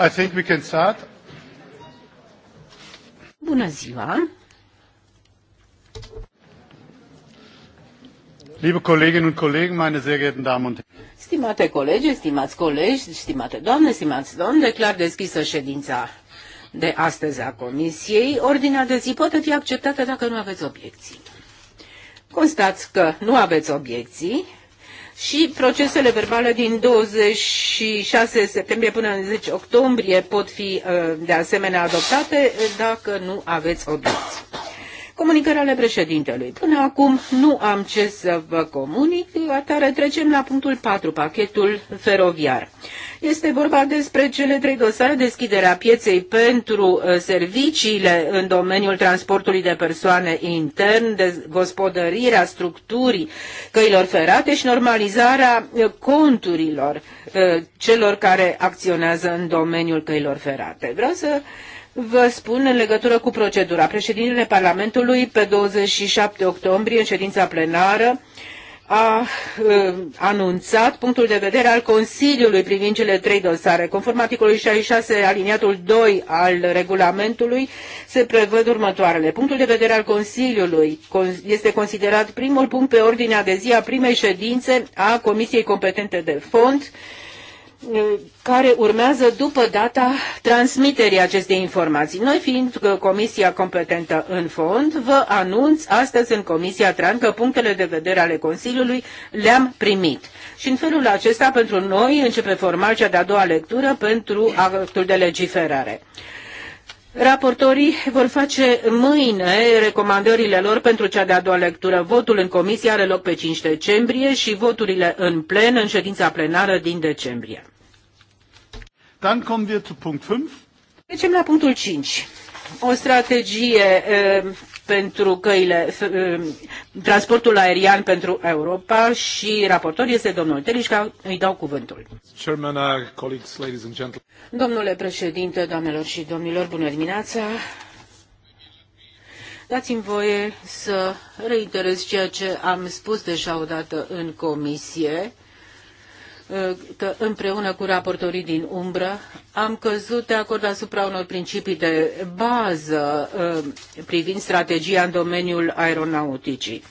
I think we can start. Bună ziua! Liebe Kolleginnen und Kollegen, meine sehr geehrten Damen und Herren. Stimate colegi, stimați colegi, stimate doamne, stimați domni, declar deschisă ședința de astăzi a Comisiei. Ordinea de zi poate fi acceptată dacă nu aveți obiecții. Constați că nu aveți obiecții, și procesele verbale din 26 septembrie până în 10 octombrie pot fi uh, de asemenea adoptate uh, dacă nu aveți obiecții. Comunicări ale președintelui. Până acum nu am ce să vă comunic, atare trecem la punctul 4, pachetul feroviar. Este vorba despre cele trei dosare, deschiderea pieței pentru uh, serviciile în domeniul transportului de persoane intern, de gospodărirea structurii căilor ferate și normalizarea uh, conturilor uh, celor care acționează în domeniul căilor ferate. Vreau să vă spun în legătură cu procedura. Președintele Parlamentului, pe 27 octombrie, în ședința plenară, a uh, anunțat punctul de vedere al Consiliului privind cele trei dosare. Conform articolului 66 aliniatul 2 al regulamentului se prevăd următoarele. Punctul de vedere al Consiliului este considerat primul punct pe ordinea de zi a primei ședințe a Comisiei Competente de Fond uh, care urmează după data transmiterii acestei informații. Noi fiind comisia competentă în fond, vă anunț astăzi în Comisia Tran că punctele de vedere ale Consiliului le-am primit. Și în felul acesta pentru noi începe formal cea de-a doua lectură pentru actul de legiferare. Raportorii vor face mâine recomandările lor pentru cea de-a doua lectură. Votul în comisie are loc pe 5 decembrie și voturile în plen în ședința plenară din decembrie. Dann kommen wir zu Punkt 5. Trecem la punctul 5. O strategie eh, pentru căile, transportul aerian pentru Europa și raportor este domnul Telișca, îi dau cuvântul. Uh, Domnule președinte, doamnelor și domnilor, bună dimineața! Dați-mi voie să reiterez ceea ce am spus deja odată în comisie că împreună cu raportorii din umbră am căzut de acord asupra unor principii de bază uh, privind strategia în domeniul aeronauticii.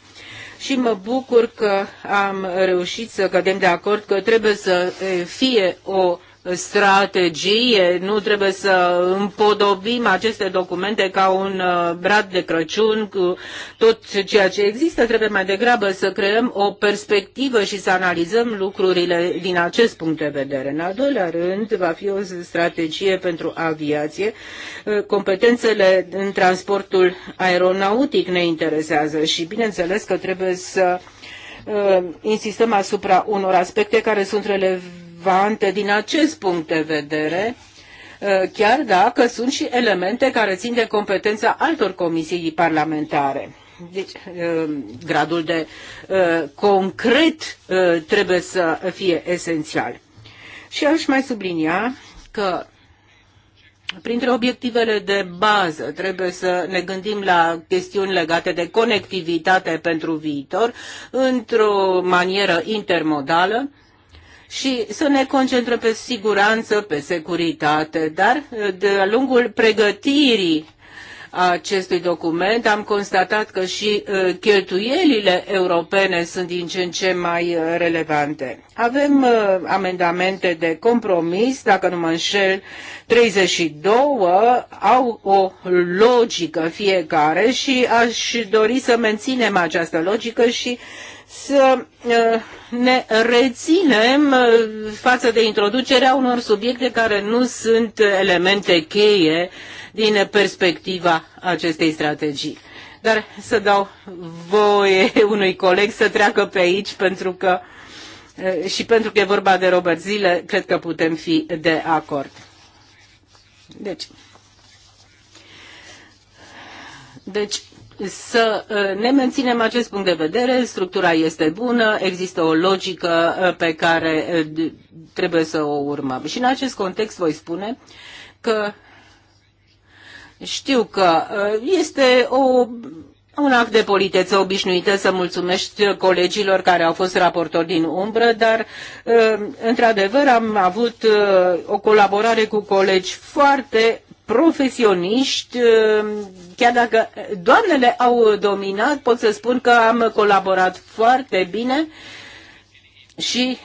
Și mă bucur că am reușit să cădem de acord că trebuie să eh, fie o strategie, nu trebuie să împodobim aceste documente ca un uh, brad de Crăciun cu tot ceea ce există, trebuie mai degrabă să creăm o perspectivă și să analizăm lucrurile din acest punct de vedere. În al doilea rând, va fi o strategie pentru aviație. Uh, competențele în transportul aeronautic ne interesează și bineînțeles că trebuie să uh, insistăm asupra unor aspecte care sunt relevante relevante din acest punct de vedere, ă, chiar dacă sunt și elemente care țin de competența altor comisii parlamentare. Deci, ă, gradul de ă, concret trebuie să fie esențial. Și aș mai sublinia că Printre obiectivele de bază trebuie să ne gândim la chestiuni legate de conectivitate pentru viitor într-o manieră intermodală, și să ne concentrăm pe siguranță, pe securitate, dar uh, de lungul pregătirii acestui document am constatat că și uh, cheltuielile europene sunt din ce în ce mai uh, relevante. Avem amendamente de compromis, dacă nu mă înșel, 32 au o logică fiecare și aș dori să menținem această logică și să ne reținem față de introducerea unor subiecte care nu sunt elemente cheie din perspectiva acestei strategii. Dar să dau voie unui coleg să treacă pe aici pentru că și pentru că e vorba de Robert Zile, cred că putem fi de acord. Deci, deci să uh, ne menținem acest punct de vedere, structura este bună, există o logică uh, pe care uh, trebuie să o urmăm. Și în acest context voi spune că știu că este o un act de politeță obișnuită să mulțumești colegilor care au fost raportori din umbră, dar într-adevăr am avut o colaborare cu colegi foarte profesioniști, uh, chiar dacă doamnele au dominat, pot să spun că am colaborat foarte bine și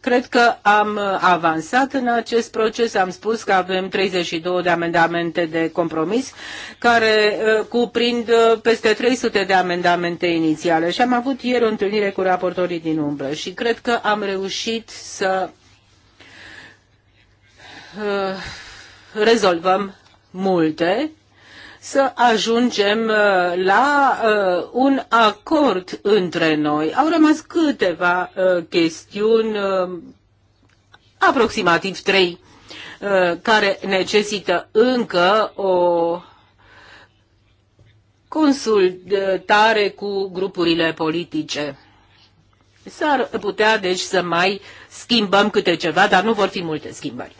cred că am avansat în acest proces. Am spus că avem 32 de amendamente de compromis care uh, cuprind uh, peste 300 de amendamente inițiale și am avut ieri o întâlnire cu raportorii din umbră și cred că am reușit să rezolvăm multe, să ajungem uh, la uh, un acord între noi. Au rămas câteva uh, chestiuni, aproximativ trei, care necesită încă o consultare cu grupurile politice. S-ar putea, deci, să mai schimbăm câte ceva, dar nu vor fi multe schimbări.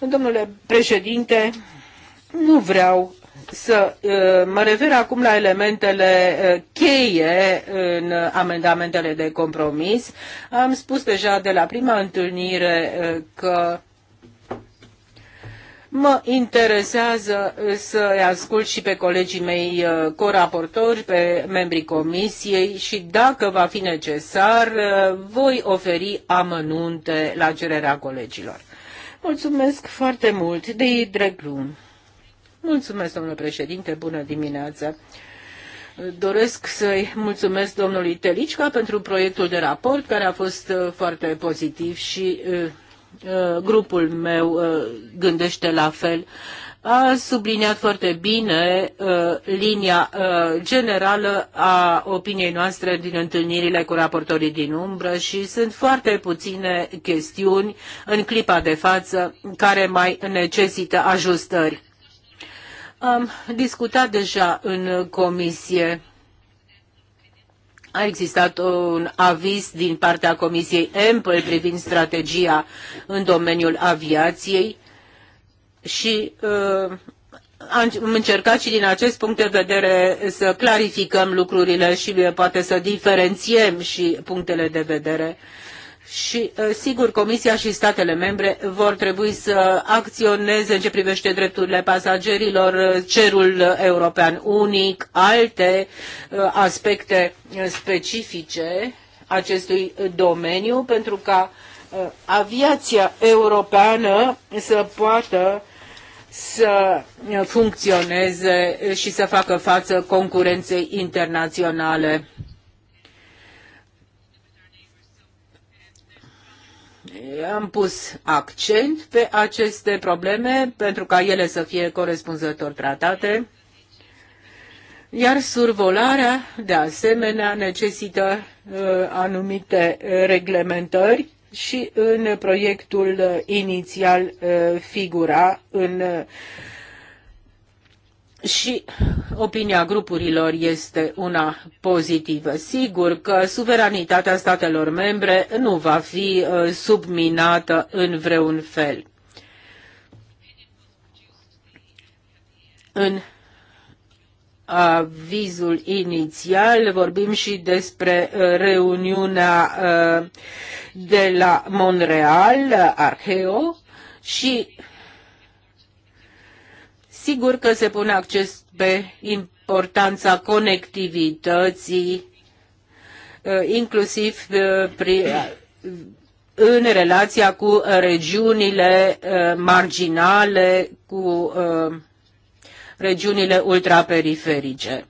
Domnule președinte, nu vreau să uh, mă refer acum la elementele uh, cheie în amendamentele de compromis. Am spus deja de la prima întâlnire uh, că mă interesează să ascult și pe colegii mei coraportori, pe membrii comisiei și dacă va fi necesar, voi oferi amănunte la cererea colegilor. Mulțumesc foarte mult, de Dreglun. Mulțumesc, domnule președinte, bună dimineața. Doresc să-i mulțumesc domnului Telicca pentru proiectul de raport, care a fost uh, foarte pozitiv și uh, uh, grupul meu gândește la fel a subliniat foarte bine uh, linia uh, generală a opiniei noastre din întâlnirile cu raportorii din umbră și sunt foarte puține chestiuni în clipa de față care mai necesită ajustări. Am discutat deja în comisie a existat un aviz din partea Comisiei EMPL privind strategia în domeniul aviației și uh, am încercat și din acest punct de vedere să clarificăm lucrurile și uh, poate să diferențiem și punctele de vedere. Și, uh, sigur, Comisia și statele membre vor trebui să acționeze în ce privește drepturile pasagerilor, uh, cerul european unic, alte aspecte specifice acestui domeniu, pentru ca aviația europeană să poată să funcționeze și să facă față concurenței internaționale. Am pus accent pe aceste probleme pentru ca ele să fie corespunzător tratate, iar survolarea, de asemenea, necesită uh, anumite reglementări și în proiectul uh, inițial uh, figura în uh, și opinia grupurilor este una pozitivă. Sigur că suveranitatea statelor membre nu va fi subminată în vreun fel. În avizul inițial, vorbim și despre reuniunea de la Montreal, Arheo, și sigur că se pune acces pe importanța conectivității, inclusiv în relația cu regiunile marginale, cu regiunile ultraperiferice.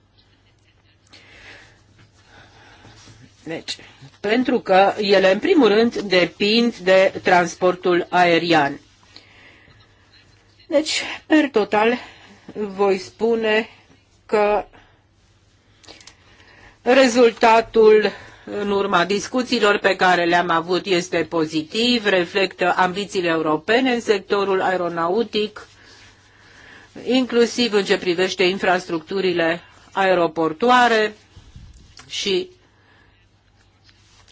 Deci, pentru că ele, în primul rând, depind de transportul aerian. Deci, per total, voi spune că rezultatul în urma discuțiilor pe care le-am avut este pozitiv, reflectă ambițiile europene în sectorul aeronautic, inclusiv în ce privește infrastructurile aeroportoare și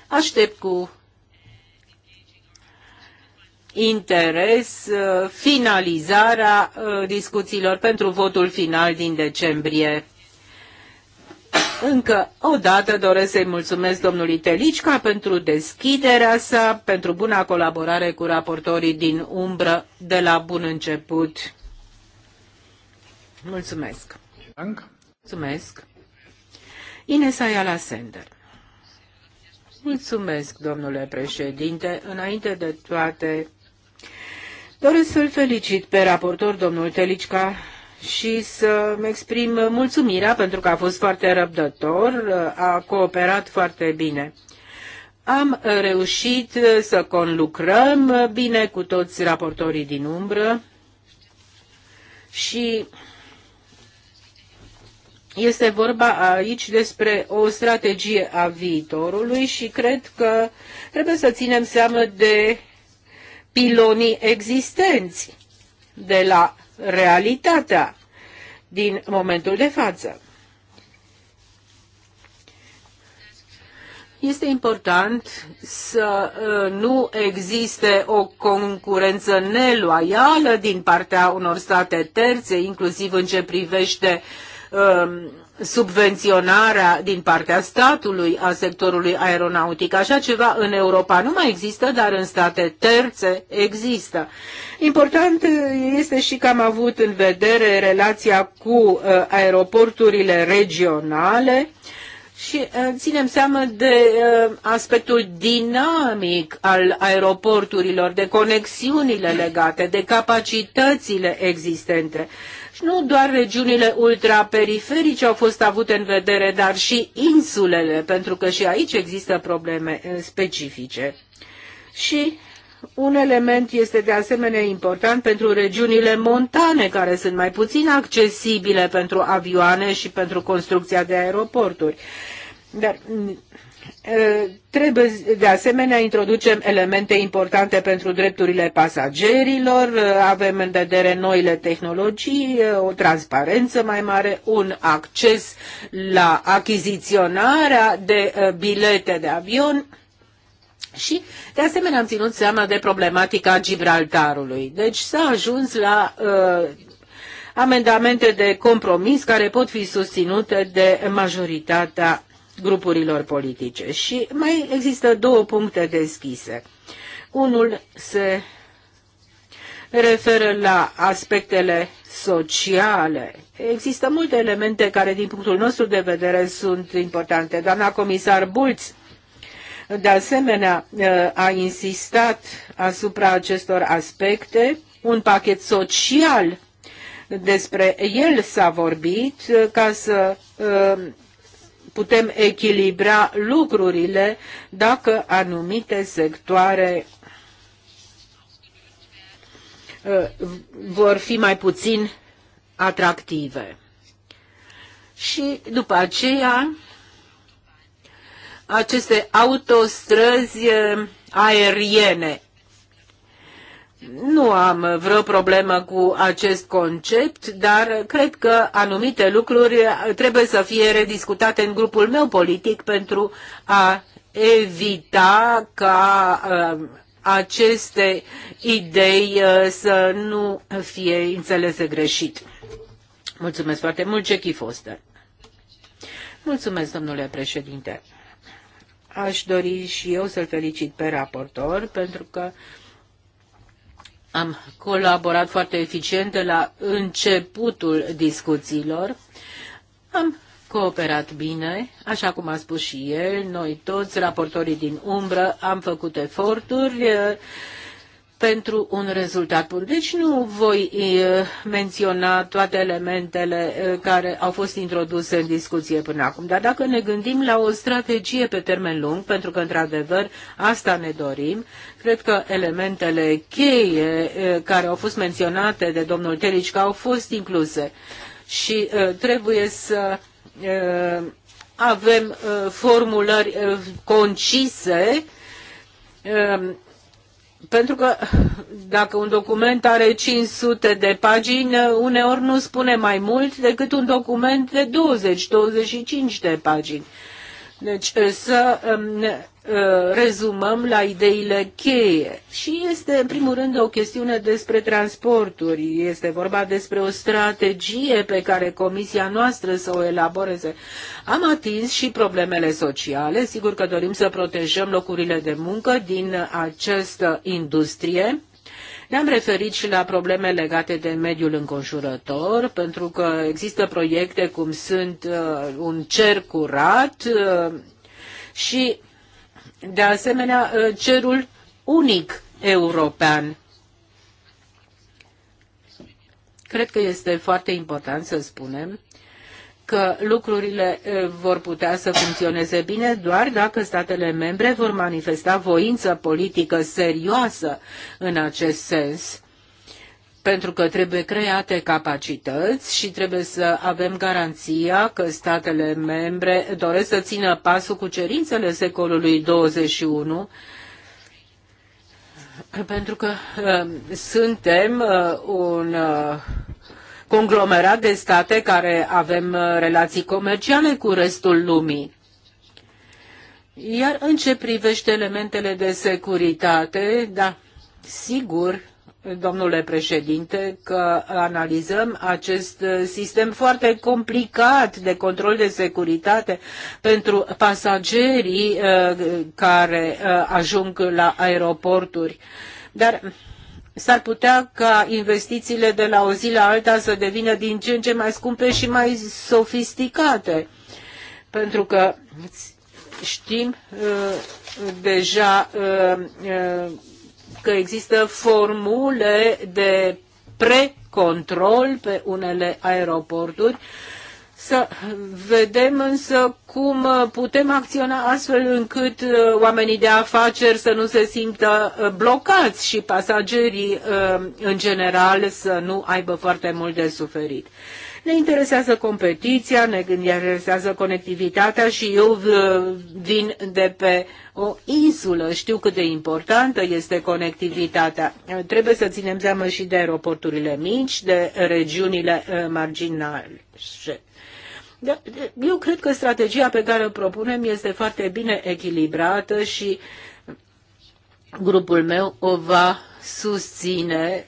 aștept cu interes uh, finalizarea uh, discuțiilor pentru votul final din decembrie. Încă o dată doresc să-i mulțumesc domnului Telicca pentru deschiderea sa, pentru buna colaborare cu raportorii din umbră de la bun început. Mulțumesc. Dank. Mulțumesc. Ines Ayala Sender. Mulțumesc, domnule președinte. Înainte de toate, doresc să-l felicit pe raportor, domnul Telicca, și să-mi exprim mulțumirea pentru că a fost foarte răbdător, a cooperat foarte bine. Am reușit să conlucrăm bine cu toți raportorii din umbră și este vorba aici despre o strategie a viitorului și cred că trebuie să ținem seama de pilonii existenți, de la realitatea din momentul de față. Este important să uh, nu existe o concurență neloială din partea unor state terțe, inclusiv în ce privește uh, Um, subvenționarea din partea statului a sectorului aeronautic. Așa ceva în Europa nu mai există, dar în state terțe există. Important uh, este și că am avut în vedere relația cu uh, aeroporturile regionale și uh, ținem seama de aspectul dinamic al aeroporturilor, de conexiunile legate, de capacitățile existente. Și nu doar regiunile ultraperiferice au fost avute în vedere, dar și insulele, pentru că și aici există probleme eh, specifice. Și un element este de asemenea important pentru regiunile montane, care sunt mai puțin accesibile pentru avioane și pentru construcția de aeroporturi. Dar mm, Trebuie de asemenea introducem elemente importante pentru drepturile pasagerilor, avem în vedere noile tehnologii, o transparență mai mare, un acces la achiziționarea de bilete de avion și de asemenea am ținut seama de problematica Gibraltarului. Deci s-a ajuns la uh, amendamente de compromis care pot fi susținute de majoritatea grupurilor politice. Și mai există două puncte deschise. Unul se referă la aspectele sociale. Există multe elemente care, din punctul nostru de vedere, sunt importante. Doamna comisar Bulț, de asemenea, ă, a insistat asupra acestor aspecte. Un pachet social, despre el s-a vorbit, ca să ă, putem echilibra lucrurile dacă anumite sectoare uh, vor fi mai puțin atractive. Și după aceea, aceste autostrăzi uh, aeriene nu am vreo problemă cu acest concept, dar cred că anumite lucruri trebuie să fie rediscutate în grupul meu politic pentru a evita ca um, aceste idei uh, să nu fie înțelese greșit. Mulțumesc foarte mult, Jackie Foster. Mulțumesc, domnule președinte. Aș dori și eu să-l felicit pe raportor, pentru că am colaborat foarte eficient de la începutul discuțiilor. Am cooperat bine, așa cum a spus și el, noi toți, raportorii din umbră, am făcut eforturi pentru un rezultat bun. Deci nu voi eh, menționa toate elementele eh, care au fost introduse în discuție până acum, dar dacă ne gândim la o strategie pe termen lung, pentru că într-adevăr asta ne dorim, cred că elementele cheie eh, care au fost menționate de domnul Tericica au fost incluse și trebuie să avem formulări concise pentru că dacă un document are 500 de pagini, uneori nu spune mai mult decât un document de 20-25 de pagini. Deci să um, Uh, rezumăm la ideile cheie. Și este, în primul rând, o chestiune despre transporturi. Este vorba despre o strategie pe care comisia noastră să o elaboreze. Am atins și problemele sociale. Sigur că dorim să protejăm locurile de muncă din această industrie. Ne-am referit și la probleme legate de mediul înconjurător, pentru că există proiecte cum sunt uh, un cer curat uh, și de asemenea, ă, cerul unic european. Cred că este foarte important să spunem că lucrurile ă, vor putea să funcționeze bine doar dacă statele membre vor manifesta voință politică serioasă în acest sens pentru că trebuie create capacități și trebuie să avem garanția că statele membre doresc să țină pasul cu cerințele secolului 21 pentru că uh, suntem uh, un uh, conglomerat de state care avem relații comerciale cu restul lumii. Iar în ce privește elementele de securitate, da, sigur, domnule președinte, că analizăm acest sistem foarte complicat de control de securitate pentru pasagerii uh, care uh, ajung la aeroporturi. Dar s-ar putea ca investițiile de la o zi la alta să devină din ce în ce mai scumpe și mai sofisticate. Pentru că știm uh, deja că există formule de precontrol pe unele aeroporturi. Să vedem însă cum putem acționa astfel încât uh, oamenii de afaceri să nu se simtă uh, blocați și pasagerii uh, în general să nu aibă foarte mult de suferit. Ne interesează competiția, ne interesează conectivitatea și eu uh, vin de pe o insulă, știu cât de importantă este conectivitatea. Trebuie să ținem seama și de aeroporturile mici, de regiunile uh, marginale. Da, eu cred că strategia pe care o propunem este foarte bine echilibrată și grupul meu o va susține,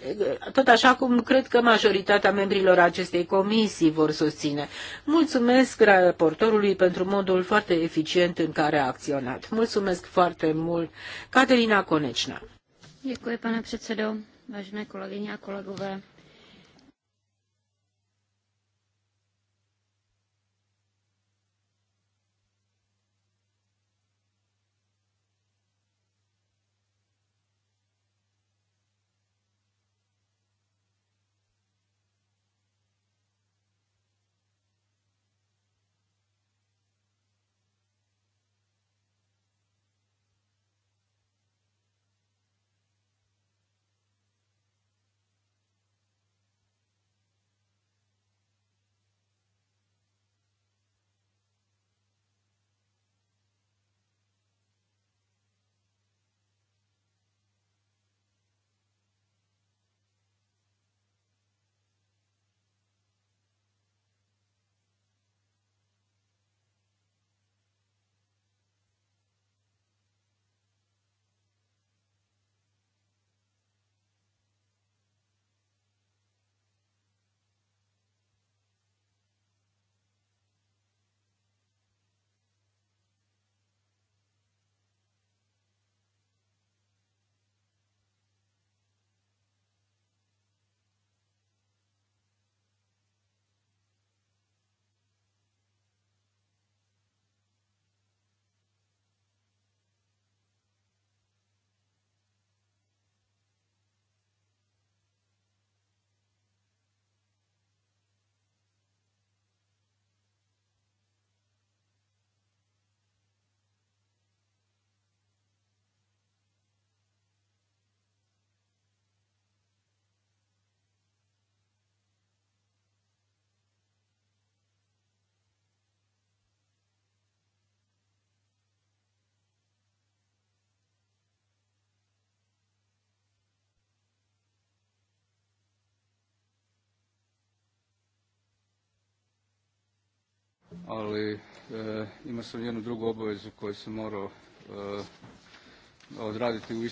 tot așa cum cred că majoritatea membrilor acestei comisii vor susține. Mulțumesc raportorului pentru modul foarte eficient în care a acționat. Mulțumesc foarte mult, Caterina Conecna. Děkuji, pane předsedo, vážené kolegyně a kolegové. ali e, imao sam jednu drugu obavezu koju sam morao e, odraditi u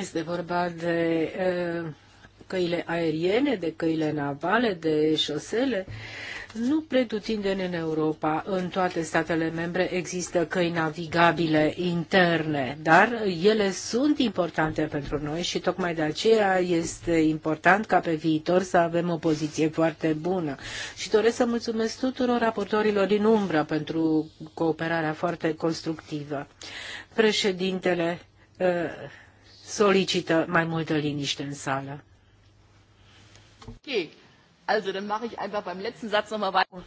este vorba de uh, căile aeriene, de căile navale, de șosele. Uh, nu pretutindeni în Europa, în toate statele membre există căi navigabile interne, dar ele sunt importante pentru noi și tocmai de aceea este important ca pe viitor să avem o poziție foarte bună. Și doresc să mulțumesc tuturor raportorilor din umbră pentru cooperarea foarte constructivă. Președintele uh, solicită mai multă liniște în sală. Okay.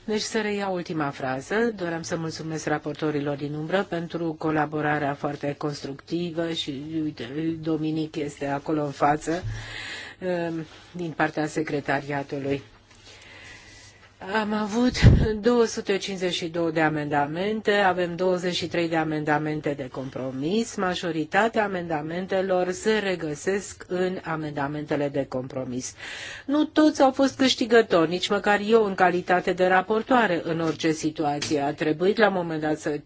Deci să reia ultima frază. Doream să mulțumesc raportorilor din umbră pentru colaborarea foarte constructivă și, uite, Dominic este acolo în față ehm, din partea secretariatului. Am avut 252 de amendamente, avem 23 de amendamente de compromis. Majoritatea amendamentelor se regăsesc în amendamentele de compromis. Nu toți au fost câștigători, nici măcar eu în calitate de raportoare în orice situație. A trebuit la un moment dat să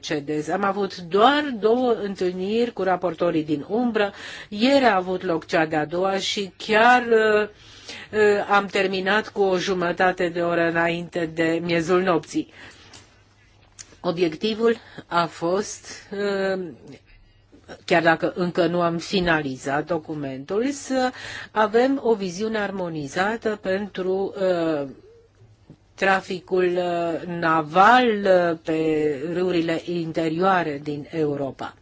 cedez. Am avut doar două întâlniri cu raportorii din umbră. Ieri a avut loc cea de-a doua și chiar uh, Eh, am terminat cu o jumătate de oră înainte de miezul nopții. Obiectivul a fost, eh, chiar dacă încă nu am finalizat documentul, să avem o viziune armonizată pentru eh, traficul naval pe râurile interioare din Europa.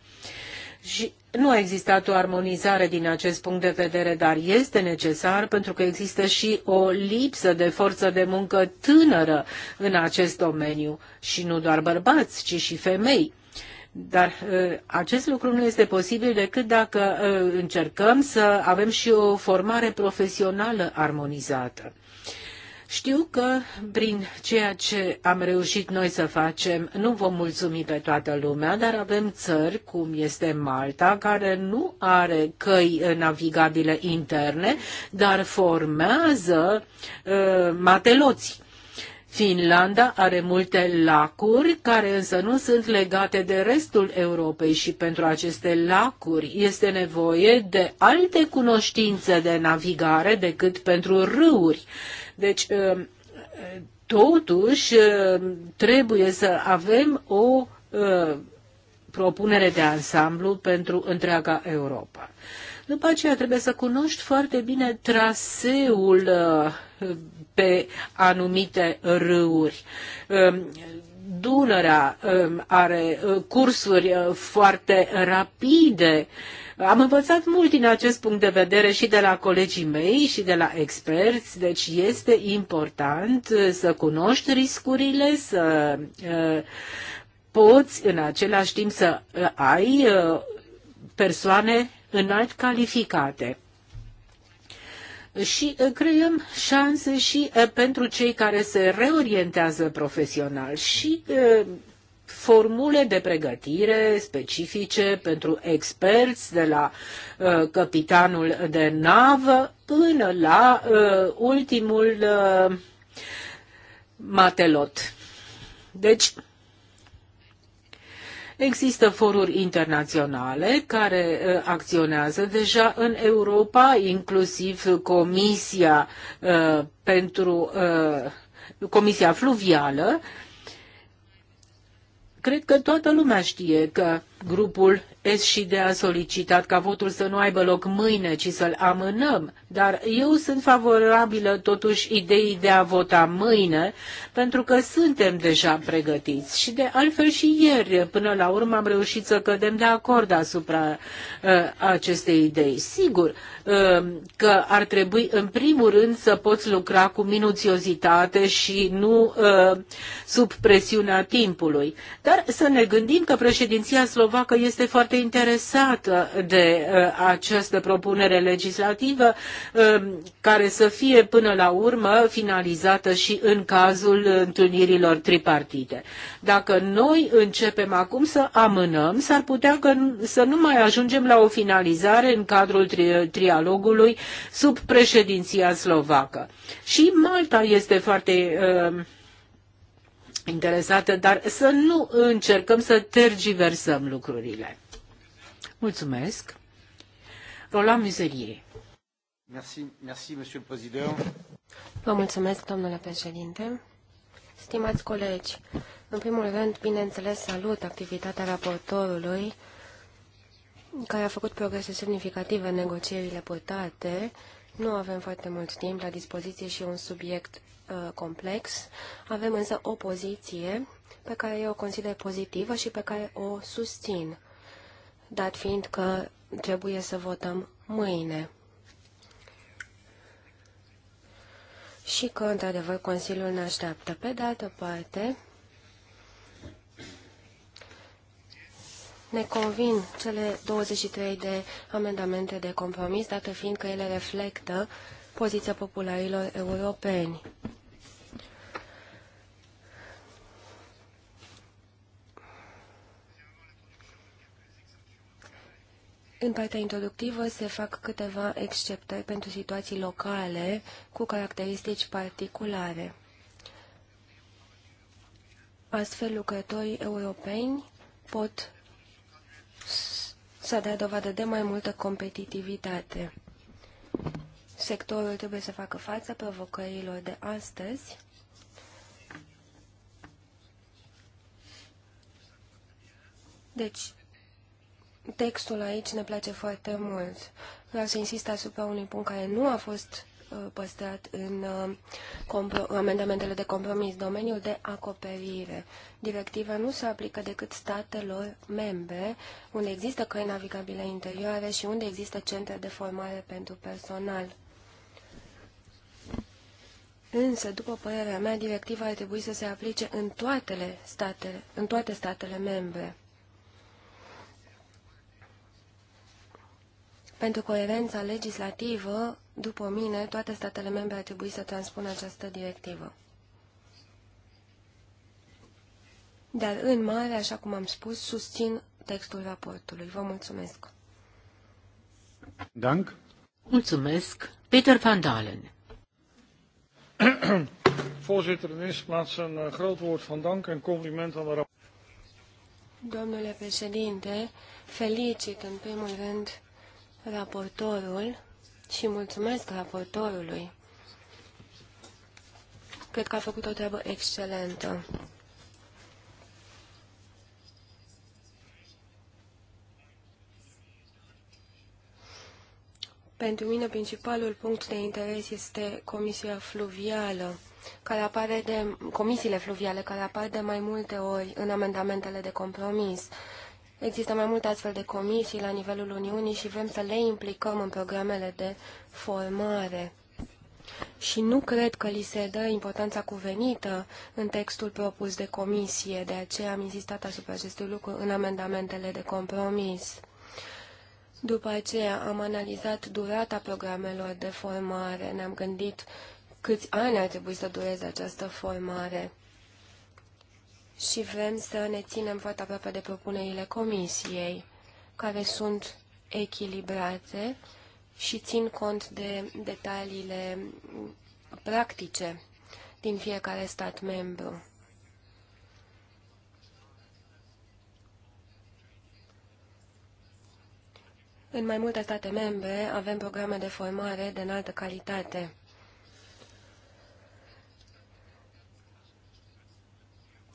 Și nu a existat o armonizare din acest punct de vedere, dar este necesar pentru că există și o lipsă de forță de muncă tânără în acest domeniu și nu doar bărbați, ci și femei. Dar ă, acest lucru nu este posibil decât dacă ă, încercăm să avem și o formare profesională armonizată. Știu că prin ceea ce am reușit noi să facem nu vom mulțumi pe toată lumea, dar avem țări, cum este Malta, care nu are căi navigabile interne, dar formează uh, mateloții. Finlanda are multe lacuri care însă nu sunt legate de restul Europei și pentru aceste lacuri este nevoie de alte cunoștințe de navigare decât pentru râuri. Deci, uh, totuși, uh, trebuie să avem o uh, propunere de ansamblu pentru întreaga Europa. După aceea trebuie să cunoști foarte bine traseul pe anumite râuri. Dunărea are cursuri foarte rapide am învățat mult din acest punct de vedere și de la colegii mei și de la experți, deci este important uh, să cunoști riscurile, să uh, poți în același timp să uh, ai persoane înalt calificate și creăm șanse și pentru cei care se reorientează profesional și formule de pregătire specifice pentru experți de la uh, capitanul de navă până la uh, ultimul uh, matelot. Deci, Există foruri internaționale care uh, acționează deja în Europa, inclusiv Comisia uh, pentru uh, Comisia Fluvială, Cred că toată lumea știe că grupul și de a solicitat ca votul să nu aibă loc mâine, ci să-l amânăm, dar eu sunt favorabilă totuși ideii de a vota mâine, pentru că suntem deja pregătiți. Și de altfel și ieri, până la urmă, am reușit să cădem de acord asupra uh, acestei idei. Sigur uh, că ar trebui, în primul rând, să poți lucra cu minuțiozitate și nu uh, sub presiunea timpului. Dar să ne gândim că președinția slovacă este foarte foarte interesată de uh, această propunere legislativă um, care să fie până la urmă finalizată și în cazul întâlnirilor tripartite. Dacă noi începem acum să amânăm, s-ar putea că să nu mai ajungem la o finalizare în cadrul tri trialogului sub președinția slovacă. Și Malta este foarte uh, interesată, dar să nu încercăm să tergiversăm lucrurile. Mulțumesc. Roland Merci, merci, monsieur le président. Vă mulțumesc, domnule președinte. Stimați colegi, în primul rând, bineînțeles, salut activitatea raportorului care a făcut progrese semnificative în negocierile purtate. Nu avem foarte mult timp la dispoziție și un subiect uh, complex. Avem însă o poziție pe care eu o consider pozitivă și pe care o susțin dat fiind că trebuie să votăm mâine. Și că, într-adevăr, Consiliul ne așteaptă. Pe de altă parte, ne convin cele 23 de amendamente de compromis, dată fiind că ele reflectă poziția popularilor europeni. În partea introductivă se fac câteva exceptări pentru situații locale cu caracteristici particulare. Astfel, lucrătorii europeni pot să dea dovadă de mai multă competitivitate. Sectorul trebuie să facă față provocărilor de astăzi Deci, Textul aici ne place foarte mult. Vreau să insist asupra unui punct care nu a fost uh, păstrat în uh, amendamentele de compromis, domeniul de acoperire. Directiva nu se aplică decât statelor membre, unde există căi navigabile interioare și unde există centre de formare pentru personal. Însă, după părerea mea, directiva ar trebui să se aplice în, toatele statele, în toate statele membre. Pentru coerența legislativă, după mine, toate statele membre ar trebui să transpună această directivă. Dar, în mare, așa cum am spus, susțin textul raportului. Vă mulțumesc! Dank. Mulțumesc! Peter van Dalen Voorzitter, in eerste plaats een eh, groot woord van dank en compliment aan de rapporteur. Domnule președinte, felicit în primul rând raportorul și mulțumesc raportorului. Cred că a făcut o treabă excelentă. Pentru mine, principalul punct de interes este Comisia Fluvială, care apare de, comisiile fluviale, care apar de mai multe ori în amendamentele de compromis. Uh, Există mai multe astfel de comisii la nivelul Uniunii și vrem să le implicăm în programele de formare. Și nu cred că li se dă importanța cuvenită în textul propus de comisie, de aceea am insistat asupra acestui lucru în amendamentele de compromis. După aceea am analizat durata programelor de formare, ne-am gândit câți ani ar trebui să dureze această formare și vrem să ne ținem foarte aproape de propunerile comisiei, care sunt echilibrate și țin cont de detaliile practice din fiecare stat membru. În mai multe state membre avem programe de formare de înaltă calitate.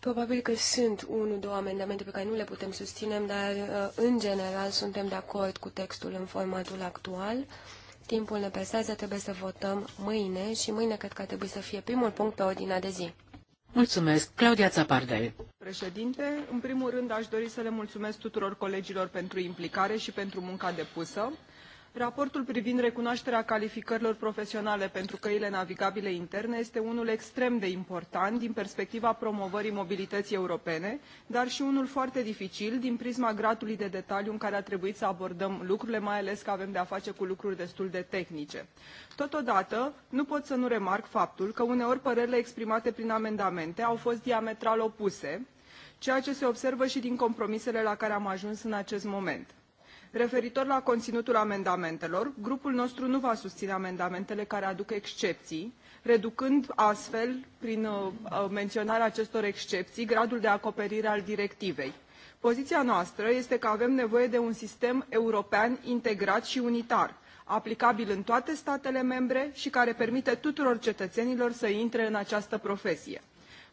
Probabil că sunt unul, două amendamente pe care nu le putem susține, dar uh, în general suntem de acord cu textul în formatul actual. Timpul ne pesează, trebuie să votăm mâine și mâine cred că ar trebui să fie primul punct pe ordinea de zi. Mulțumesc. Claudia Țapardel. Președinte, în primul rând aș dori să le mulțumesc tuturor colegilor pentru implicare și pentru munca depusă raportul privind recunoașterea calificărilor profesionale pentru căile navigabile interne este unul extrem de important din perspectiva promovării mobilității europene dar și unul foarte dificil din prisma gradului de detaliu în care a trebuit să abordăm lucrurile mai ales că avem de a face cu lucruri destul de tehnice. totodată nu pot să nu remarc faptul că uneori părerile exprimate prin amendamente au fost diametral opuse ceea ce se observă și din compromisele la care am ajuns în acest moment referitor la conținutul amendamentelor grupul nostru nu va susține amendamentele care aduc excepții reducând astfel prin uh, uh, menționarea acestor excepții gradul de acoperire al directivei. poziția noastră este că avem nevoie de un sistem european integrat și unitar aplicabil în toate statele membre și care permite tuturor cetățenilor să intre în această profesie.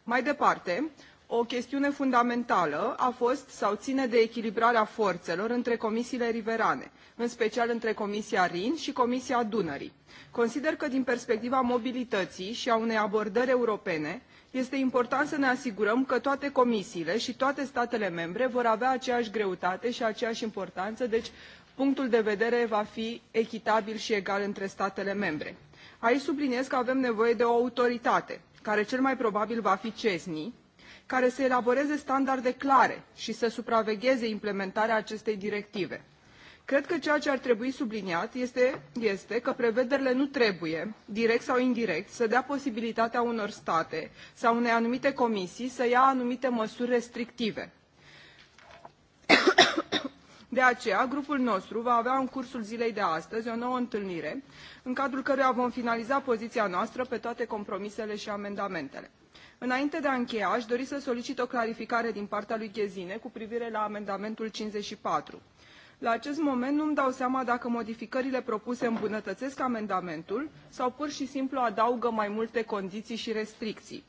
mai departe o chestiune fundamentală a fost sau ține de echilibrarea forțelor între comisiile riverane, în special între Comisia Rin și Comisia Dunării. Consider că din perspectiva mobilității și a unei abordări europene, este important să ne asigurăm că toate comisiile și toate statele membre vor avea aceeași greutate și aceeași importanță, deci punctul de vedere va fi echitabil și egal între statele membre. Aici subliniez că avem nevoie de o autoritate, care cel mai probabil va fi CESNI, care să elaboreze standarde clare și să supravegheze implementarea acestei directive. Cred că ceea ce ar trebui subliniat este, este că prevederile nu trebuie, direct sau indirect, să dea posibilitatea unor state sau unei anumite comisii să ia anumite măsuri restrictive. De aceea, grupul nostru va avea în cursul zilei de astăzi o nouă întâlnire, în cadrul căreia vom finaliza poziția noastră pe toate compromisele și amendamentele înainte de a încheia aș dori să solicit o clarificare din partea lui ghezine cu privire la amendamentul cincizeci și patru la acest moment nu îmi dau seama dacă modificările propuse îmbunătățesc amendamentul sau pur și simplu adaugă mai multe condiții și restricții.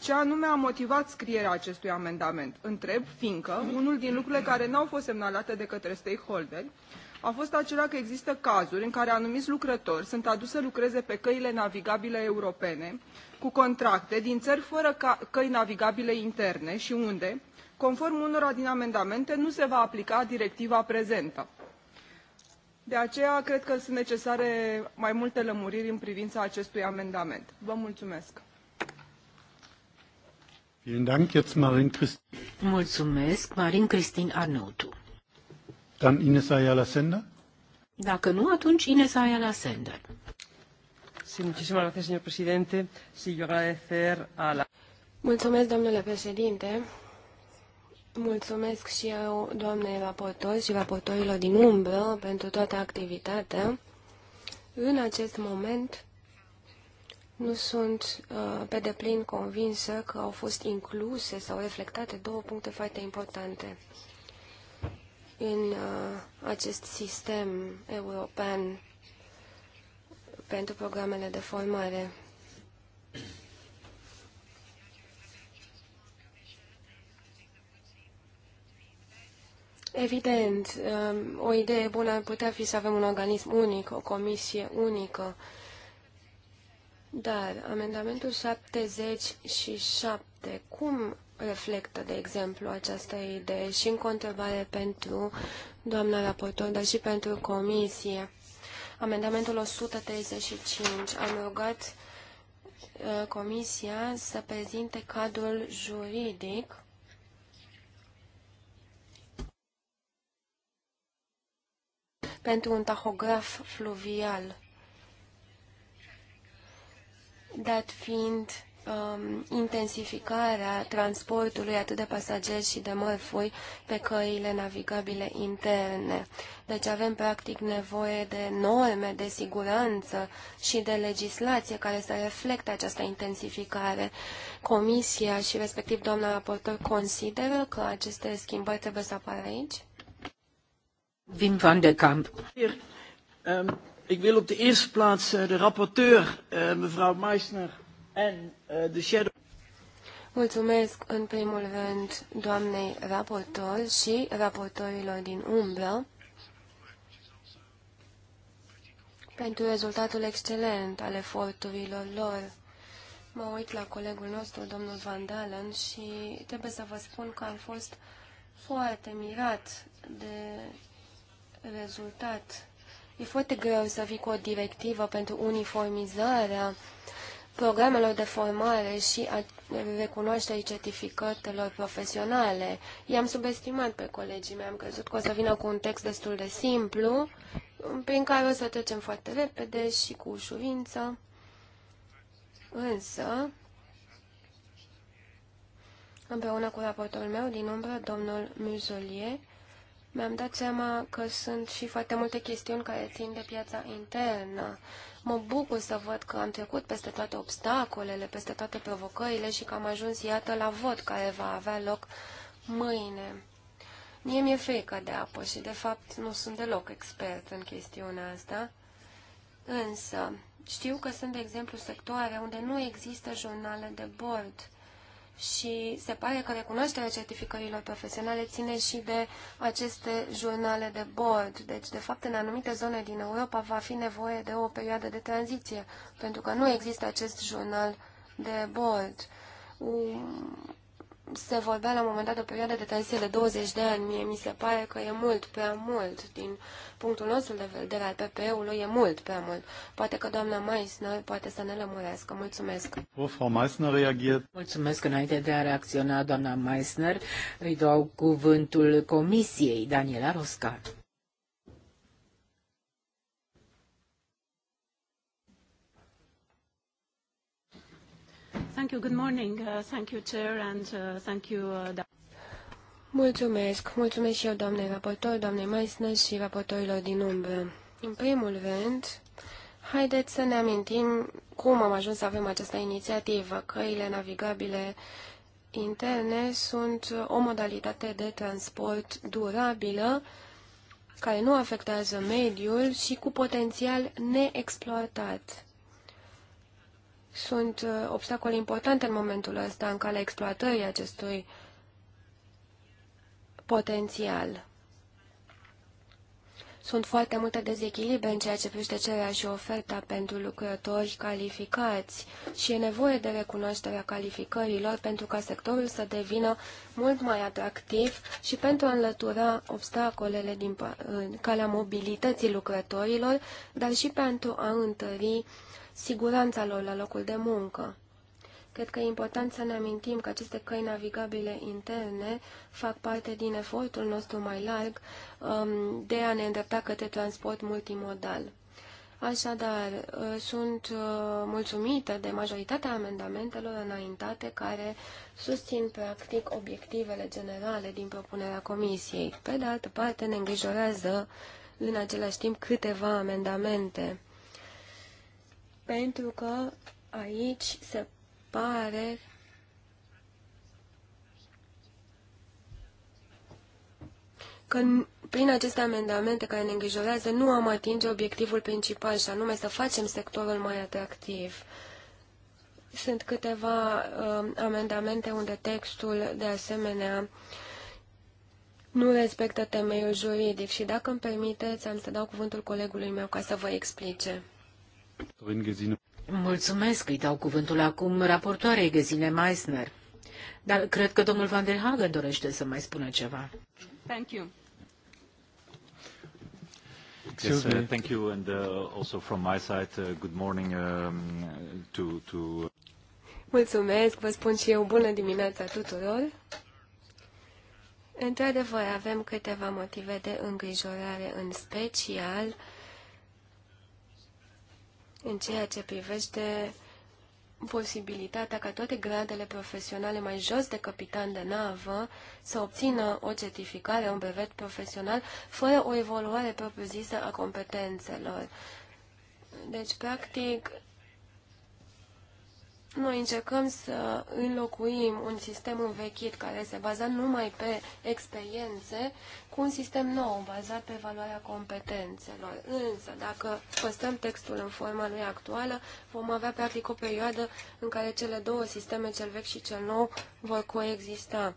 Ce anume a motivat scrierea acestui amendament? Întreb, fiindcă unul din lucrurile care nu au fost semnalate de către stakeholderi a fost acela că există cazuri în care anumiți lucrători sunt aduși să lucreze pe căile navigabile europene cu contracte din țări fără căi navigabile interne și unde, conform unora din amendamente, nu se va aplica directiva prezentă. De aceea, cred că sunt necesare mai multe lămuriri în privința acestui amendament. Vă mulțumesc. Mulțumesc, Marin Cristin Arnautu. Dann Ines Ayala Sender. Dacă nu, atunci Ines Ayala Sender. Sí, muchísimas gracias, señor presidente. Sí, yo agradecer a la... Mulțumesc, domnule președinte. Mulțumesc și eu, doamnei raportori și raportorilor din umbră, pentru toată activitatea. În acest moment nu sunt uh, pe deplin convinsă că au fost incluse sau reflectate două puncte foarte importante în uh, acest sistem european pentru programele de formare. Evident, uh, o idee bună ar putea fi să avem un organism unic, o comisie unică, dar amendamentul 77, cum reflectă, de exemplu, această idee și încă o întrebare pentru doamna raportor, dar și pentru comisie. Amendamentul 135. Am rugat uh, comisia să prezinte cadrul juridic pentru un tahograf fluvial, dat fiind um, intensificarea transportului atât de pasageri și de mărfuri pe căile navigabile interne. Deci avem practic nevoie de norme de siguranță și de legislație care să reflecte această intensificare. Comisia și respectiv doamna raportor consideră că aceste schimbări trebuie să apară aici? Wim van de Kamp. Ehm, ik wil op de eerste plaats eh, de rapporteur, eh, mevrouw Meisner, Uh, Mulțumesc în primul rând doamnei raportor și raportorilor din umbră pentru rezultatul excelent al eforturilor lor. Mă uit la colegul nostru, domnul Van Dalen, și trebuie să vă spun că am fost foarte mirat de rezultat. E foarte greu să vii cu o directivă pentru uniformizarea programelor de formare și a recunoașterii certificatelor profesionale. I-am subestimat pe colegii mei, am crezut că o să vină cu un text destul de simplu, prin care o să trecem foarte repede și cu ușurință. Însă, împreună cu raportorul meu din umbră, domnul Muzolier, mi-am dat seama că sunt și foarte multe chestiuni care țin de piața internă. Mă bucur să văd că am trecut peste toate obstacolele, peste toate provocările și că am ajuns, iată, la vot care va avea loc mâine. Mie mi-e frică de apă și, de fapt, nu sunt deloc expert în chestiunea asta. Însă, știu că sunt, de exemplu, sectoare unde nu există jurnale de bord și se pare că recunoașterea certificărilor profesionale ține și de aceste jurnale de bord. Deci, de fapt, în anumite zone din Europa va fi nevoie de o perioadă de tranziție, pentru că nu există acest jurnal de bord. Um, se vorbea la un moment dat de o perioadă de tensie de 20 de ani. Mie mi se pare că e mult prea mult. Din punctul nostru de vedere al PPE-ului e mult prea mult. Poate că doamna Meissner poate să ne lămurească. Mulțumesc. Frau Meissner reagiert. Mulțumesc înainte de a reacționa doamna Meissner. Îi dau cuvântul Comisiei Daniela Roscar. thank you. Good morning. Uh, thank you, Chair, and uh, thank you. Uh, da- mulțumesc. Mulțumesc și eu, doamne raportor, doamne Meissner și raportorilor din umbră. În primul rând, haideți să ne amintim cum am ajuns să avem această inițiativă. Căile navigabile interne sunt o modalitate de transport durabilă care nu afectează mediul și cu potențial neexploatat sunt uh, obstacole importante în momentul ăsta în calea exploatării acestui potențial. Sunt foarte multe dezechilibre în ceea ce privește cererea și oferta pentru lucrători calificați și e nevoie de recunoașterea calificărilor pentru ca sectorul să devină mult mai atractiv și pentru a înlătura obstacolele din calea mobilității lucrătorilor, dar și pentru a întări siguranța lor la locul de muncă. Cred că e important să ne amintim că aceste căi navigabile interne fac parte din efortul nostru mai larg um, de a ne îndrepta către transport multimodal. Așadar, uh, sunt uh, mulțumită de majoritatea amendamentelor înaintate care susțin practic obiectivele generale din propunerea Comisiei. Pe de altă parte, ne îngrijorează în același timp câteva amendamente pentru că aici se pare că prin aceste amendamente care ne îngrijorează nu am atinge obiectivul principal și anume să facem sectorul mai atractiv. Sunt câteva uh, amendamente unde textul de asemenea nu respectă temeiul juridic și dacă îmi permiteți am să dau cuvântul colegului meu ca să vă explice. Mulțumesc, îi dau cuvântul acum raportoarei Gesine Meissner. Dar cred că domnul Van der Hagen dorește să mai spună ceva. Thank you. Yes, uh, thank you, and uh, also from my side, uh, good morning um, to, to... Mulțumesc, vă spun și eu bună dimineața tuturor. Într-adevăr, avem câteva motive de îngrijorare, în special uh, în ceea ce privește posibilitatea ca toate gradele profesionale mai jos de capitan de navă să obțină o certificare, un brevet profesional, fără o evoluare propriu-zisă a competențelor. Deci, practic, noi încercăm să înlocuim un sistem învechit care se baza numai pe experiențe cu un sistem nou bazat pe valoarea competențelor. Însă, dacă păstrăm textul în forma lui actuală, vom avea practic o perioadă în care cele două sisteme, cel vechi și cel nou, vor coexista.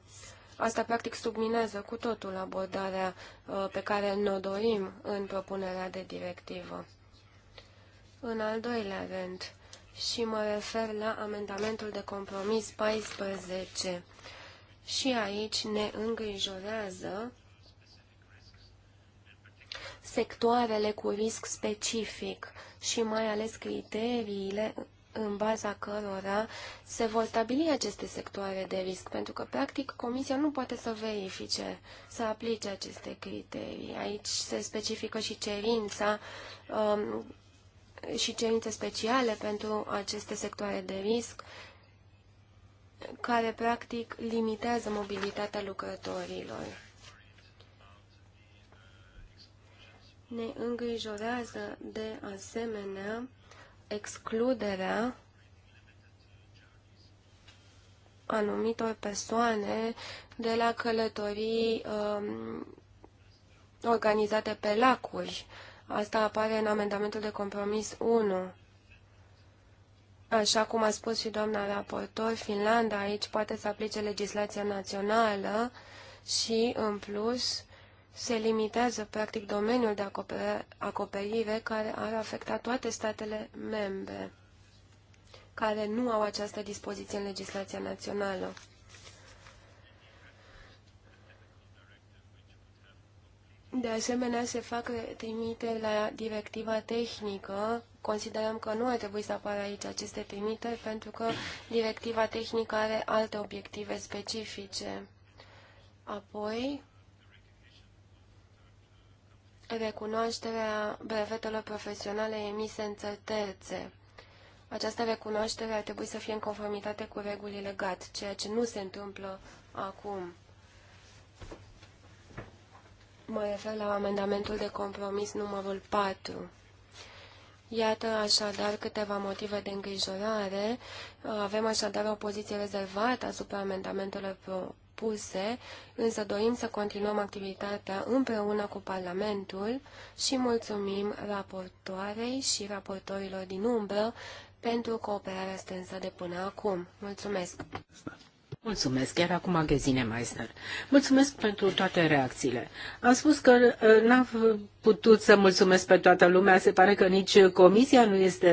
Asta practic subminează cu totul abordarea uh, pe care ne-o dorim în propunerea de directivă. În al doilea rând, și mă refer la amendamentul de compromis 14. Și aici ne îngrijorează sectoarele cu risc specific și mai ales criteriile în baza cărora se vor stabili aceste sectoare de risc, pentru că, practic, Comisia nu poate să verifice, să aplice aceste criterii. Aici se specifică și cerința um, și cerințe speciale pentru aceste sectoare de risc, care practic limitează mobilitatea lucrătorilor. Ne îngrijorează de asemenea excluderea anumitor persoane de la călătorii um, organizate pe lacuri, uh, Asta apare în amendamentul de compromis 1. Așa cum a spus și doamna raportor, Finlanda aici poate să aplice legislația națională și, în plus, se limitează practic domeniul de acoperire care ar afecta toate statele membre care nu au această dispoziție în legislația națională. De asemenea, se fac trimite la directiva tehnică. Considerăm că nu ar trebui să apară aici aceste trimiteri, pentru că directiva tehnică are alte obiective specifice. Apoi, recunoașterea brevetelor profesionale emise în țări terțe. Această recunoaștere ar trebui să fie în conformitate cu regulile GATT, ceea ce nu se întâmplă acum. Mă refer la amendamentul de compromis numărul 4. Iată așadar câteva motive de îngrijorare. Avem așadar o poziție rezervată asupra amendamentelor propuse, însă dorim să continuăm activitatea împreună cu Parlamentul și mulțumim raportoarei și raportorilor din umbră pentru cooperarea strânsă de până acum. Mulțumesc! Mulțumesc, chiar acum Ghezine Meister. Mulțumesc pentru toate reacțiile. Am spus că uh, n-am putut să mulțumesc pe toată lumea, se pare că nici comisia nu este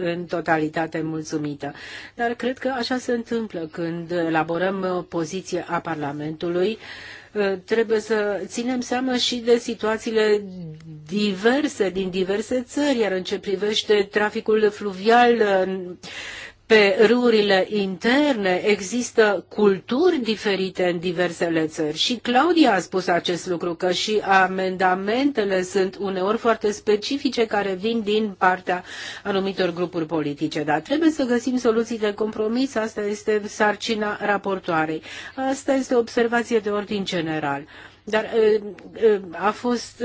în totalitate mulțumită. Dar cred că așa se întâmplă când elaborăm o poziție a Parlamentului uh, trebuie să ținem seama și de situațiile diverse din diverse țări, iar în ce privește traficul fluvial uh, pe râurile interne există culturi diferite în diversele țări. Și Claudia a spus acest lucru, că și amendamentele sunt uneori foarte specifice care vin din partea anumitor grupuri politice. Dar trebuie să găsim soluții de compromis, asta este sarcina raportoarei. Asta este o observație de ordin general. Dar a fost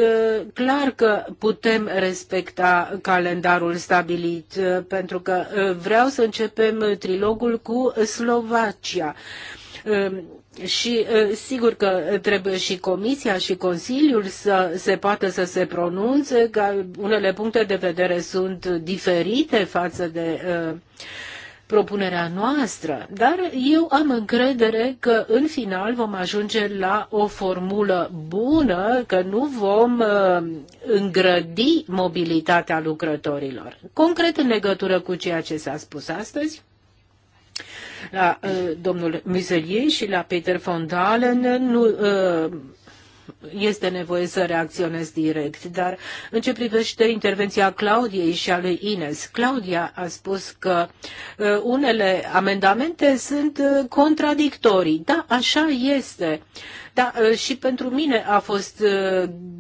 clar că putem respecta calendarul stabilit, pentru că vreau să începem trilogul cu Slovacia. Și sigur că trebuie și Comisia și Consiliul să se poată să se pronunțe, că unele puncte de vedere sunt diferite față de uh, propunerea noastră, dar eu am încredere că în final vom ajunge la o formulă bună, că nu vom uh, îngrădi mobilitatea lucrătorilor. Concret în legătură cu ceea ce s-a spus astăzi, la uh, domnul Muselier și la Peter von Dalen, nu, uh, este nevoie să reacționez direct. Dar în ce privește intervenția Claudiei și a lui Ines, Claudia a spus că uh, unele amendamente sunt uh, contradictorii. Da, așa este. Da, uh, și pentru mine a fost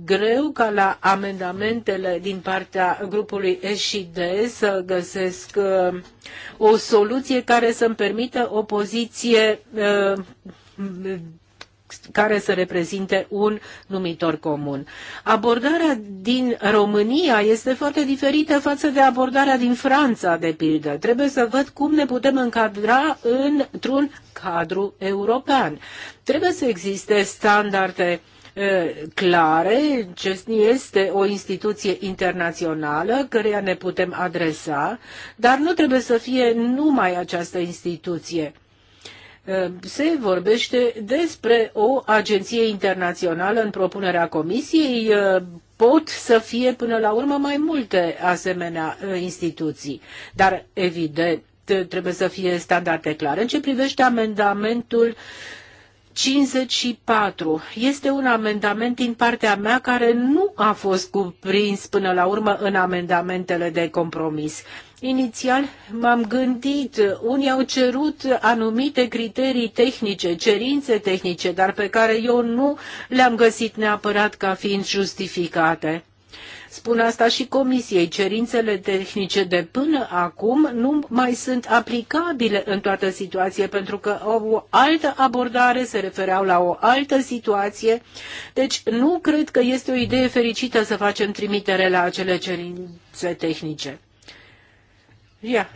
greu ca la amendamentele din partea grupului SID să găsesc o soluție care să-mi permită o poziție care să reprezinte un numitor comun. Abordarea din România este foarte diferită față de abordarea din Franța, de pildă. Trebuie să văd cum ne putem încadra într-un cadru european. Trebuie să existe standarde clare, ce este o instituție internațională căreia ne putem adresa, dar nu trebuie să fie numai această instituție se vorbește despre o agenție internațională în propunerea Comisiei. Pot să fie până la urmă mai multe asemenea instituții, dar evident trebuie să fie standarde clare. În ce privește amendamentul 54. Este un amendament din partea mea care nu a fost cuprins până la urmă în amendamentele de compromis. Inițial m-am gândit, unii au cerut anumite criterii tehnice, cerințe tehnice, dar pe care eu nu le-am găsit neapărat ca fiind justificate. Spun asta și Comisiei. Cerințele tehnice de până acum nu mai sunt aplicabile în toată situație pentru că au o altă abordare, se refereau la o altă situație. Deci nu cred că este o idee fericită să facem trimitere la acele cerințe tehnice. Ia,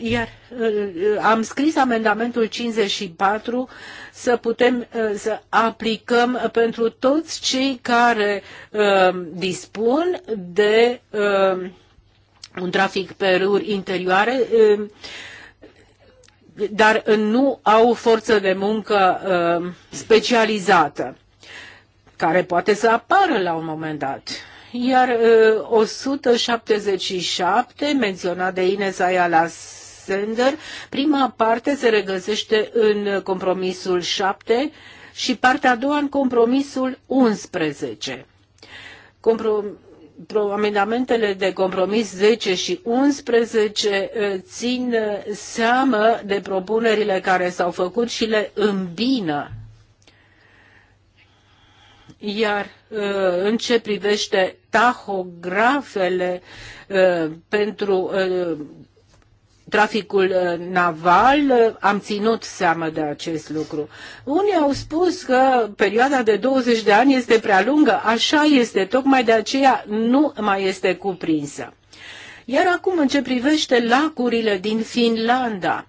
iar uh, am scris amendamentul 54 să putem uh, să aplicăm pentru toți cei care uh, dispun de uh, un trafic pe râuri interioare, uh, dar nu au forță de muncă uh, specializată, care poate să apară la un moment dat iar 177, uh, menționat de Ines Ayala Sender, prima parte se regăsește în compromisul 7 și partea a doua în compromisul 11. Comprom- amendamentele de compromis 10 și 11 uh, țin seamă de propunerile care s-au făcut și le îmbină iar uh, în ce privește tahografele uh, pentru uh, traficul naval, am ținut seama de acest lucru. Unii au spus că perioada de 20 de ani este prea lungă, așa este, tocmai de aceea nu mai este cuprinsă. Iar acum, în ce privește lacurile din Finlanda,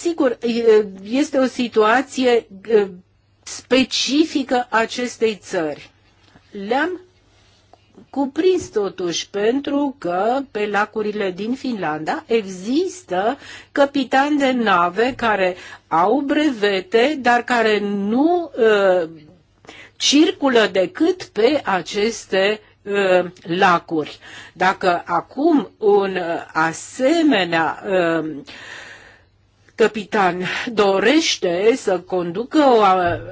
Sigur, este o situație specifică acestei țări. Le-am cuprins totuși pentru că pe lacurile din Finlanda există capitani de nave care au brevete, dar care nu uh, circulă decât pe aceste lacuri. Dacă acum un asemenea uh, capitan dorește să conducă o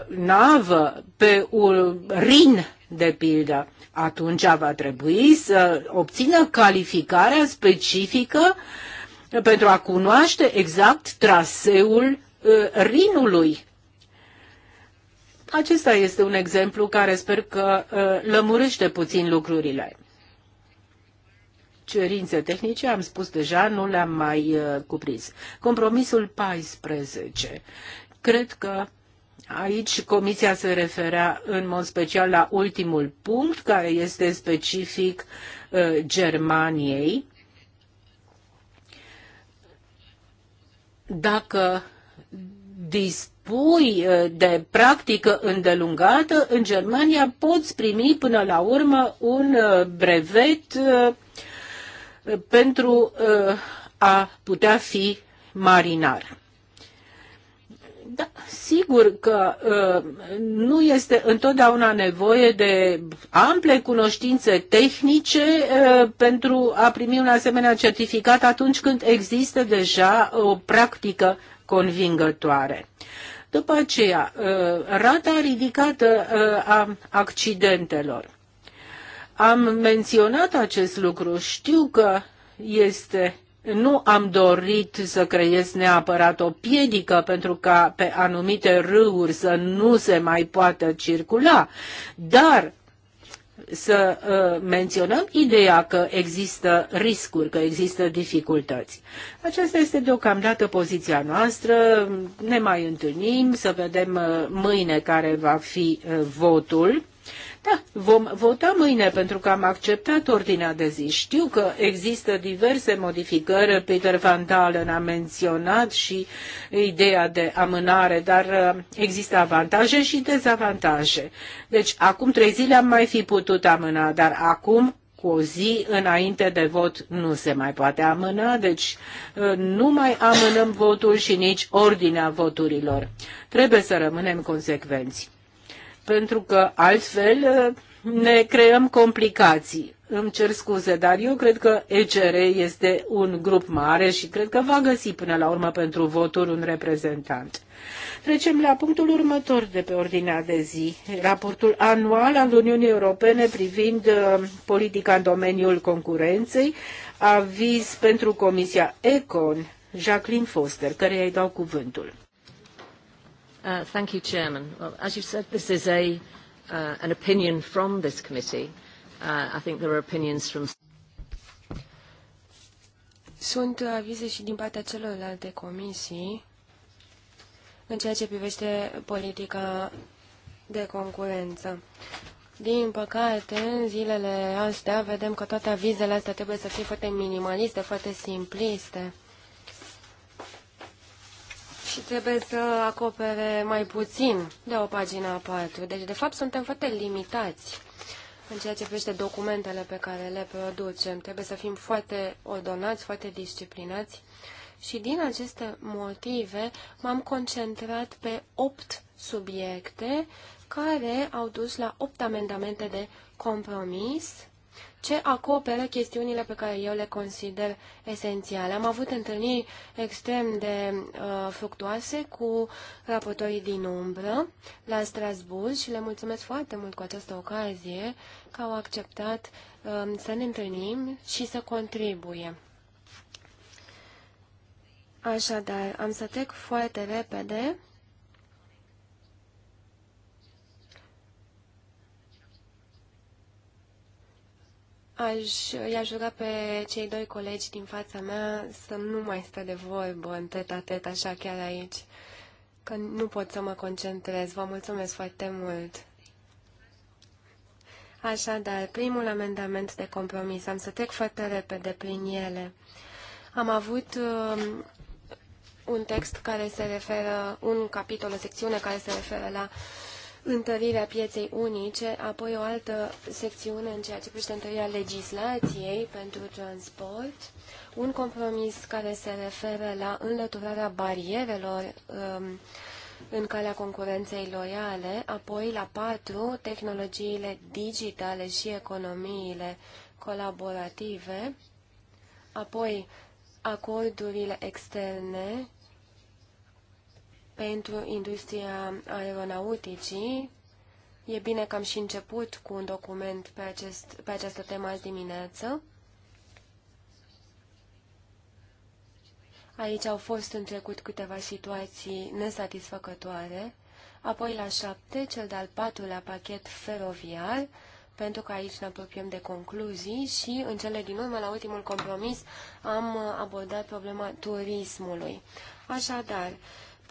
navă pe un Rin, de pildă, atunci va trebui să obțină calificarea specifică pentru a cunoaște exact traseul ă, Rinului. Acesta este un exemplu care sper că ă, lămurește puțin lucrurile cerințe tehnice, am spus deja, nu le-am mai uh, cuprins. Compromisul 14. Cred că Aici comisia se referea în mod special la ultimul punct, care este specific uh, Germaniei. Dacă dispui uh, de practică îndelungată, în Germania poți primi până la urmă un brevet pentru uh, a putea fi marinar. Da, sigur că uh, nu este întotdeauna nevoie de ample cunoștințe tehnice uh, pentru a primi un asemenea certificat atunci când există deja o practică convingătoare. După aceea, rata ridicată a accidentelor am menționat acest lucru. Știu că este nu am dorit să creez neapărat o piedică pentru ca pe anumite râuri să nu se mai poată circula, dar să uh, menționăm ideea că există riscuri, că există dificultăți. Aceasta este deocamdată poziția noastră. Ne mai întâlnim, să vedem uh, mâine care va fi uh, votul. Da, vom vota mâine pentru că am acceptat ordinea de zi. Știu că există diverse modificări, Peter Van Dalen a menționat și ideea de amânare, dar uh, există avantaje și dezavantaje. Deci acum trei zile am mai fi putut amâna, dar acum cu o zi înainte de vot nu se mai poate amâna, deci uh, nu mai amânăm votul și nici ordinea voturilor. Trebuie să rămânem consecvenți pentru că altfel uh, ne creăm complicații. Îmi cer scuze, dar eu cred că ECR este un grup mare și cred că va găsi până la urmă pentru voturi un reprezentant. Trecem la punctul următor de pe ordinea de zi, raportul anual al Uniunii Europene privind uh, politica în domeniul concurenței, aviz pentru Comisia ECON, Jacqueline Foster, care îi dau cuvântul. Uh, thank you, Chairman. Well, as you said, this is a, uh, an opinion from this committee. Uh, I think there are opinions from... Sunt uh, avize și din partea celorlalte comisii în ceea ce privește politica de concurență. Din păcate, în zilele astea vedem că toate avizele astea trebuie să fie foarte minimaliste, foarte simpliste și trebuie să acopere mai puțin de o pagină a patru. Deci, de fapt, suntem foarte limitați în ceea ce privește documentele pe care le producem. Trebuie să fim foarte ordonați, foarte disciplinați și din aceste motive m-am concentrat pe opt subiecte care au dus la opt amendamente de compromis ce acoperă chestiunile pe care eu le consider esențiale. Am avut întâlniri extrem de uh, fructuoase cu raportorii din umbră la Strasbourg și le mulțumesc foarte mult cu această ocazie că au acceptat uh, să ne întâlnim și să contribuie. Așadar, am să trec foarte repede Aș, i-aș ruga pe cei doi colegi din fața mea să nu mai stă de vorbă în tet -tet, așa chiar aici, că nu pot să mă concentrez. Vă mulțumesc foarte mult. Așadar, primul amendament de compromis. Am să trec foarte repede prin ele. Am avut uh, un text care se referă, un capitol, o secțiune care se referă la uh, întărirea pieței unice, apoi o altă secțiune în ceea ce privește întărirea legislației pentru transport, un compromis care se referă la înlăturarea barierelor um, în calea concurenței loiale, apoi la patru tehnologiile digitale și economiile colaborative, apoi acordurile externe pentru industria aeronauticii. E bine că am și început cu un document pe, acest, pe această temă azi dimineață. Aici au fost în trecut câteva situații nesatisfăcătoare. Apoi la șapte, cel de-al patrulea pachet feroviar, pentru că aici ne apropiem de concluzii și în cele din urmă, la ultimul compromis, am abordat problema turismului. Așadar,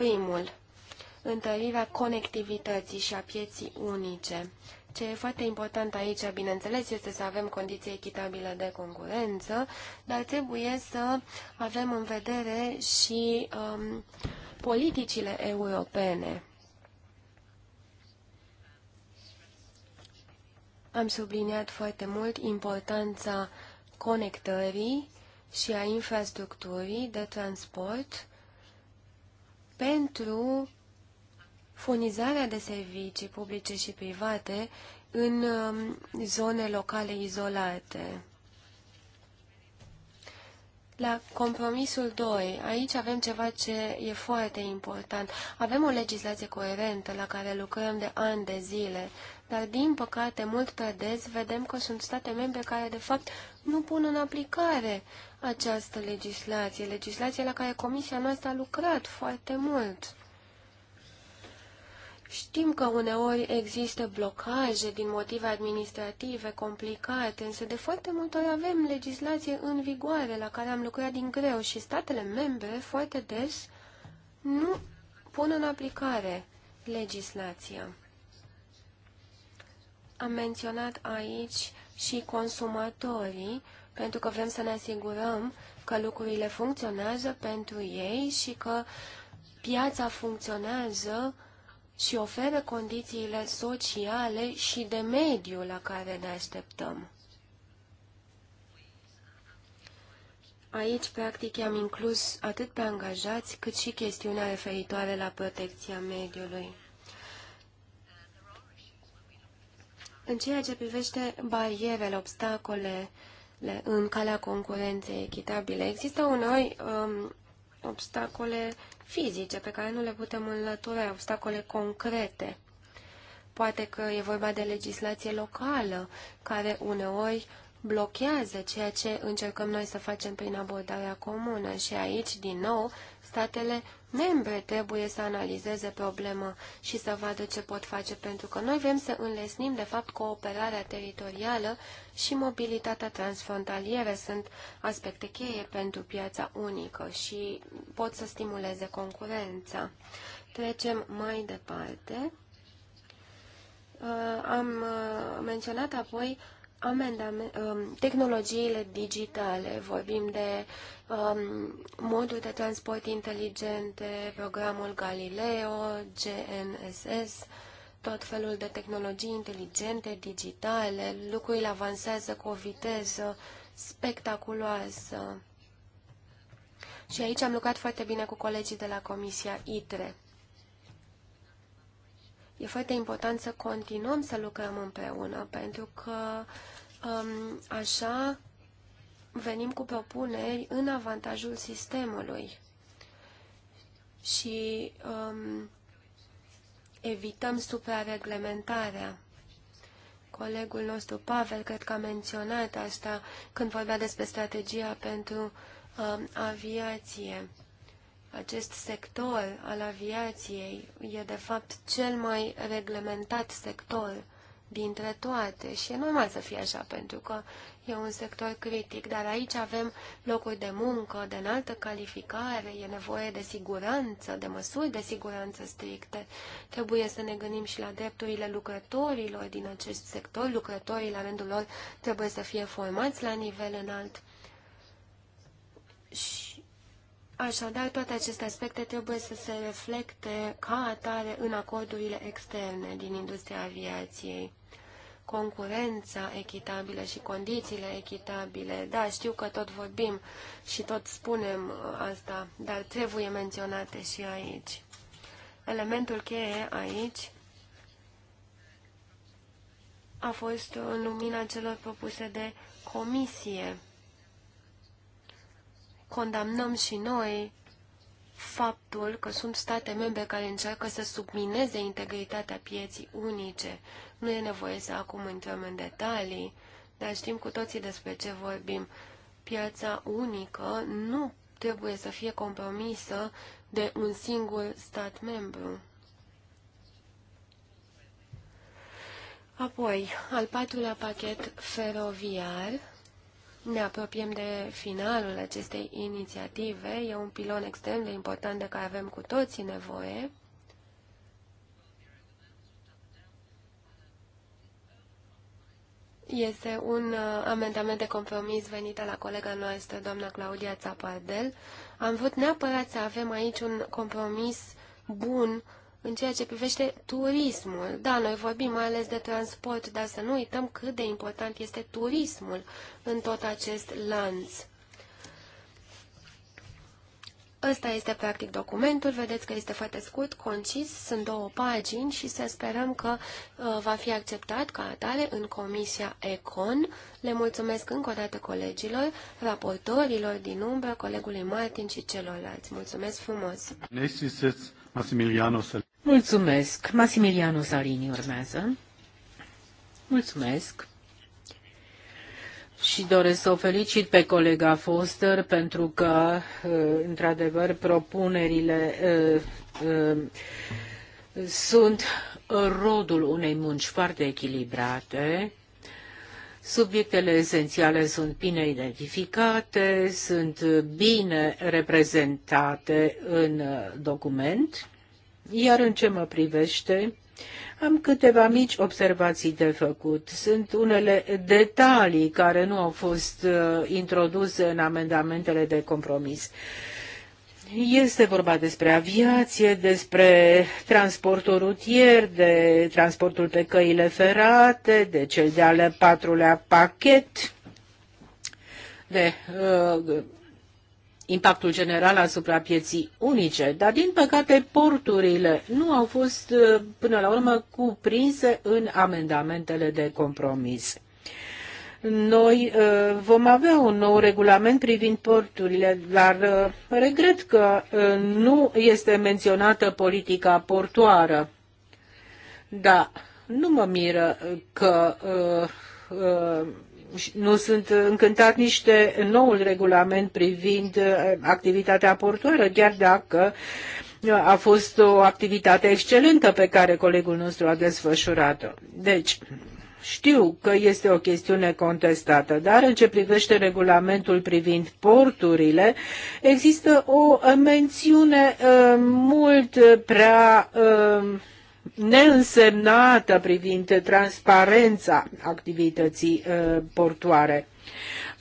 Primul, întărirea conectivității și a pieții unice. Ce e foarte important aici, bineînțeles, este să avem condiții echitabile de concurență, dar trebuie să avem în vedere și um, politicile europene. Am subliniat foarte mult importanța conectării și a infrastructurii de transport pentru furnizarea de servicii publice și private în um, zone locale izolate. La compromisul 2, aici avem ceva ce e foarte important. Avem o legislație coerentă la care lucrăm de ani de zile, dar din păcate mult prea des vedem că sunt state membre care de fapt nu pun în aplicare această legislație, legislație la care comisia noastră a lucrat foarte mult. Știm că uneori există blocaje din motive administrative complicate, însă de foarte multe ori avem legislație în vigoare la care am lucrat din greu și statele membre foarte des nu pun în aplicare legislația. Am menționat aici și consumatorii, pentru că vrem să ne asigurăm că lucrurile funcționează pentru ei și că piața funcționează uh, și oferă condițiile sociale și de mediu la care ne așteptăm. Aici, practic, am inclus atât pe angajați, cât și chestiunea referitoare la protecția mediului. În ceea ce privește barierele, obstacolele în calea concurenței echitabile, există unor um, obstacole fizice pe care nu le putem înlătura, obstacole concrete. Poate că e vorba de legislație locală, care uneori blochează ceea ce încercăm noi să facem prin abordarea comună și aici, din nou, statele membre trebuie să analizeze problema și să vadă ce pot face, pentru că noi vrem să înlesnim, de fapt, cooperarea teritorială și mobilitatea transfrontalieră sunt aspecte cheie pentru piața unică și pot să stimuleze concurența. Trecem mai departe. Uh, am uh, menționat apoi amendament, uh, tehnologiile digitale. Vorbim de um, modul de transport inteligente, programul Galileo, GNSS, tot felul de tehnologii inteligente, digitale, lucrurile avansează cu o viteză spectaculoasă. Și aici am lucrat foarte bine cu colegii de la Comisia ITRE. E foarte important să continuăm să lucrăm împreună, pentru că um, așa venim cu propuneri în avantajul sistemului și um, evităm suprareglementarea. Colegul nostru, Pavel, cred că a menționat asta când vorbea despre strategia pentru um, aviație. Acest sector al aviației e, de fapt, cel mai reglementat sector dintre toate și e normal să fie așa, pentru că E un sector critic, dar aici avem locuri de muncă, de înaltă calificare, e nevoie de siguranță, de măsuri de siguranță stricte. Trebuie să ne gândim și la drepturile lucrătorilor din acest sector. Lucrătorii, la rândul lor, trebuie să fie formați la nivel înalt. Și așadar, toate aceste aspecte trebuie să se reflecte ca atare în acordurile externe din industria aviației concurența echitabilă și condițiile echitabile. Da, știu că tot vorbim și tot spunem uh, asta, dar trebuie menționate și aici. Elementul cheie aici a fost în lumina celor propuse de comisie. Condamnăm și noi faptul că sunt state membre care încearcă să submineze integritatea pieții unice nu e nevoie să acum intrăm în detalii, dar știm cu toții despre ce vorbim. Piața unică nu trebuie să fie compromisă de un singur stat membru. Apoi, al patrulea pachet feroviar. Ne apropiem de finalul acestei inițiative. E un pilon extrem de important de care avem cu toții nevoie. Este un uh, amendament de compromis venit la colega noastră, doamna Claudia Țapardel. Am vrut neapărat să avem aici un compromis bun în ceea ce privește turismul. Da, noi vorbim mai ales de transport, dar să nu uităm cât de important este turismul în tot acest lanț. Ăsta este practic documentul, vedeți că este foarte scurt, concis, sunt două pagini și să sperăm că uh, va fi acceptat ca atare în Comisia ECON. Le mulțumesc încă o dată colegilor, raportorilor din umbră, colegului Martin și celorlalți. Mulțumesc frumos! Mulțumesc! Massimiliano Salini urmează. Mulțumesc! și doresc să o felicit pe colega Foster pentru că, uh, într-adevăr, propunerile uh, uh, sunt rodul unei munci foarte echilibrate. Subiectele esențiale sunt bine identificate, sunt bine reprezentate în document, iar în ce mă privește, am câteva mici observații de făcut. Sunt unele detalii care nu au fost uh, introduse în amendamentele de compromis. Este vorba despre aviație, despre transportul rutier, de transportul pe căile ferate, de cel de-al patrulea pachet, de uh, impactul general asupra pieții unice, dar din păcate porturile nu au fost uh, până la urmă cuprinse în amendamentele de compromis. Noi uh, vom avea un nou regulament privind porturile, dar uh, regret că nu este menționată politica portoară. Da, nu mă miră că nu sunt încântat nici de noul regulament privind uh, activitatea portuară, chiar dacă uh, a fost o activitate excelentă pe care colegul nostru a desfășurat-o. Deci, știu că este o chestiune contestată, dar în ce privește regulamentul privind porturile, există o mențiune uh, mult prea uh, neînsemnată privind transparența activității uh, portoare.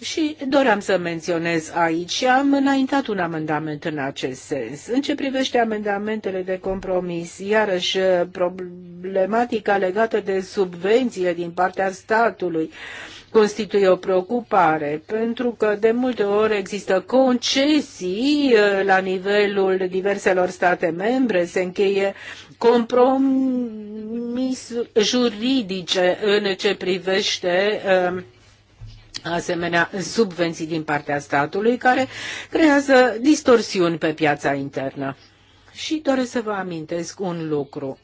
Și doream să menționez aici și am înaintat un amendament în acest sens. În ce privește amendamentele de compromis, iarăși uh, problematica legată de subvențiile din partea statului constituie o preocupare, pentru că de multe ori există concesii uh, la nivelul diverselor state membre, se încheie compromis juridice în ce privește um, asemenea subvenții din partea statului care creează distorsiuni pe piața internă. Și doresc să vă amintesc un lucru.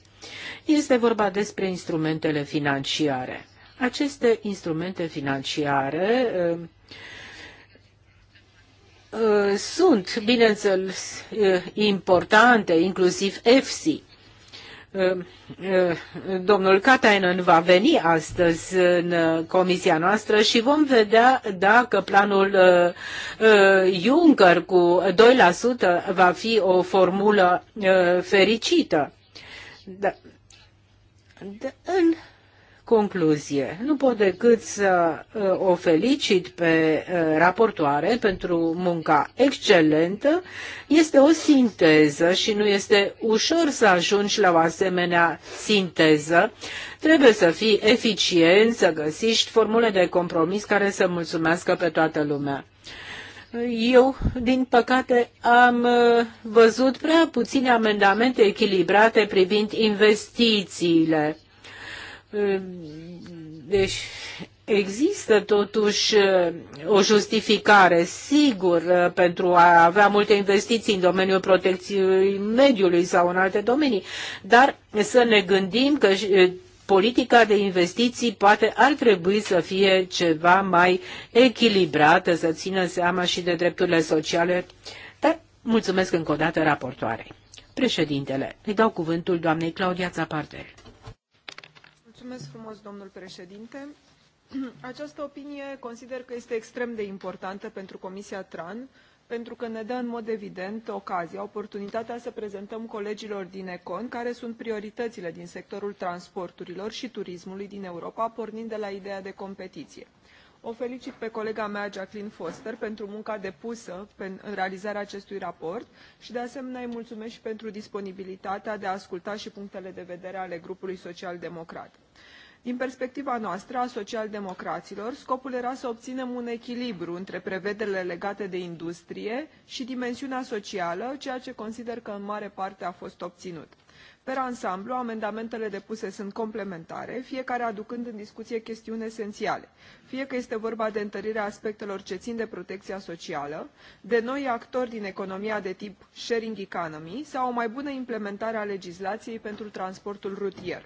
Este vorba despre instrumentele financiare. Aceste instrumente financiare um, uh, sunt, bineînțeles, uh, importante, inclusiv EFSI, Domnul Katainen va veni astăzi în uh, comisia noastră și vom vedea dacă planul uh, uh, Juncker cu 2% va fi o formulă fericită. Da. Da. În Concluzie. Nu pot decât să uh, o felicit pe uh, raportoare pentru munca excelentă. Este o sinteză și nu este ușor să ajungi la o asemenea sinteză. Trebuie să fii eficient, să găsești formule de compromis care să mulțumească pe toată lumea. Eu, din păcate, am uh, văzut prea puține amendamente echilibrate privind investițiile deci există totuși uh, o justificare, sigur, uh, pentru a avea multe investiții în domeniul protecției mediului sau în alte domenii, dar să ne gândim că uh, politica de investiții poate ar trebui să fie ceva mai echilibrată, să țină seama și de drepturile sociale. Dar mulțumesc încă o dată raportoarei. Președintele, îi dau cuvântul doamnei Claudia Zapardel președinte. Această opinie consider că este extrem de importantă pentru Comisia TRAN, pentru că ne dă în mod evident ocazia, oportunitatea să prezentăm colegilor din Econ care sunt prioritățile din sectorul transporturilor și turismului din Europa, pornind de la ideea de competiție o felicit pe colega mea, Jacqueline Foster, pentru munca depusă în realizarea acestui raport și, de asemenea, îi mulțumesc și pentru disponibilitatea de a asculta și punctele de vedere ale grupului social-democrat. Din perspectiva noastră, a Social social-democraților, scopul era să obținem un echilibru între prevederile legate de industrie și dimensiunea socială, ceea ce consider că în mare parte a fost obținut. Per ansamblu, amendamentele depuse sunt complementare, fiecare aducând în discuție chestiuni esențiale, fie că este vorba de întărirea aspectelor ce țin de protecția socială, de noi actori din economia de tip sharing economy sau o mai bună implementare a legislației pentru transportul rutier.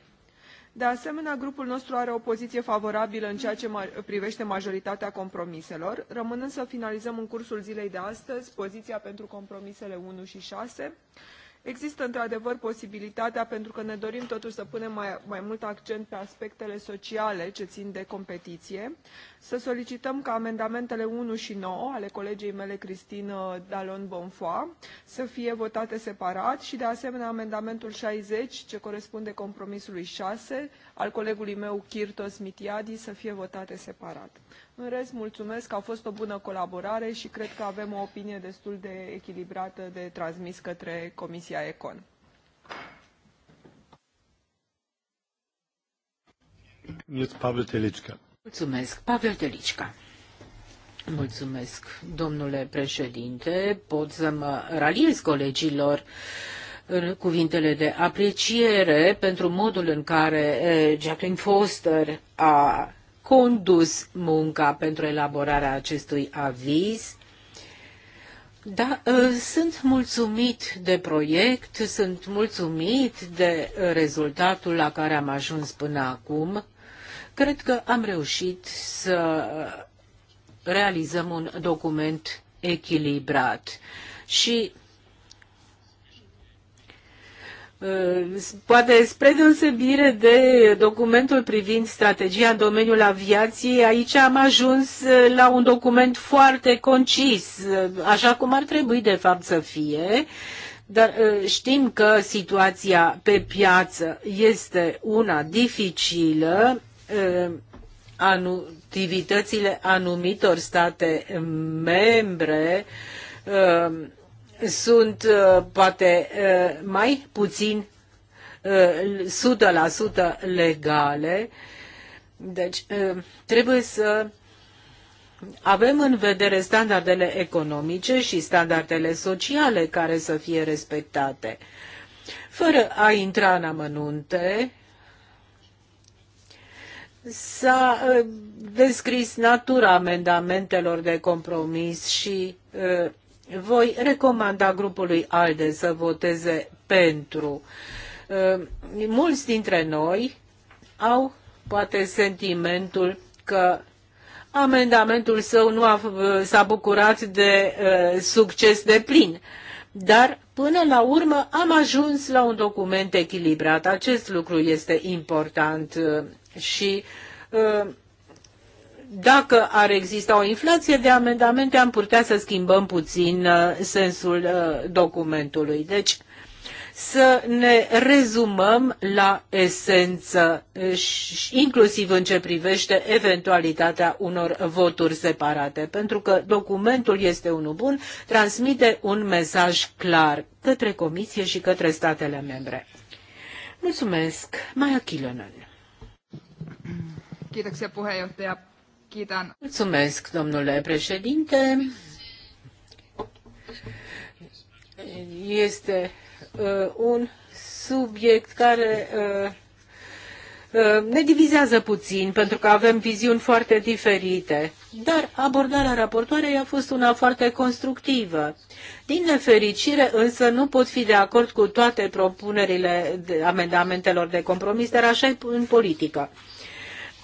De asemenea, grupul nostru are o poziție favorabilă în ceea ce privește majoritatea compromiselor, rămânând să finalizăm în cursul zilei de astăzi poziția pentru compromisele 1 și 6, Există într-adevăr posibilitatea, pentru că ne dorim totuși să punem mai, mai mult accent pe aspectele sociale ce țin de competiție, să solicităm ca amendamentele 1 și 9 ale colegei mele Cristin Dalon Bonfoa să fie votate separat și de asemenea amendamentul 60, ce corespunde compromisului 6, al colegului meu Kirtos Mitiadi, să fie votate separat. În rest, mulțumesc, a fost o bună colaborare și cred că avem o opinie destul de echilibrată de transmis către Comisia Econ. Pavel Telicca. Mulțumesc, Pavel Telicca. Mulțumesc, domnule președinte. Pot să mă raliez colegilor cuvintele de apreciere pentru modul în care eh, Jacqueline Foster a condus munca pentru elaborarea acestui aviz. Da, ă, sunt mulțumit de proiect, sunt mulțumit de rezultatul la care am ajuns până acum. Cred că am reușit să realizăm un document echilibrat și Uh, poate spre deosebire de documentul privind strategia în domeniul aviației, aici am ajuns uh, la un document foarte concis, uh, așa cum ar trebui de fapt să fie, dar știm că situația pe piață este una dificilă, activitățile anumitor state membre sunt uh, poate uh, mai puțin 100% uh, legale. Deci trebuie să avem în vedere standardele economice și standardele sociale care să fie respectate. Fără a intra în amănunte, s-a descris natura amendamentelor de compromis și voi recomanda grupului ALDE să voteze pentru. Ehm, mulți dintre noi au poate sentimentul că amendamentul său nu a, s-a bucurat de ehm, succes de plin. Dar, până la urmă, am ajuns la un document echilibrat. Acest lucru este important ehm, și uh, dacă ar exista o inflație de amendamente, am putea să schimbăm puțin uh, sensul uh, documentului. Deci, să ne rezumăm la esență, uh, inclusiv în ce privește eventualitatea unor voturi separate, pentru că documentul este unul bun, transmite un mesaj clar către Comisie și către statele membre. Mulțumesc, Maia Kilonen. Kiitoksia puheenjohtaja. Mulțumesc, domnule președinte. Este uh, un subiect care uh, uh, ne divizează puțin, pentru că avem viziuni foarte diferite. Dar abordarea raportoarei a fost una foarte constructivă. Din nefericire, însă, nu pot fi de acord cu toate propunerile de amendamentelor de compromis, dar așa e în politică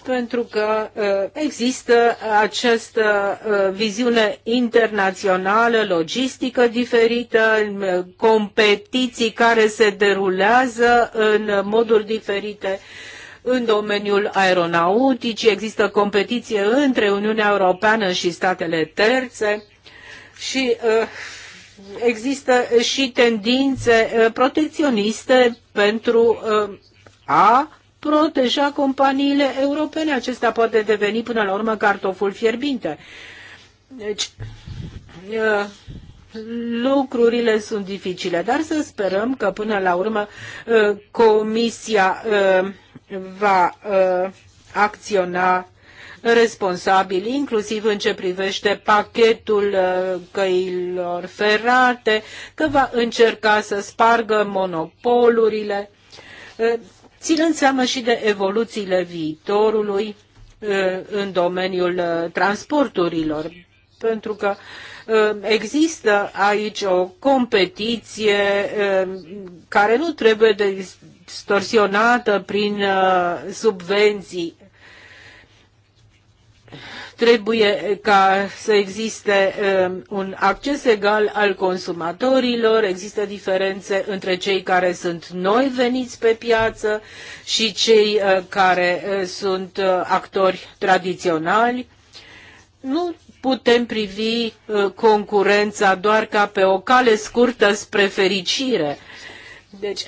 pentru că uh, există această uh, viziune internațională, logistică diferită, uh, competiții care se derulează în moduri diferite în domeniul aeronauticii, există competiție între Uniunea Europeană și statele terțe și există și tendințe protecționiste pentru a proteja companiile europene. Acesta poate deveni până la urmă cartoful fierbinte. Deci, uh, lucrurile sunt dificile, dar să sperăm că până la urmă uh, Comisia uh, va acționa responsabil, inclusiv în ce privește pachetul căilor ferate, că va încerca să spargă monopolurile ținând seama și de evoluțiile viitorului uh, în domeniul uh, transporturilor, pentru că uh, există aici o competiție care nu trebuie distorsionată prin subvenții Trebuie ca să existe um, un acces egal al consumatorilor, există diferențe între cei care sunt noi veniți pe piață și cei uh, care uh, sunt uh, actori tradiționali. Nu putem privi concurența doar ca pe o cale scurtă spre fericire. Deci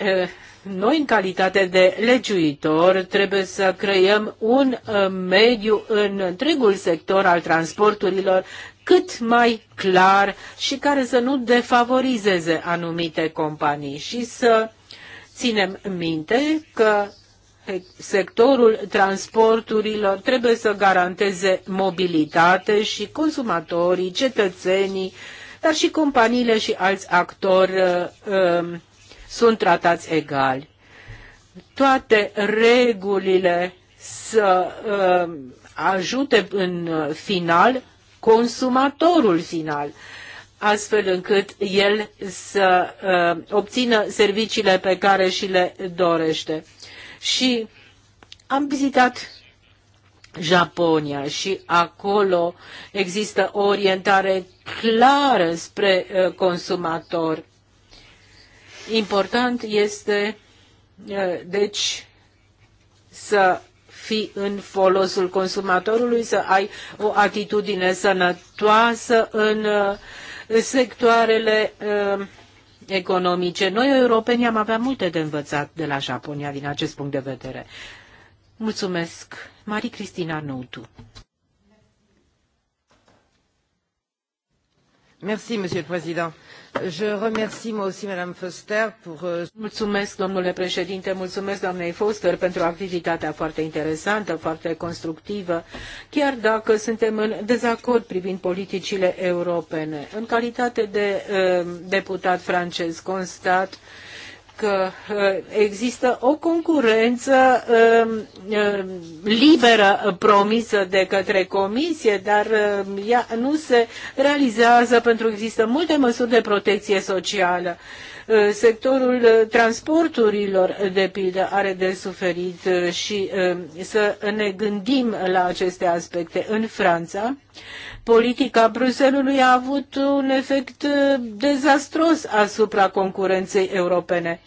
noi, în calitate de legiuitor, trebuie să creăm un uh, mediu în întregul sector al transporturilor cât mai clar și care să nu defavorizeze anumite companii și să ținem minte că sectorul transporturilor trebuie să garanteze mobilitate și consumatorii, cetățenii, dar și companiile și alți actori uh, um, sunt tratați egali. Toate regulile să uh, ajute în final consumatorul final, astfel încât el să uh, obțină serviciile pe care și le dorește. Și am vizitat Japonia și acolo există o orientare clară spre uh, consumatori Important este, deci, să fi în folosul consumatorului, să ai o atitudine sănătoasă în sectoarele economice. Noi, europenii, am avea multe de învățat de la Japonia din acest punct de vedere. Mulțumesc. Mari Cristina Noutu. Merci, Monsieur le Président. Euh, mulțumesc, domnule președinte, mulțumesc doamnei Foster pentru activitatea foarte interesantă, foarte constructivă, chiar dacă suntem în dezacord privind politicile europene. În calitate de uh, deputat francez, constat că că uh, există o concurență um, um, liberă uh, promisă de către comisie, dar uh, ea nu se realizează pentru că există multe măsuri de protecție socială. Eh, sectorul eh, transporturilor, de pildă, are de suferit eh, și să ne gândim la aceste aspecte. În Franța, politica Bruselului a avut un efect dezastros asupra concurenței europene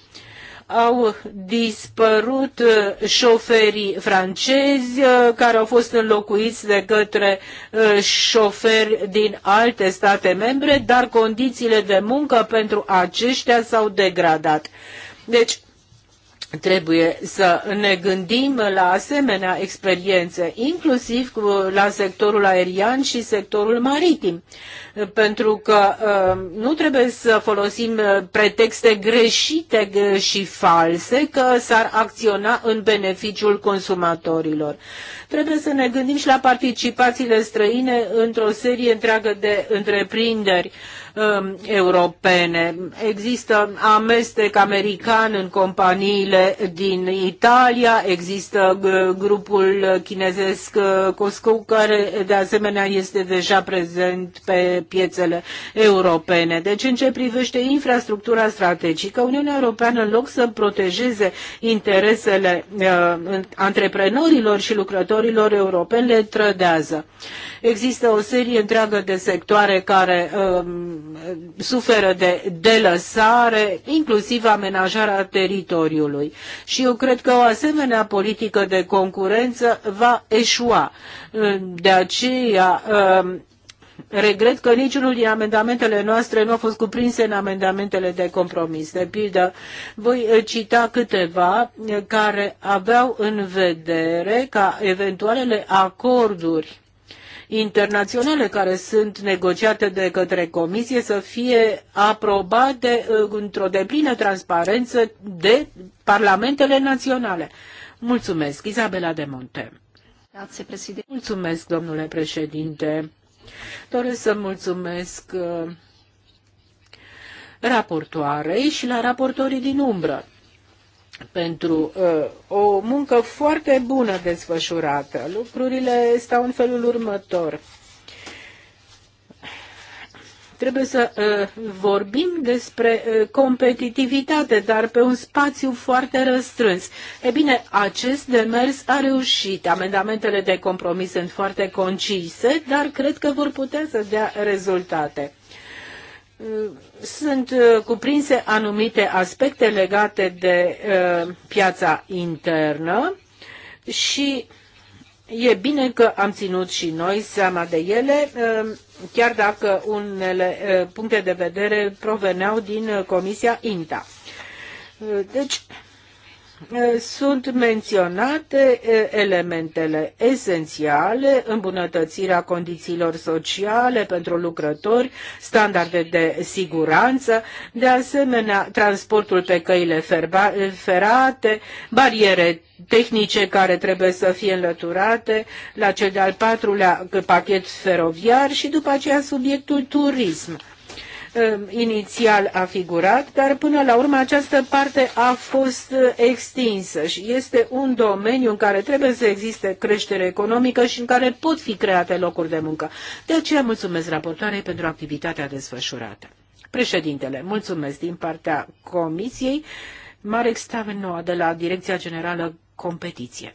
au dispărut uh, șoferii francezi uh, care au fost înlocuiți de către uh, șoferi din alte state membre, dar condițiile de muncă pentru aceștia s-au degradat. Deci, Trebuie să ne gândim la asemenea experiențe, inclusiv la sectorul aerian și sectorul maritim, pentru că uh, nu trebuie să folosim uh, pretexte greșite și false că s-ar acționa în beneficiul consumatorilor. Trebuie să ne gândim și la participațiile străine într-o serie întreagă de întreprinderi Um, europene. Există amestec american în companiile din Italia, există uh, grupul chinezesc uh, Costco care de asemenea este deja prezent pe piețele europene. Deci în ce privește infrastructura strategică, Uniunea Europeană în loc să protejeze interesele uh, antreprenorilor și lucrătorilor europeni le trădează. Există o serie întreagă de sectoare care uh, suferă de delăsare, inclusiv amenajarea teritoriului. Și eu cred că o asemenea politică de concurență va eșua. De aceea um, regret că niciunul din amendamentele noastre nu a fost cuprinse în amendamentele de compromis. De pildă, voi cita câteva care aveau în vedere ca eventualele acorduri internaționale care sunt negociate de către Comisie să fie aprobate uh, într-o deplină transparență de parlamentele naționale. Mulțumesc, Isabela de Monte. Mulțumesc, domnule președinte. Doresc să mulțumesc uh, raportoarei și la raportorii din umbră pentru uh, o muncă foarte bună desfășurată. Lucrurile stau în felul următor. Trebuie să uh, vorbim despre uh, competitivitate, dar pe un spațiu foarte răstrâns. E bine, acest demers a reușit. Amendamentele de compromis sunt foarte concise, dar cred că vor putea să dea rezultate sunt uh, cuprinse anumite aspecte legate de uh, piața internă și e bine că am ținut și noi seama de ele, uh, chiar dacă unele puncte de vedere proveneau din Comisia INTA. Deci, Eh, sunt menționate eh, elementele esențiale, îmbunătățirea condițiilor sociale pentru lucrători, standarde de siguranță, de asemenea transportul pe căile eh, ferate, bariere tehnice care trebuie să fie înlăturate la cel de-al patrulea pachet feroviar și după aceea subiectul turism Um, inițial a figurat, dar până la urmă această parte a fost uh, extinsă și este un domeniu în care trebuie să existe creștere economică și în care pot fi create locuri de muncă. De aceea mulțumesc raportoarei pentru activitatea desfășurată. Președintele, mulțumesc din partea Comisiei. Marek Stavenoa de la Direcția Generală Competiție.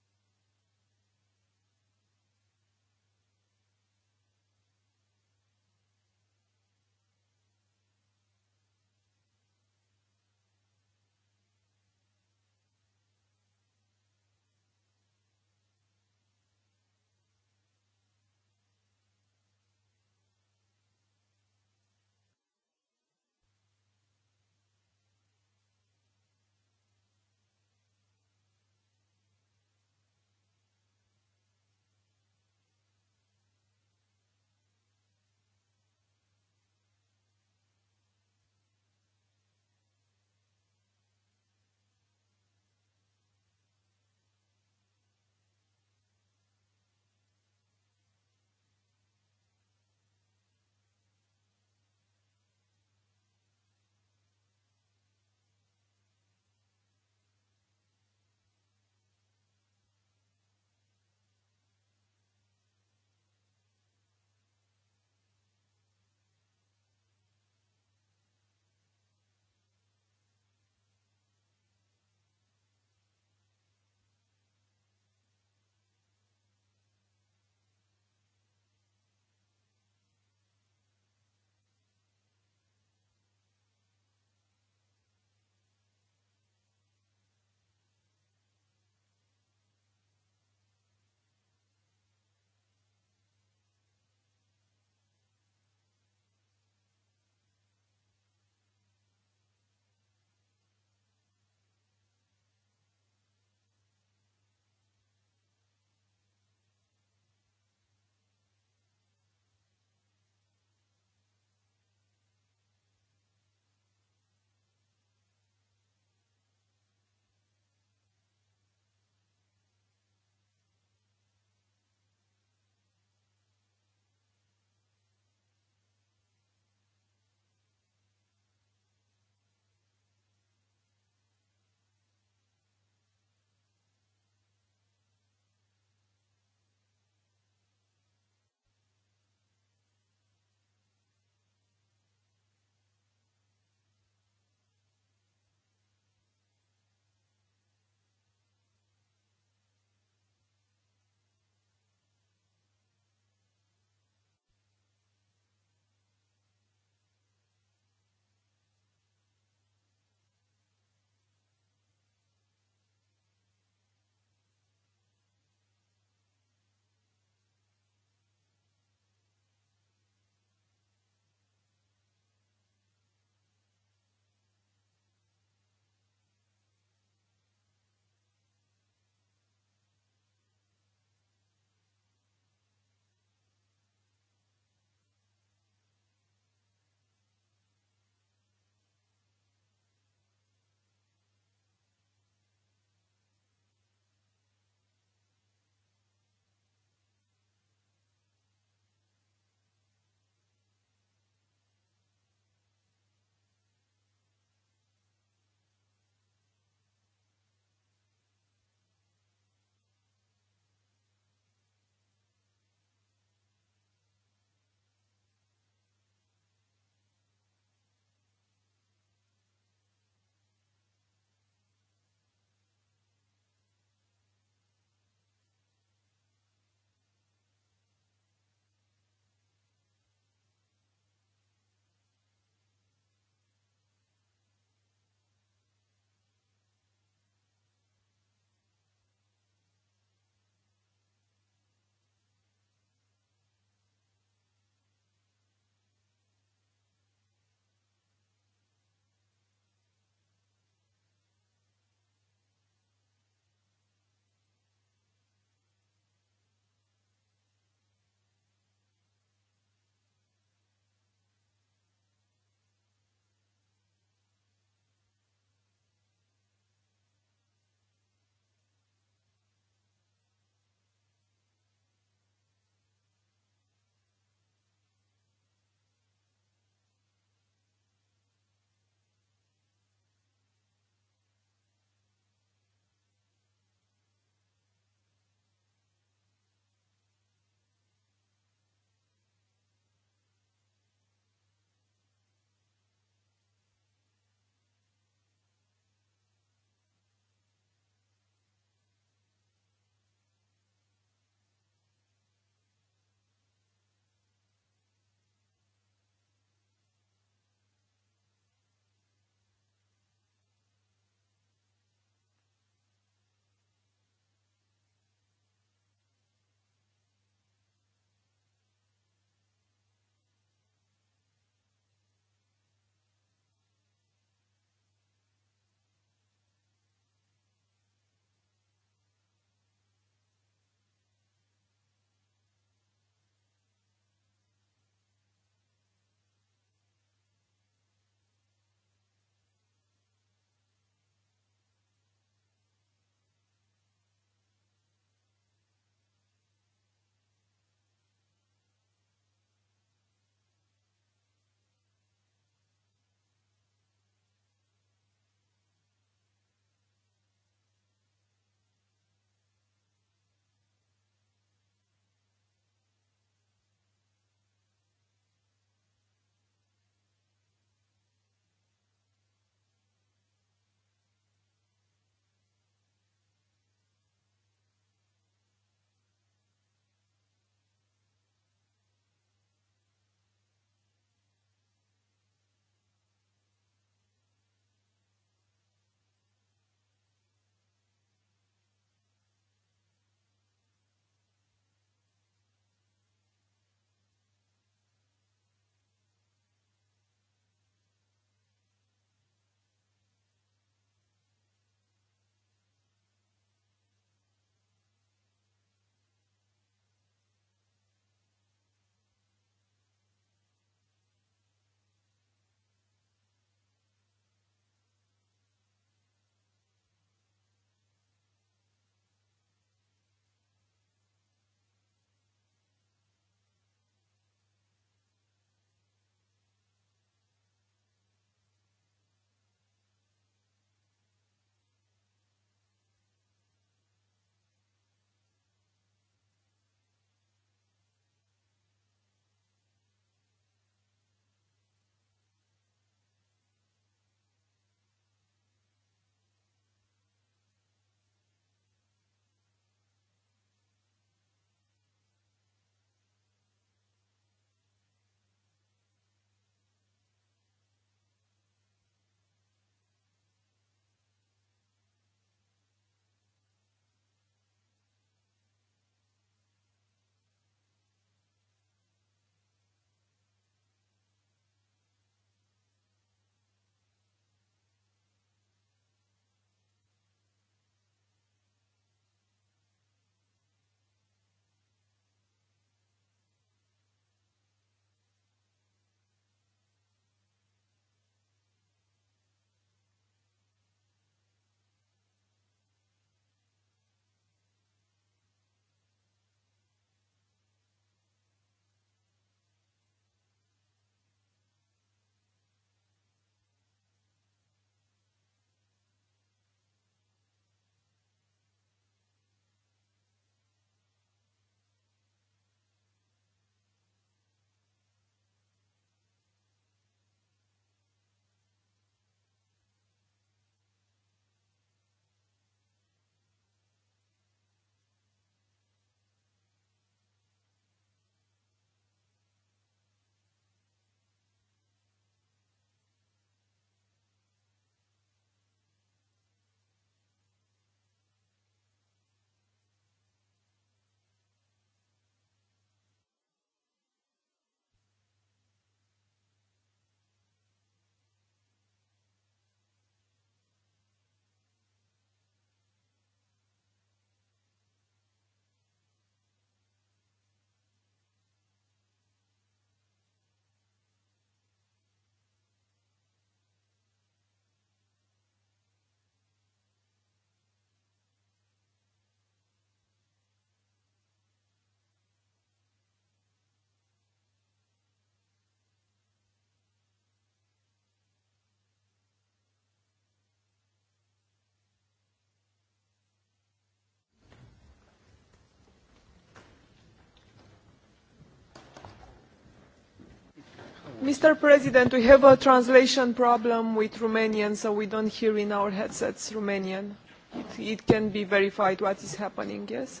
Mr. President, we have a translation problem with Romanian, so we don't hear in our headsets Romanian. It, it can be verified what is happening, yes?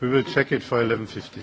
We will check it for 11.50.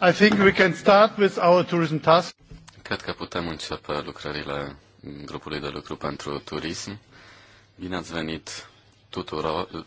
I think we can start with our tourism task. Cred că putem începe lucrările grupului de lucru pentru turism. Bine ați venit tuturor,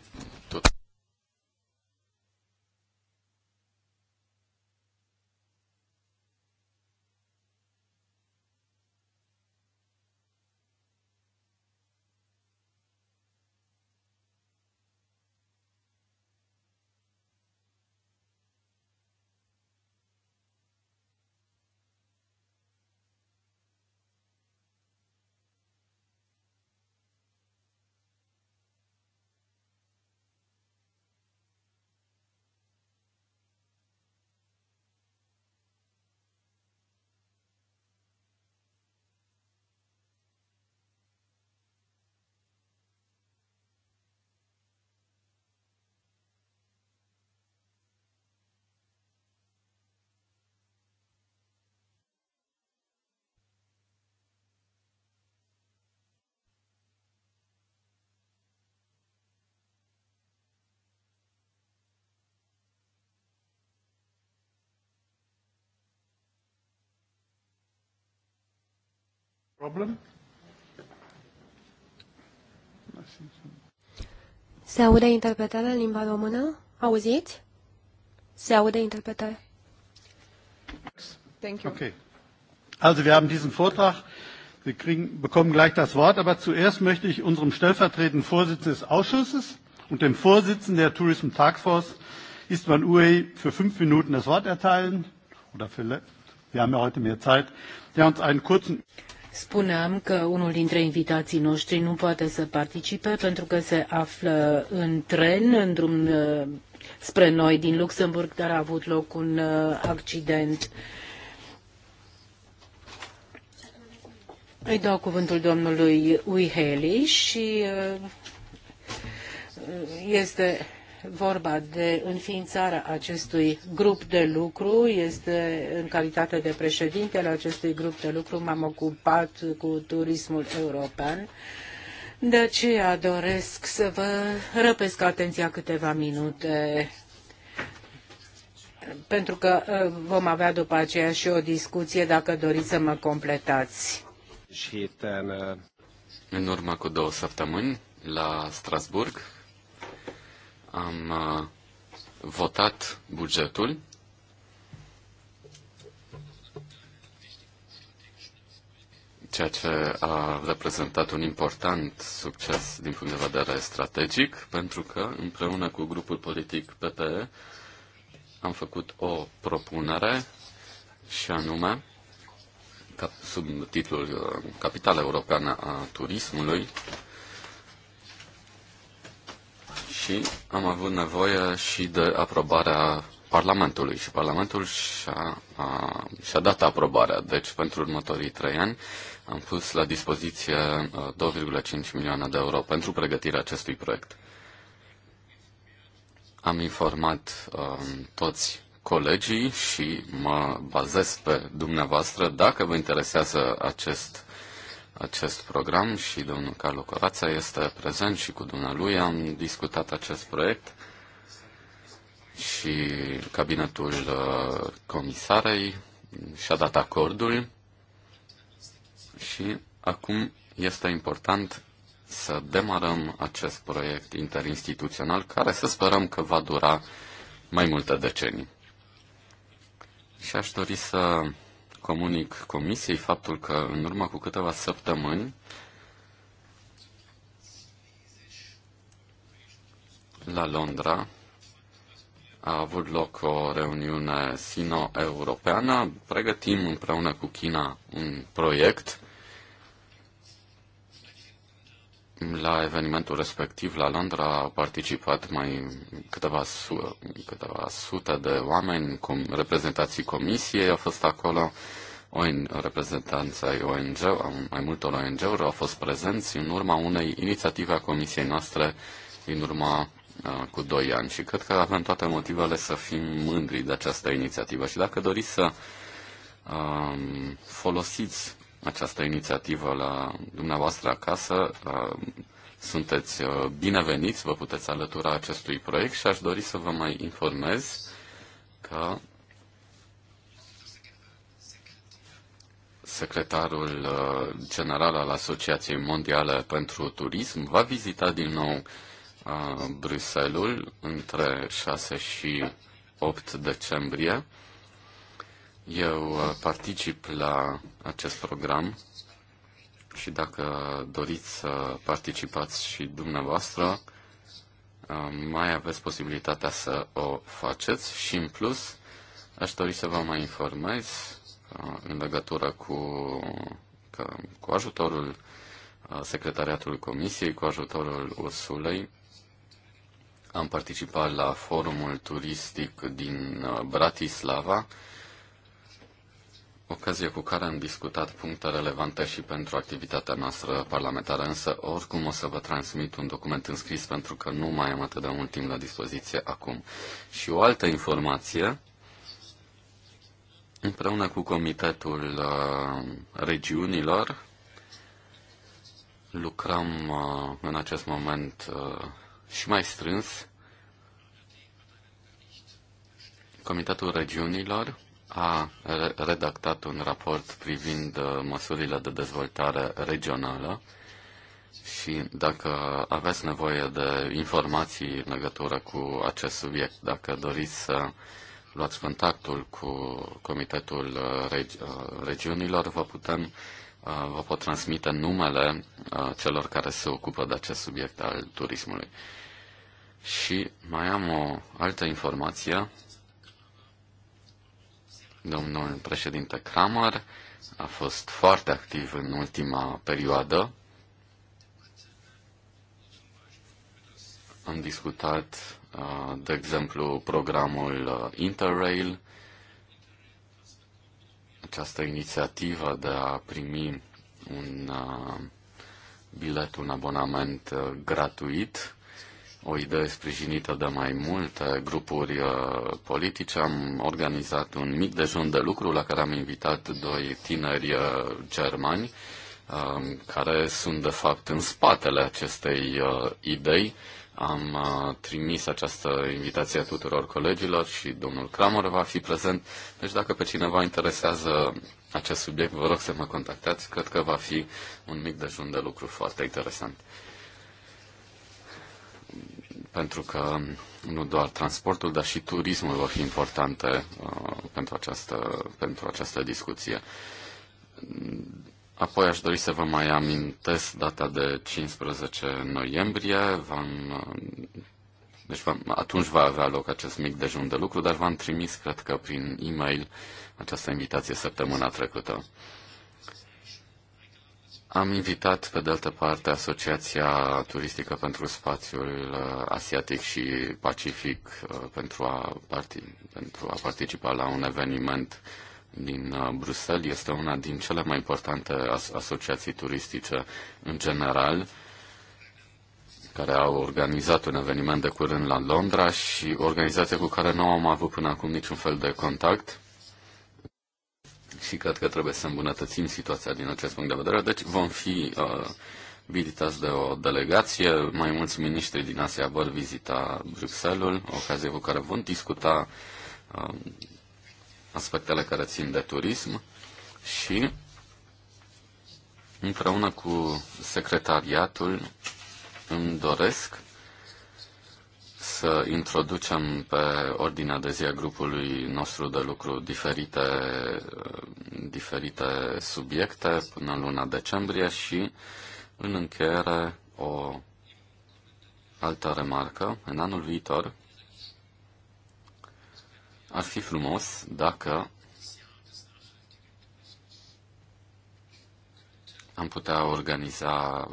Problem? Se aude interpretarea în limba română? Auziți? Se aude interpretarea. Thank you. Okay. Also wir haben diesen Vortrag. Wir kriegen, bekommen gleich das Wort, aber zuerst möchte ich unserem stellvertretenden Vorsitzenden des Ausschusses und dem Vorsitzenden der Tourism Task Force, Istvan Uey, für fünf Minuten das Wort erteilen. Oder für, wir haben ja heute mehr Zeit, der uns einen kurzen. Spuneam că unul dintre invitații noștri nu poate să participe pentru că se află în tren, în drum uh, spre noi din Luxemburg, dar a avut loc un uh, accident. Îi dau cuvântul domnului Uiheli și uh, este vorba de înființarea acestui grup de lucru. Este în calitate de președintele acestui grup de lucru m-am ocupat cu turismul european. De aceea doresc să vă răpesc atenția câteva minute pentru că uh, vom avea după aceea și o discuție dacă doriți să mă completați. Uh, în urmă cu două săptămâni, la Strasburg, am uh, votat bugetul. ceea ce a reprezentat un important succes din punct de vedere strategic, pentru că împreună cu grupul politic PPE am făcut o propunere și anume sub titlul uh, Capitala Europeană a Turismului, și am avut nevoie și de aprobarea Parlamentului și Parlamentul și-a, a, și-a dat aprobarea. Deci, pentru următorii trei ani am pus la dispoziție 2,5 milioane de euro pentru pregătirea acestui proiect. Am informat a, toți colegii și mă bazez pe dumneavoastră dacă vă interesează acest acest program și domnul Carlo Corața este prezent și cu dumnealui am discutat acest proiect și cabinetul uh, comisarei și-a dat acordul și acum este important să demarăm acest proiect interinstituțional care să sperăm că va dura mai multe decenii. Și aș dori să comunic Comisiei faptul că în urmă cu câteva săptămâni la Londra a avut loc o reuniune sino-europeană. Pregătim împreună cu China un proiect La evenimentul respectiv, la Londra, au participat mai câteva, su- câteva sute de oameni, cu reprezentații comisiei, au fost acolo reprezentanță, reprezentanța ONG, mai multor ONG-uri au fost prezenți în urma unei inițiative a comisiei noastre din urma cu doi ani și cred că avem toate motivele să fim mândri de această inițiativă și dacă doriți să um, folosiți această inițiativă la dumneavoastră acasă. Uh, sunteți uh, bineveniți, vă puteți alătura acestui proiect și aș dori să vă mai informez că secretarul uh, general al Asociației Mondiale pentru Turism va vizita din nou Bruxelles între 6 și 8 decembrie eu uh, particip la acest program și dacă doriți să participați și dumneavoastră, uh, mai aveți posibilitatea să o faceți și în plus aș dori să vă mai informez uh, în legătură cu, cu ajutorul secretariatului Comisiei, cu ajutorul Ursulei. Am participat la forumul turistic din Bratislava, ocazie cu care am discutat puncte relevante și pentru activitatea noastră parlamentară, însă oricum o să vă transmit un document înscris pentru că nu mai am atât de mult timp la dispoziție acum. Și o altă informație, împreună cu Comitetul uh, Regiunilor, lucrăm uh, în acest moment uh, și mai strâns. Comitetul Regiunilor a redactat un raport privind uh, măsurile de dezvoltare regională și dacă aveți nevoie de informații în legătură cu acest subiect, dacă doriți să luați contactul cu Comitetul uh, Regi- uh, Regiunilor, vă putem vă pot transmite numele celor care se ocupă de acest subiect al turismului. Și mai am o altă informație Domnul președinte Kramer a fost foarte activ în ultima perioadă. Am discutat, uh, de exemplu, programul uh, Interrail, această inițiativă de a primi un uh, bilet, un abonament gratuit o idee sprijinită de mai multe grupuri uh, politice. Am organizat un mic dejun de lucru la care am invitat doi tineri uh, germani um, care sunt de fapt în spatele acestei uh, idei. Am trimis această invitație a tuturor colegilor și domnul Kramer va fi prezent. Deci dacă pe cineva interesează acest subiect, vă rog să mă contactați. Cred că va fi un mic dejun de lucru foarte interesant pentru că nu doar transportul, dar și turismul vor fi importante uh, pentru, această, pentru această discuție. Apoi aș dori să vă mai amintesc data de 15 noiembrie. V-am, uh, deci v-am, atunci va avea loc acest mic dejun de lucru, dar v-am trimis, cred că, prin e-mail această invitație săptămâna trecută. Am invitat, pe de altă parte, Asociația Turistică pentru Spațiul uh, Asiatic și Pacific uh, pentru a, parti- pentru a participa la un eveniment din uh, Bruxelles. Este una din cele mai importante as- asociații turistice în general care au organizat un eveniment de curând la Londra și organizația cu care nu am avut până acum niciun fel de contact și cred că trebuie să îmbunătățim situația din acest punct de vedere. Deci vom fi uh, vizitați de o delegație, mai mulți miniștri din Asia vor vizita Bruxelles, ocazie cu care vom discuta uh, aspectele care țin de turism și împreună cu secretariatul îmi doresc să introducem pe ordinea de zi a grupului nostru de lucru diferite, uh, diferite subiecte până în luna decembrie și, în încheiere, o altă remarcă. În anul viitor ar fi frumos dacă am putea organiza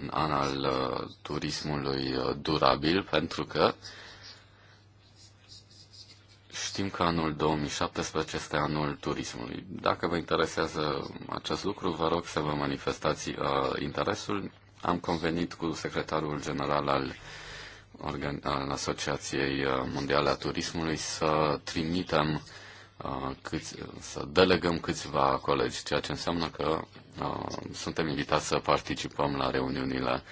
un an al uh, turismului uh, durabil, pentru că știm că anul 2017 este anul turismului. Dacă vă interesează acest lucru, vă rog să vă manifestați uh, interesul. Am convenit cu secretarul general al, organ- al Asociației uh, Mondiale a Turismului să trimitem uh, Uh, câți, să delegăm câțiva colegi, ceea ce înseamnă că uh, suntem invitați să participăm la reuniunile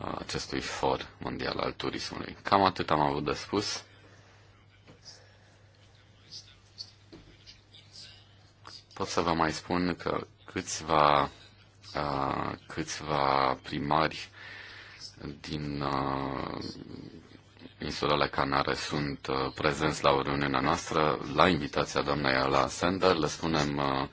uh, acestui for mondial al turismului. Cam atât am avut de spus. Pot să vă mai spun că câțiva, uh, câțiva primari din uh, insulele Canare sunt uh, prezenți la reuniunea noastră, la invitația doamnei Ala Sender, le spunem uh,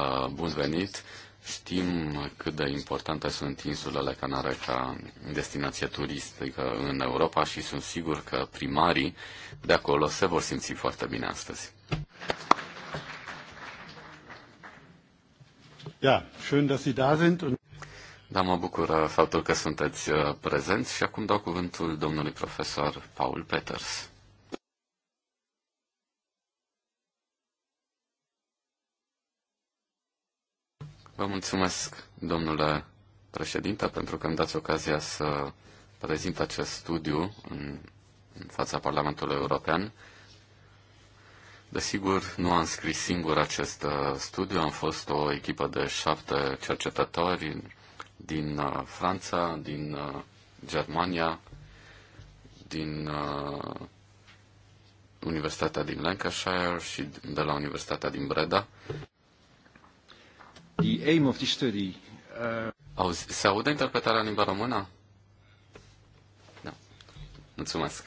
uh, bun venit. Știm cât de importante sunt insulele Canare ca destinație turistică în Europa și sunt sigur că primarii de acolo se vor simți foarte bine astăzi. Ja, schön, dass Sie da sind. Und da, mă bucur faptul că sunteți uh, prezenți și acum dau cuvântul domnului profesor Paul Peters. Vă mulțumesc, domnule președinte, pentru că îmi dați ocazia să prezint acest studiu în, în fața Parlamentului European. Desigur, nu am scris singur acest uh, studiu, am fost o echipă de șapte cercetători din uh, Franța, din uh, Germania, din uh, Universitatea din Lancashire și de la Universitatea din Breda. The aim of the study, uh... Auzi, se aude interpretarea în limba română? Da. Mulțumesc.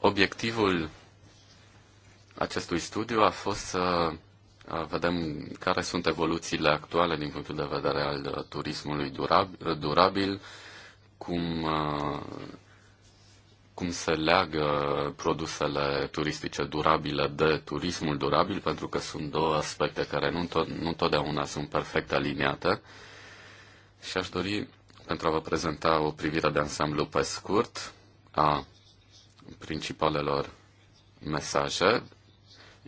Obiectivul acestui studiu a fost să uh, vedem care sunt evoluțiile actuale din punctul de vedere al uh, turismului durabil, uh, cum, uh, cum se leagă produsele turistice durabile de turismul durabil, pentru că sunt două aspecte care nu, to- nu totdeauna sunt perfect aliniate. Și aș dori, pentru a vă prezenta o privire de ansamblu pe scurt a principalelor mesaje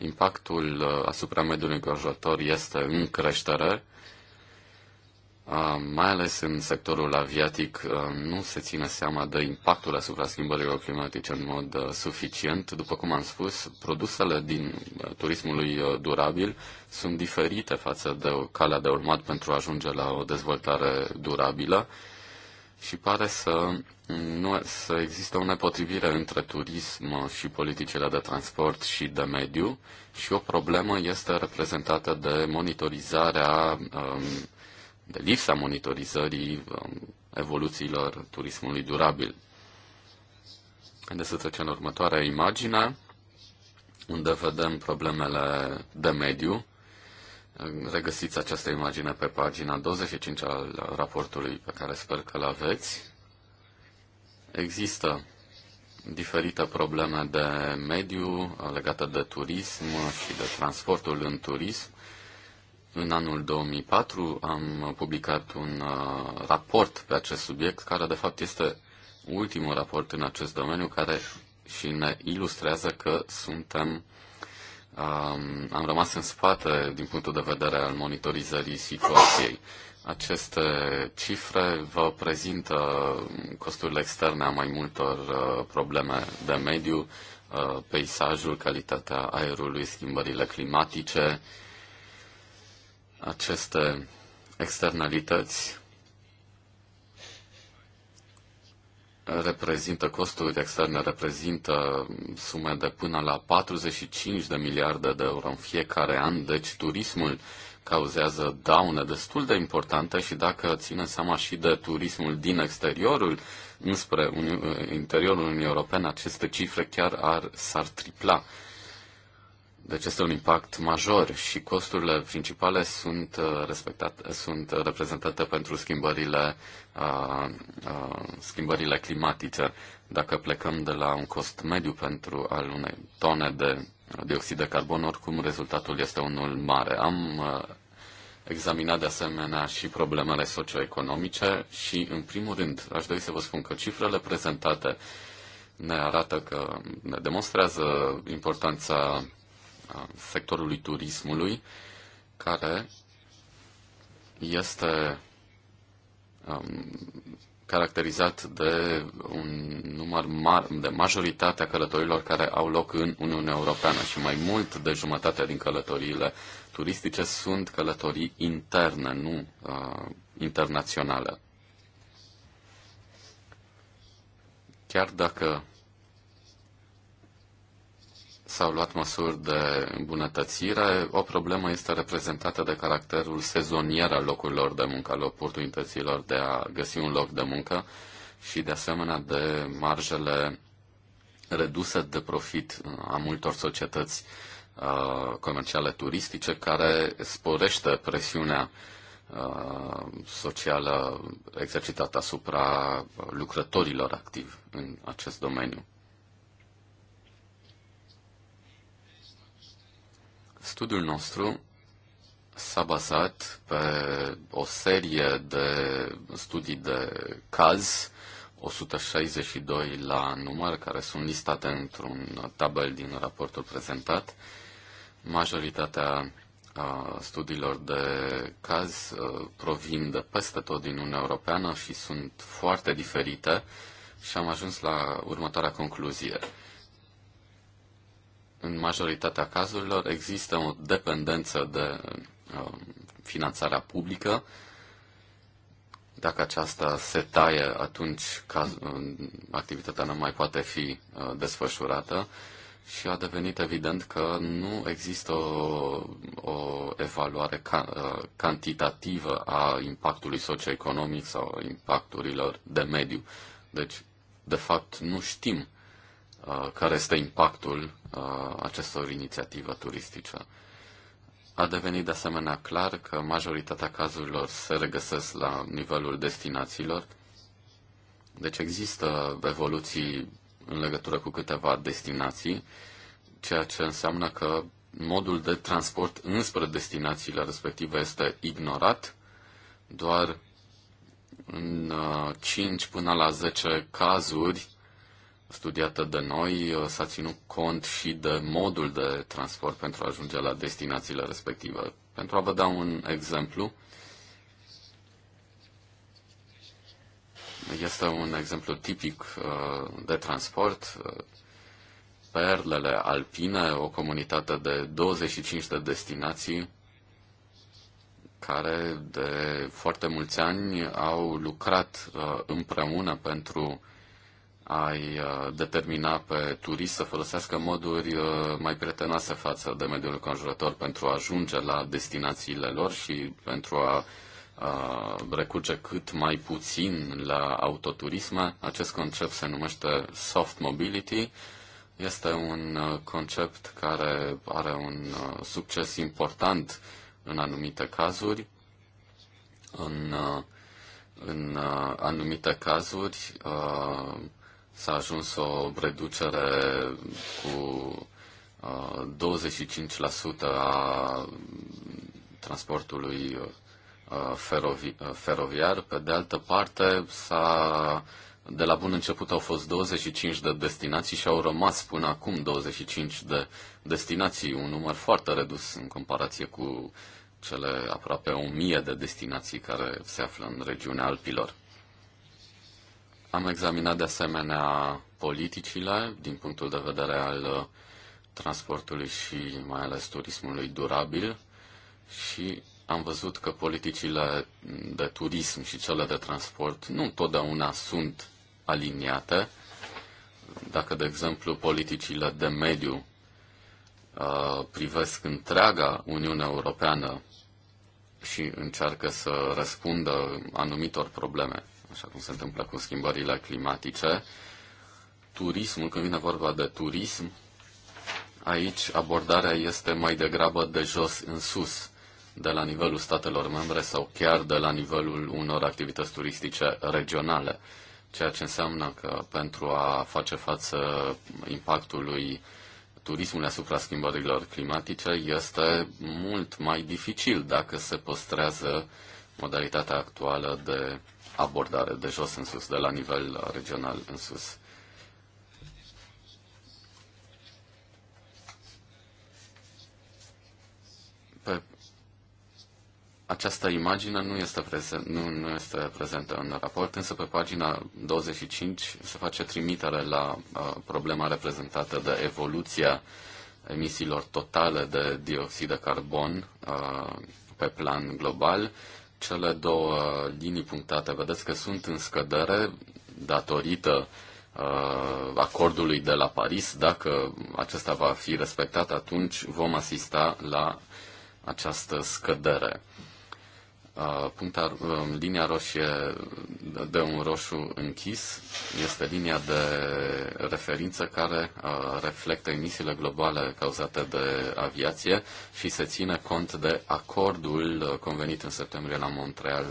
impactul uh, asupra mediului înconjurător este în creștere, uh, mai ales în sectorul aviatic, uh, nu se ține seama de impactul asupra schimbărilor climatice în mod suficient. După cum am spus, produsele din turismului durabil sunt diferite față de calea de urmat pentru a ajunge la o dezvoltare durabilă și pare să, nu, să există o nepotrivire între turism și politicile de transport și de mediu și o problemă este reprezentată de monitorizarea, um, de lipsa monitorizării um, evoluțiilor turismului durabil. Haideți să trecem la următoarea imagine, unde vedem problemele de mediu regăsiți această imagine pe pagina 25 al raportului pe care sper că îl aveți. Există diferite probleme de mediu uh, legate de turism și de transportul în turism. În anul 2004 am publicat un uh, raport pe acest subiect, care de fapt este ultimul raport în acest domeniu, care și ne ilustrează că suntem um, am rămas în spate din punctul de vedere al monitorizării situației. Aceste cifre vă prezintă costurile externe a mai multor uh, probleme de mediu, uh, peisajul, calitatea aerului, schimbările climatice. Aceste externalități reprezintă costurile externe, reprezintă sume de până la 45 de miliarde de euro în fiecare an, deci turismul cauzează daune destul de importante și dacă ținem seama și de turismul din exteriorul înspre interiorul Uniunii Europene, aceste cifre chiar ar, s-ar tripla. Deci este un impact major și costurile principale sunt, uh, respectate, sunt reprezentate pentru schimbările, uh, uh, schimbările climatice. Dacă plecăm de la un cost mediu pentru al unei tone de dioxid de carbon, oricum rezultatul este unul mare. Am uh, examinat de asemenea și problemele socioeconomice și, în primul rând, aș dori să vă spun că cifrele prezentate ne arată că ne demonstrează importanța sectorului turismului, care este um, caracterizat de un număr mare, de majoritatea călătorilor care au loc în Uniunea Europeană și mai mult de jumătate din călătoriile turistice sunt călătorii interne, nu uh, internaționale. Chiar dacă s-au luat măsuri de îmbunătățire. O problemă este reprezentată de caracterul sezonier al locurilor de muncă, al oportunităților de a găsi un loc de muncă și, de asemenea, de marjele reduse de profit uh, a multor societăți uh, comerciale turistice, care sporește presiunea uh, socială exercitată asupra lucrătorilor activi în acest domeniu. Studiul nostru s-a bazat pe o serie de studii de caz, 162 la număr, care sunt listate într-un tabel din raportul prezentat. Majoritatea studiilor de caz provin de peste tot din Uniunea Europeană și sunt foarte diferite și am ajuns la următoarea concluzie în majoritatea cazurilor există o dependență de uh, finanțarea publică. Dacă aceasta se taie, atunci caz, uh, activitatea nu mai poate fi uh, desfășurată și a devenit evident că nu există o, o evaluare ca, uh, cantitativă a impactului socioeconomic sau impacturilor de mediu. Deci, de fapt, nu știm uh, care este impactul acestor inițiative turistice. A devenit de asemenea clar că majoritatea cazurilor se regăsesc la nivelul destinațiilor, deci există evoluții în legătură cu câteva destinații, ceea ce înseamnă că modul de transport înspre destinațiile respective este ignorat, doar în 5 uh, până la 10 cazuri studiată de noi uh, s-a ținut cont și de modul de transport pentru a ajunge la destinațiile respective. Pentru a vă da un exemplu, este un exemplu tipic uh, de transport. Uh, perlele Alpine, o comunitate de 25 de destinații care de foarte mulți ani au lucrat împreună pentru ai uh, determina pe turist să folosească moduri uh, mai prietenoase față de mediul conjurător pentru a ajunge la destinațiile lor și pentru a, a uh, recurge cât mai puțin la autoturisme. Acest concept se numește soft mobility. Este un concept care are un succes important în anumite cazuri. În, în anumite cazuri, s-a ajuns o reducere cu 25% uh, a transportului uh, ferovi- uh, feroviar. Pe de altă parte, s-a, de la bun început au fost 25 de destinații și au rămas până acum 25 de destinații, un număr foarte redus în comparație cu cele aproape 1000 de destinații care se află în regiunea Alpilor. Am examinat de asemenea politicile din punctul de vedere al uh, transportului și mai ales turismului durabil și am văzut că politicile de turism și cele de transport nu întotdeauna sunt aliniate. Dacă, de exemplu, politicile de mediu uh, privesc întreaga Uniune Europeană și încearcă să răspundă anumitor probleme, așa cum se întâmplă cu schimbările climatice. Turismul, când vine vorba de turism, aici abordarea este mai degrabă de jos în sus, de la nivelul statelor membre sau chiar de la nivelul unor activități turistice regionale, ceea ce înseamnă că pentru a face față impactului turismul asupra schimbărilor climatice este mult mai dificil dacă se păstrează modalitatea actuală de abordare de jos în sus, de la nivel regional în sus. Pe această imagine nu este, prezent, nu, nu este prezentă în raport, însă pe pagina 25 se face trimitere la uh, problema reprezentată de evoluția emisiilor totale de dioxid de carbon uh, pe plan global cele două linii punctate, vedeți că sunt în scădere datorită uh, acordului de la Paris. Dacă acesta va fi respectat, atunci vom asista la această scădere puncta, linia roșie de un roșu închis este linia de referință care reflectă emisiile globale cauzate de aviație și se ține cont de acordul convenit în septembrie la Montreal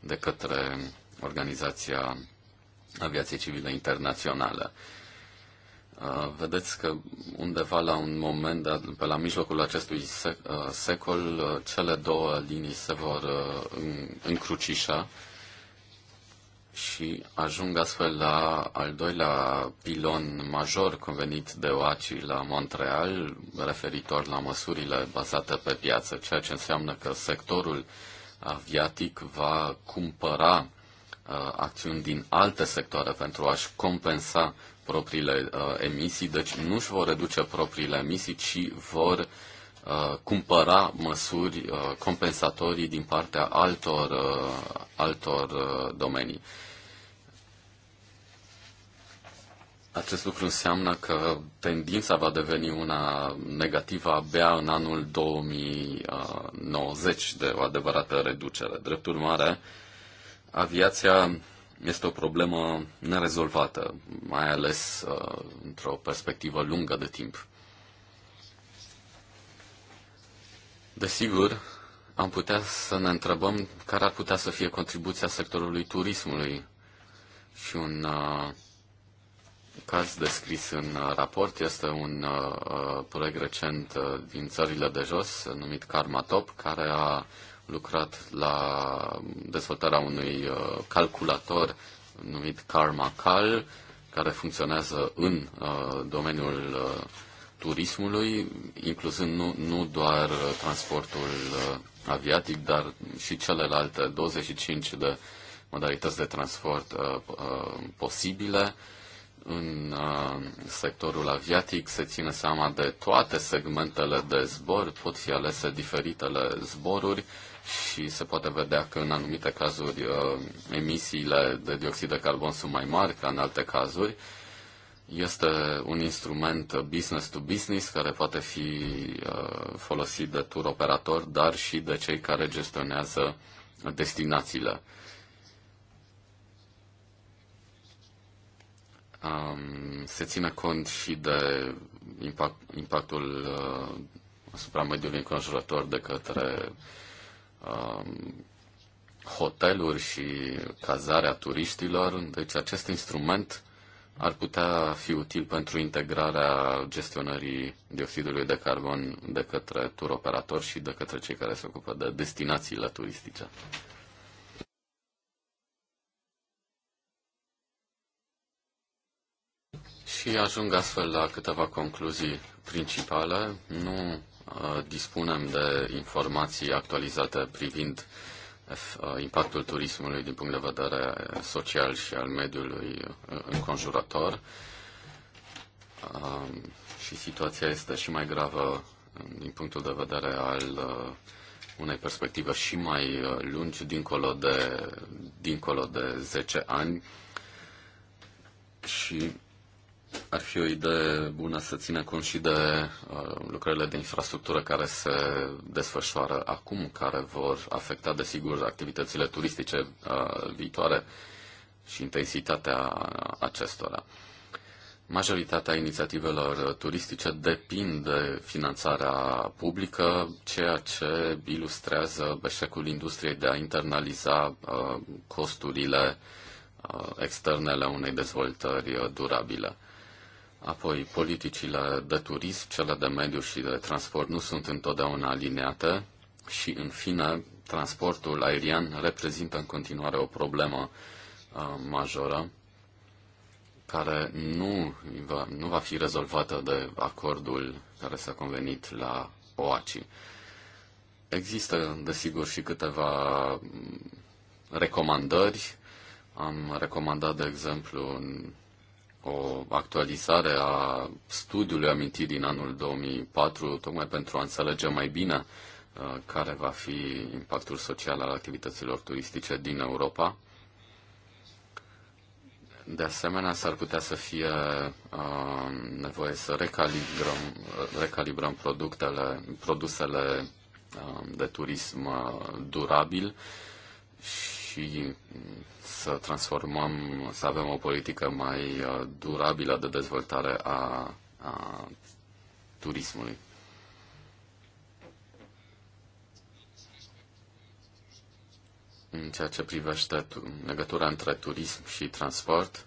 de către Organizația Aviației Civile Internaționale. Vedeți că undeva la un moment, pe la mijlocul acestui secol, cele două linii se vor încrucișa și ajung astfel la al doilea pilon major convenit de OACI la Montreal, referitor la măsurile bazate pe piață, ceea ce înseamnă că sectorul aviatic va cumpăra acțiuni din alte sectoare pentru a-și compensa propriile uh, emisii, deci nu își vor reduce propriile emisii, ci vor uh, cumpăra măsuri uh, compensatorii din partea altor, uh, altor uh, domenii. Acest lucru înseamnă că tendința va deveni una negativă abia în anul 2090 uh, de o adevărată reducere. Drept urmare, aviația este o problemă nerezolvată, mai ales uh, într-o perspectivă lungă de timp. Desigur, am putea să ne întrebăm care ar putea să fie contribuția sectorului turismului și un uh, caz descris în uh, raport este un uh, uh, proiect recent uh, din țările de jos numit Karma Top, care a uh, lucrat la dezvoltarea unui uh, calculator numit Karmacal, care funcționează în uh, domeniul uh, turismului, incluzând nu, nu doar transportul aviatic, dar și celelalte 25 de modalități de transport posibile. În sectorul aviatic se ține seama de toate segmentele de zbor, pot fi alese diferitele zboruri și se poate vedea că în anumite cazuri uh, emisiile de dioxid de carbon sunt mai mari ca în alte cazuri. Este un instrument business to business care poate fi uh, folosit de tur operator, dar și de cei care gestionează destinațiile. Um, se ține cont și de impact, impactul uh, asupra mediului înconjurător de către Um, hoteluri și cazarea turiștilor, deci acest instrument ar putea fi util pentru integrarea gestionării dioxidului de carbon de către tur operator și de către cei care se ocupă de destinațiile turistice. Și ajung astfel la câteva concluzii principale. Nu Uh, dispunem de informații actualizate privind uh, impactul turismului din punct de vedere social și al mediului uh, înconjurător. Și situația este și mai gravă din punctul de vedere al unei perspective și mai lungi, dincolo de, dincolo de 10 ani. Și ar fi o idee bună să țină cont și de uh, lucrările de infrastructură care se desfășoară acum, care vor afecta, desigur, activitățile turistice uh, viitoare și intensitatea acestora. Majoritatea inițiativelor turistice depind de finanțarea publică, ceea ce ilustrează eșecul industriei de a internaliza uh, costurile uh, externele unei dezvoltări uh, durabile. Apoi, politicile de turism, cele de mediu și de transport nu sunt întotdeauna aliniate. și, în fine, transportul aerian reprezintă în continuare o problemă uh, majoră care nu va, nu va fi rezolvată de acordul care s-a convenit la OACI. Există, desigur, și câteva mm, recomandări. Am recomandat, de exemplu, o actualizare a studiului amintit din anul 2004, tocmai pentru a înțelege mai bine uh, care va fi impactul social al activităților turistice din Europa. De asemenea, s-ar putea să fie uh, nevoie să recalibrăm, recalibrăm productele, produsele uh, de turism uh, durabil și și să transformăm, să avem o politică mai uh, durabilă de dezvoltare a, a turismului. În ceea ce privește legătura între turism și transport,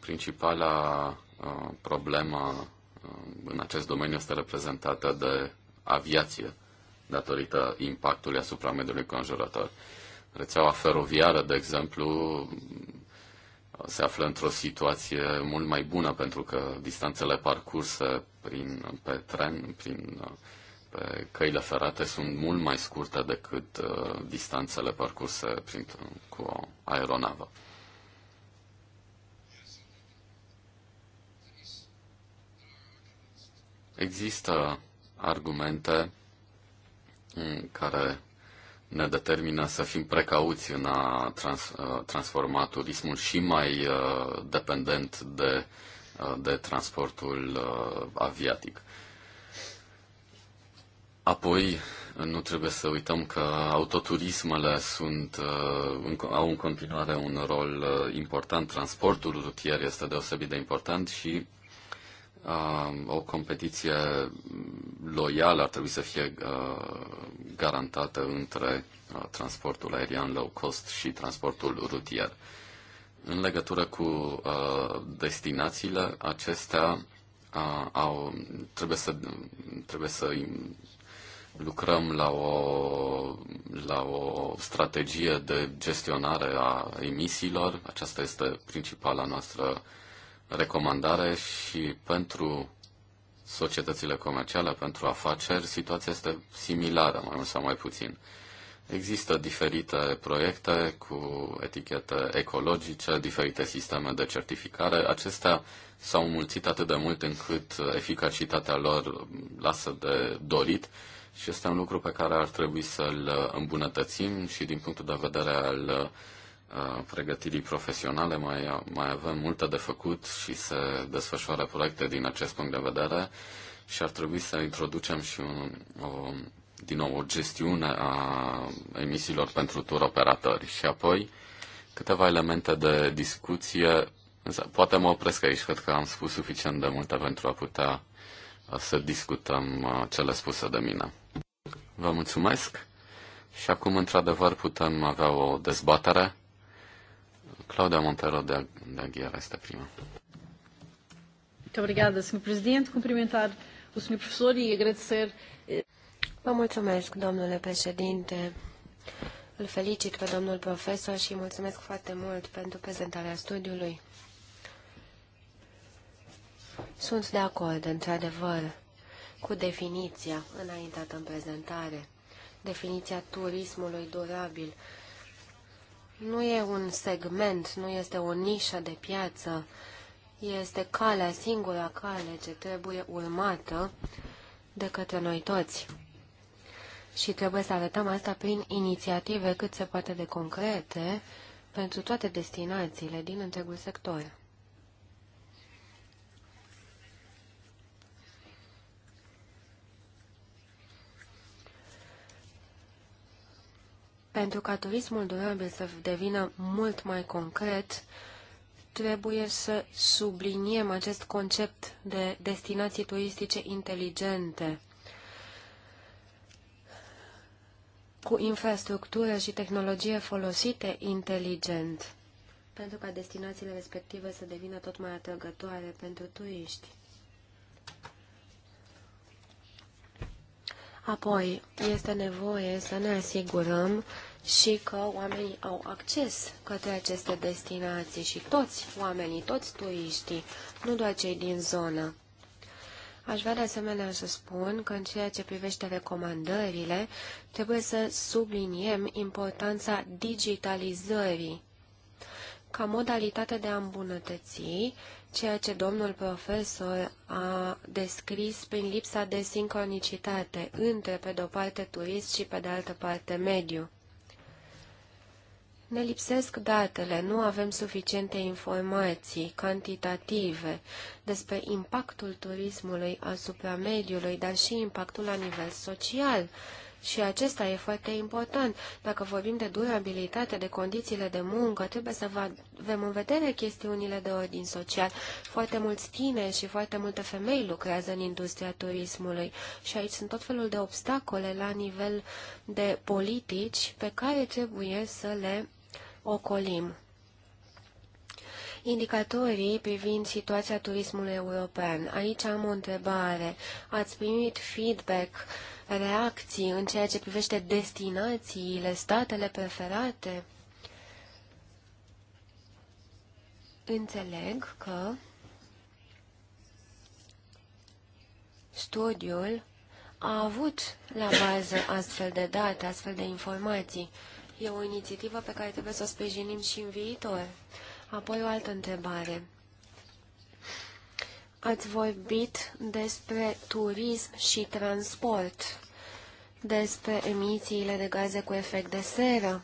principala uh, problemă uh, în acest domeniu este reprezentată de aviație, datorită impactului asupra mediului conjurător rețeaua feroviară, de exemplu, se află într-o situație mult mai bună pentru că distanțele parcurse prin, pe tren, prin, pe căile ferate sunt mult mai scurte decât uh, distanțele parcurse prin, cu o aeronavă. Există argumente mm, care ne determină să fim precauți în a trans, uh, transforma turismul și mai uh, dependent de, uh, de transportul aviatic. Apoi, nu trebuie să uităm că autoturismele sunt, au în continuare un rol important, transportul rutier este deosebit de important și Um, o competiție loială ar trebui să fie uh, garantată între uh, transportul aerian low cost și transportul rutier. În legătură cu uh, destinațiile, acestea au, trebuie să, trebuie să lucrăm la o, la o strategie de gestionare a emisiilor. Aceasta este principala noastră uh, recomandare și pentru societățile comerciale, pentru afaceri, situația este similară, mai mult sau mai puțin. Există diferite proiecte cu etichete ecologice, diferite sisteme de certificare. Acestea s-au mulțit atât de mult încât eficacitatea lor lasă de dorit și este un lucru pe care ar trebui să-l îmbunătățim și din punctul de vedere al pregătirii profesionale, mai, mai avem multe de făcut și se desfășoară proiecte din acest punct de vedere și ar trebui să introducem și un, o, din nou o gestiune a emisiilor pentru tur operatori și apoi câteva elemente de discuție. Însă, poate mă opresc aici, cred că am spus suficient de multe pentru a putea să discutăm cele spuse de mine. Vă mulțumesc și acum, într-adevăr, putem avea o dezbatere. Claudia Montero de, de Aguiar este prima. Muito obrigada, Sr. Presidente. Cumprimentar o Sr. Professor e agradecer... Eh, Vă mulțumesc, domnule președinte. Îl felicit pe domnul profesor și mulțumesc foarte mult pentru prezentarea studiului. Sunt de acord, într-adevăr, cu definiția înaintată în prezentare, definiția turismului durabil, nu e un segment, nu este o nișă de piață, este calea, singura cale ce trebuie urmată de către noi toți. Și trebuie să arătăm asta prin inițiative cât se poate de concrete pentru toate destinațiile din întregul sector. Pentru ca turismul durabil să devină mult mai concret, trebuie să subliniem acest concept de destinații turistice inteligente, cu infrastructură și tehnologie folosite inteligent, pentru ca destinațiile respective să devină tot mai atrăgătoare pentru turiști. Apoi, este nevoie să ne asigurăm și că oamenii au acces către aceste destinații și toți oamenii, toți turiștii, nu doar cei din zonă. Aș vrea de asemenea să spun că în ceea ce privește recomandările, trebuie să subliniem importanța digitalizării ca modalitate de a îmbunătăți ceea ce domnul profesor a descris prin lipsa de sincronicitate între, pe de-o parte, turist și, pe de altă parte, mediu. Ne lipsesc datele, nu avem suficiente informații cantitative despre impactul turismului asupra mediului, dar și impactul la nivel social. Și acesta e foarte important. Dacă vorbim de durabilitate, de condițiile de muncă, trebuie să avem în vedere chestiunile de ordin social. Foarte mulți tineri și foarte multe femei lucrează în industria turismului și aici sunt tot felul de obstacole la nivel de politici pe care trebuie să le ocolim. Indicatorii privind situația turismului european. Aici am o întrebare. Ați primit feedback, reacții în ceea ce privește destinațiile, statele preferate? Înțeleg că studiul a avut la bază astfel de date, astfel de informații. E o inițiativă pe care trebuie să o sprijinim și în viitor. Apoi o altă întrebare. Ați vorbit despre turism și transport, despre emisiile de gaze cu efect de seră.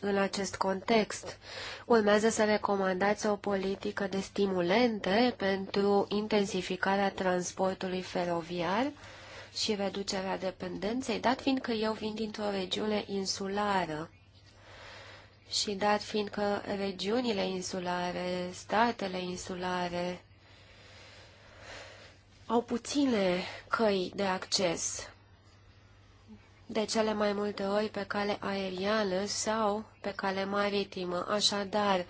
În acest context, urmează să recomandați o politică de stimulente pentru intensificarea transportului feroviar și reducerea dependenței, dat fiindcă eu vin dintr-o regiune insulară și dat fiindcă regiunile insulare, statele insulare au puține căi de acces, de cele mai multe ori pe cale aeriană sau pe cale maritimă. Așadar,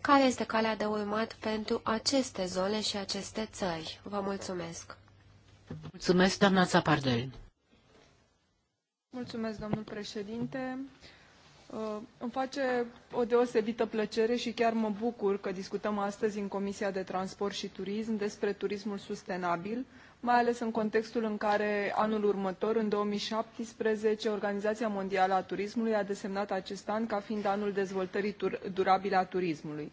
care este calea de urmat pentru aceste zone și aceste țări? Vă mulțumesc! Mulțumesc, doamna Zapardel! Mulțumesc, domnul președinte! Uh, îmi face o deosebită plăcere și chiar mă bucur că discutăm astăzi în Comisia de Transport și Turism despre turismul sustenabil, mai ales în contextul în care anul următor, în 2017, Organizația Mondială a Turismului a desemnat acest an ca fiind anul dezvoltării durabile a turismului.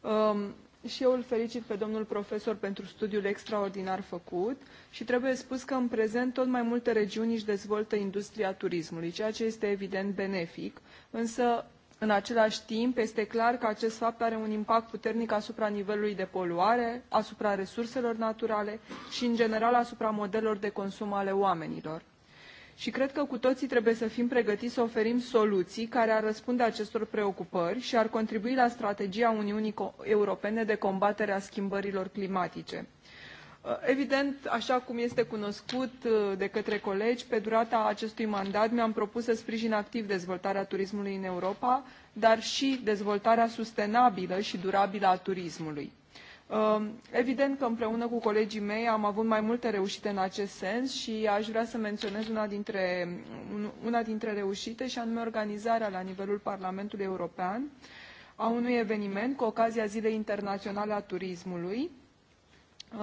Um, și eu îl felicit pe domnul profesor pentru studiul extraordinar făcut și trebuie spus că în prezent tot mai multe regiuni își dezvoltă industria turismului, ceea ce este evident benefic, însă în același timp este clar că acest fapt are un impact puternic asupra nivelului de poluare, asupra resurselor naturale și în general asupra modelor de consum ale oamenilor și cred că cu toții trebuie să fim pregătiți să oferim soluții care ar răspunde acestor preocupări și ar contribui la strategia Uniunii Europene de combatere a schimbărilor climatice. Uh, evident, așa cum este cunoscut uh, de către colegi, pe durata acestui mandat mi-am propus să sprijin activ dezvoltarea turismului în Europa, dar și dezvoltarea sustenabilă și durabilă a turismului Um, evident că împreună cu colegii mei am avut mai multe reușite în acest sens și aș vrea să menționez una dintre, una dintre reușite și anume organizarea la nivelul Parlamentului European a unui eveniment cu ocazia Zilei Internaționale a Turismului,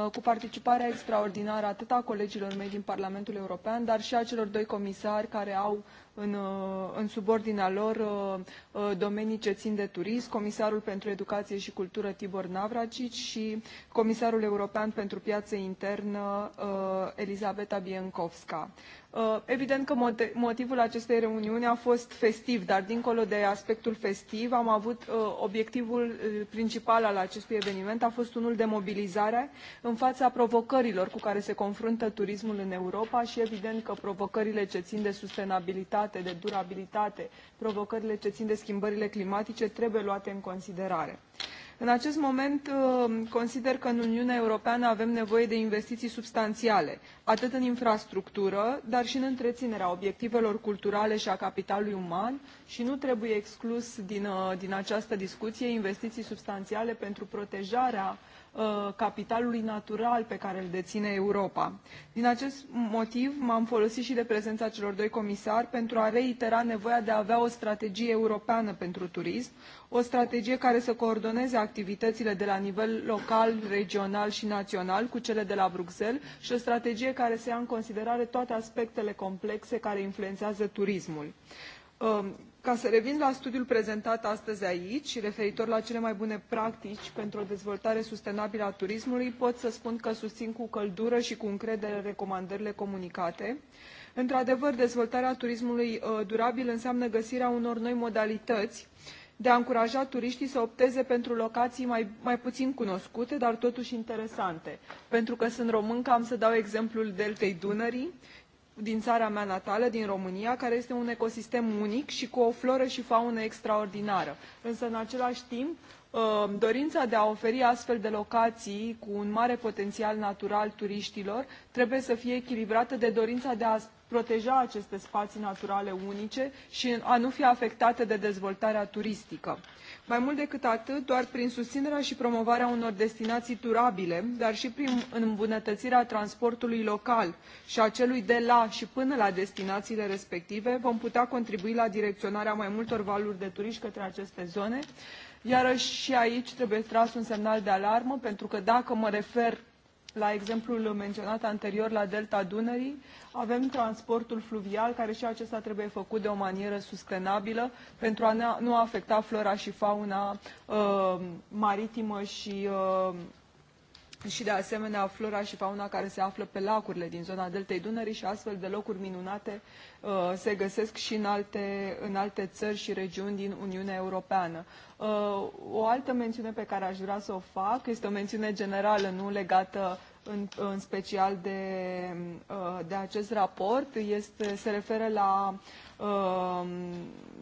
uh, cu participarea extraordinară atât a colegilor mei din Parlamentul European, dar și a celor doi comisari care au în, uh, în subordinea lor uh, uh, domenii ce țin de turism, Comisarul pentru Educație și Cultură Tibor Navracici și Comisarul European pentru Piață Internă Elisabeta Biencovska. Evident că motivul acestei reuniuni a fost festiv, dar dincolo de aspectul festiv, am avut obiectivul principal al acestui eveniment a fost unul de mobilizare în fața provocărilor cu care se confruntă turismul în Europa și evident că provocările ce țin de sustenabilitate legate de durabilitate, provocările ce țin de schimbările climatice trebuie luate în considerare. În acest moment, uh, consider că în Uniunea Europeană avem nevoie de investiții substanțiale, atât în infrastructură, dar și în întreținerea obiectivelor culturale și a capitalului uman și nu trebuie exclus din, uh, din această discuție investiții substanțiale pentru protejarea uh, Uh, capitalului natural pe care îl deține Europa. Din acest motiv m-am folosit și de prezența celor doi comisari pentru a reitera nevoia de a avea o strategie europeană pentru turism, o strategie care să coordoneze activitățile de la nivel local, regional și național cu cele de la Bruxelles și o strategie care să ia în considerare toate aspectele complexe care influențează turismul uh, ca să revin la studiul prezentat astăzi aici, referitor la cele mai bune practici pentru o dezvoltare sustenabilă a turismului, pot să spun că susțin cu căldură și cu încredere recomandările comunicate. Într-adevăr, dezvoltarea turismului uh, durabil înseamnă găsirea unor noi modalități de a încuraja turiștii să opteze pentru locații mai, mai puțin cunoscute, dar totuși interesante. Pentru că sunt româncă, am să dau exemplul Deltei Dunării, din țara mea natală, din România, care este un ecosistem unic și cu o floră și faună extraordinară. Însă, în același timp, ă, dorința de a oferi astfel de locații cu un mare potențial natural turiștilor trebuie să fie echilibrată de dorința de a proteja aceste spații naturale unice și a nu fi afectate de dezvoltarea turistică mai mult decât atât doar prin susținerea și promovarea unor destinații durabile dar și prin îmbunătățirea transportului local și a celui de la și până la destinațiile respective vom putea contribui la direcționarea mai multor valuri de turiști către aceste zone iarăși și aici trebuie tras un semnal de alarmă pentru că dacă mă refer la exemplul menționat anterior la delta Dunării, avem transportul fluvial, care și acesta trebuie făcut de o manieră sustenabilă pentru a nu afecta flora și fauna uh, maritimă și uh, și de asemenea flora și fauna care se află pe lacurile din zona deltei Dunării și astfel de locuri minunate uh, se găsesc și în alte, în alte țări și regiuni din Uniunea Europeană. Uh, o altă mențiune pe care aș vrea să o fac este o mențiune generală, nu legată în, în special de, uh, de acest raport, este, se referă la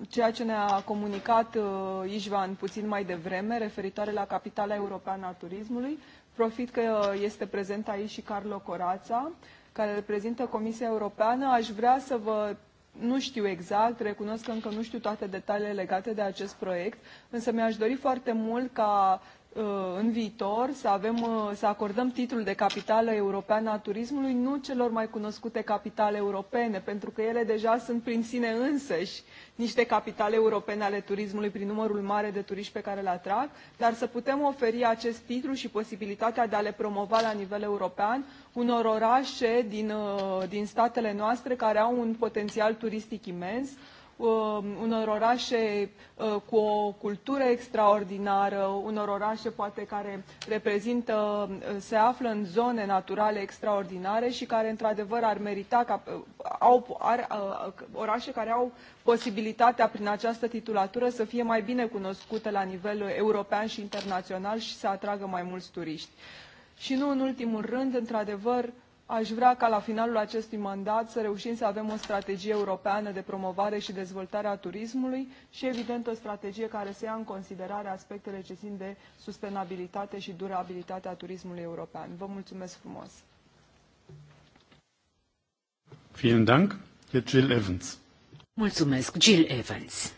ceea ce ne-a comunicat Ișvan puțin mai devreme, referitoare la capitala europeană a turismului, Profit că uh, este prezent aici și Carlo Corața, care reprezintă Comisia Europeană. Aș vrea să vă nu știu exact, recunosc că încă nu știu toate detaliile legate de acest proiect, însă mi-aș dori foarte mult ca Uh, în viitor să, avem, uh, să acordăm titlul de capitală europeană a turismului nu celor mai cunoscute capitale europene, pentru că ele deja sunt prin sine însăși niște capitale europene ale turismului prin numărul mare de turiști pe care le atrag, dar să putem oferi acest titlu și posibilitatea de a le promova la nivel european unor orașe din, uh, din statele noastre care au un potențial turistic imens, Um, unor orașe uh, cu o cultură extraordinară, unor orașe poate care reprezintă, uh, se află în zone naturale extraordinare și care într-adevăr ar merita, ca, uh, au, ar, orașe care au posibilitatea prin această titulatură să fie mai bine cunoscute la nivel european și internațional și să atragă mai mulți turiști. Și nu în ultimul rând, într-adevăr, Aș vrea ca la finalul acestui mandat să reușim să avem o strategie europeană de promovare și dezvoltare a turismului și, evident, o strategie care să ia în considerare aspectele ce țin de sustenabilitate și durabilitatea turismului european. Vă mulțumesc frumos! Vielen Dank. Jill Evans. Mulțumesc, Jill Evans.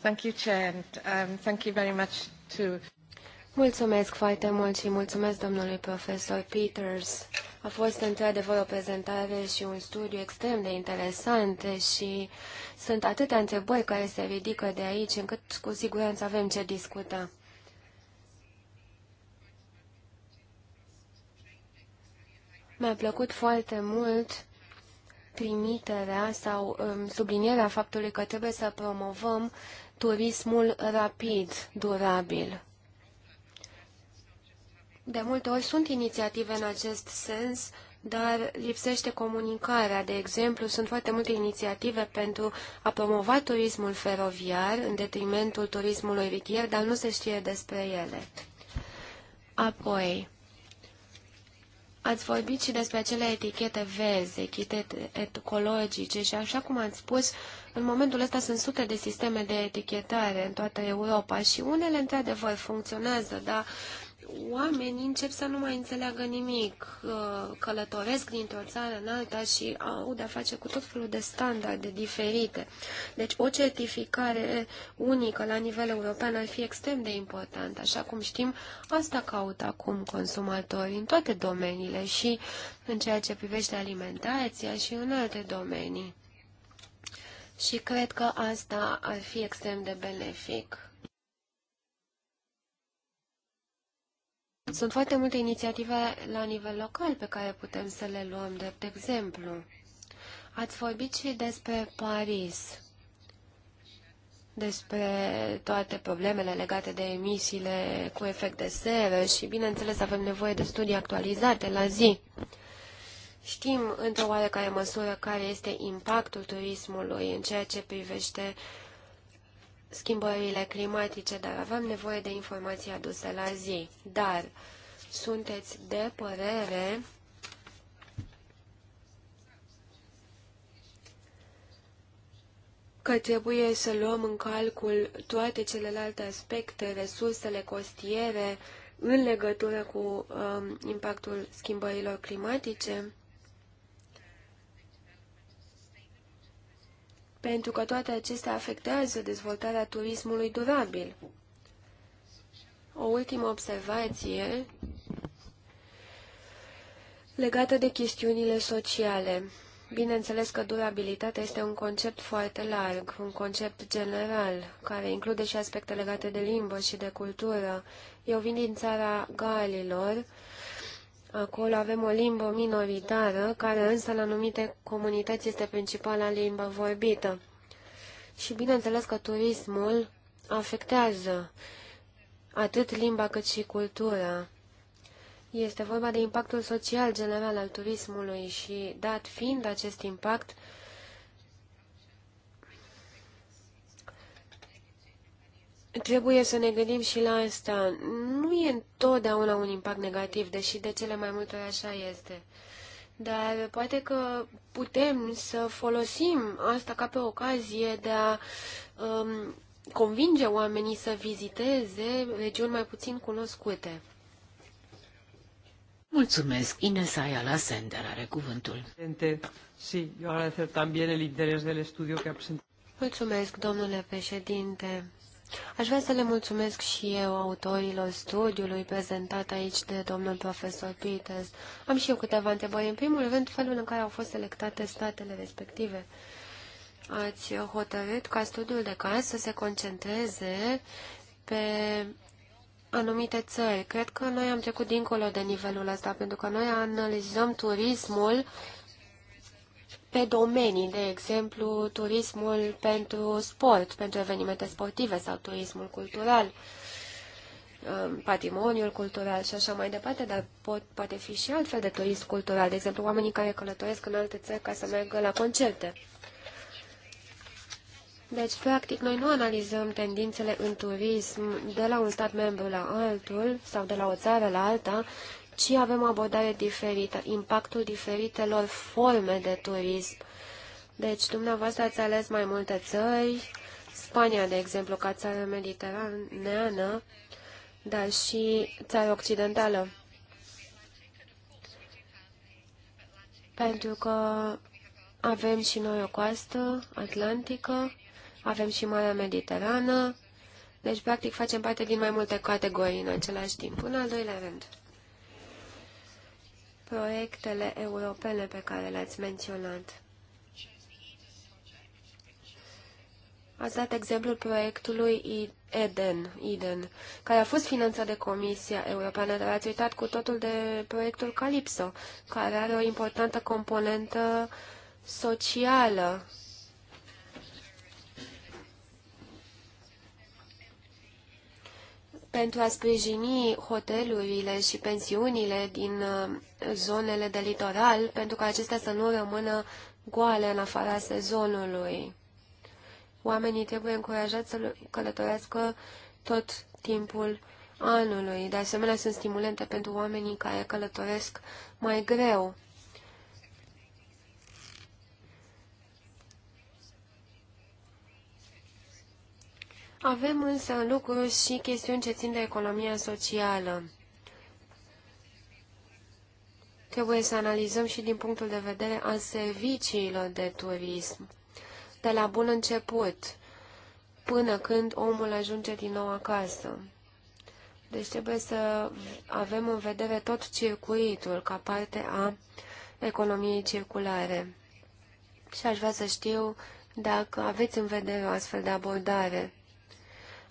Thank you, Chair, and um, thank you very much to Mulțumesc foarte mult și mulțumesc domnului profesor Peters. A fost într-adevăr o prezentare și un studiu extrem de interesant și sunt atâtea întrebări care se ridică de aici încât cu siguranță avem ce discuta. Mi-a plăcut foarte mult primiterea sau um, sublinierea faptului că trebuie să promovăm turismul rapid, durabil. De multe ori sunt inițiative în acest sens, dar lipsește comunicarea. De exemplu, sunt foarte multe inițiative pentru a promova turismul feroviar în detrimentul turismului rutier, dar nu se știe despre ele. Apoi, ați vorbit și despre acele etichete verzi, etichete ecologice și așa cum ați spus, în momentul ăsta sunt sute de sisteme de etichetare în toată Europa și unele într-adevăr funcționează, dar oamenii încep să nu mai înțeleagă nimic, uh, călătoresc dintr-o țară în alta și au de-a face cu tot felul de standarde diferite. Deci o certificare unică la nivel european ar fi extrem de importantă. Așa cum știm, asta caută acum consumatorii în toate domeniile și în ceea ce privește alimentația și în alte domenii. Și cred că asta ar fi extrem de benefic. Sunt foarte multe inițiative la nivel local pe care putem să le luăm de exemplu. Ați vorbit și despre Paris, despre toate problemele legate de emisiile cu efect de seră și, bineînțeles, avem nevoie de studii actualizate la zi. Știm, într-o oarecare măsură, care este impactul turismului în ceea ce privește uh, schimbările climatice, dar avem nevoie de informații aduse la zi. Dar sunteți de părere că trebuie să luăm în calcul toate celelalte aspecte, resursele costiere, în legătură cu um, impactul schimbărilor climatice? pentru că toate acestea afectează dezvoltarea turismului durabil. O ultimă observație legată de chestiunile sociale. Bineînțeles că durabilitatea este un concept foarte larg, un concept general, care include și aspecte legate de limbă și de cultură. Eu vin din țara Galilor, Acolo avem o limbă minoritară, care însă la anumite comunități este principala limbă vorbită. Și bineînțeles că turismul afectează atât limba cât și cultura. Este vorba de impactul social general al turismului și, dat fiind acest impact, Trebuie să ne gândim și la asta. Nu e întotdeauna un impact negativ, deși de cele mai multe ori așa este. Dar poate că putem să folosim asta ca pe ocazie de a um, convinge oamenii să viziteze regiuni mai puțin cunoscute. Mulțumesc. Ines Ayala Sender are cuvântul. Sí, yo agradecer también el interés del estudio que ha presentado. Mulțumesc, domnule președinte. Aș vrea să le mulțumesc și eu autorilor studiului prezentat aici de domnul profesor Peters. Am și eu câteva întrebări. În primul rând, felul în care au fost selectate statele respective. Ați hotărât ca studiul de caz să se concentreze pe anumite țări. Cred că noi am trecut dincolo de nivelul ăsta, pentru că noi analizăm turismul pe domenii, de exemplu turismul pentru sport, pentru evenimente sportive sau turismul cultural, um, patrimoniul cultural și așa mai departe, dar pot, poate fi și altfel de turism cultural, de exemplu oamenii care călătoresc în alte țări ca să meargă la concerte. Deci, practic, noi nu analizăm tendințele în turism de la un stat membru la altul sau de la o țară la alta, ci avem abordare diferită, impactul diferitelor forme de turism. Deci, dumneavoastră ați ales mai multe țări, Spania, de exemplu, ca țară mediteraneană, dar și țară occidentală. Pentru că avem și noi o coastă atlantică, avem și Marea Mediterană, deci practic facem parte din mai multe categorii în același timp. În al doilea rând proiectele europene pe care le-ați menționat. Ați dat exemplul proiectului Eden, Eden, care a fost finanțat de Comisia Europeană, dar ați uitat cu totul de proiectul Calypso, care are o importantă componentă socială pentru a sprijini hotelurile și pensiunile din uh, zonele de litoral, pentru ca acestea să nu rămână goale în afara sezonului. Oamenii trebuie încurajați să călătorească tot timpul anului. De asemenea, sunt stimulente pentru oamenii care călătoresc mai greu. Avem însă în lucru și chestiuni ce țin de economia socială. Trebuie să analizăm și din punctul de vedere al serviciilor de turism. De la bun început, până când omul ajunge din nou acasă. Deci trebuie să avem în vedere tot circuitul ca parte a economiei circulare. Și aș vrea să știu dacă aveți în vedere o astfel de abordare.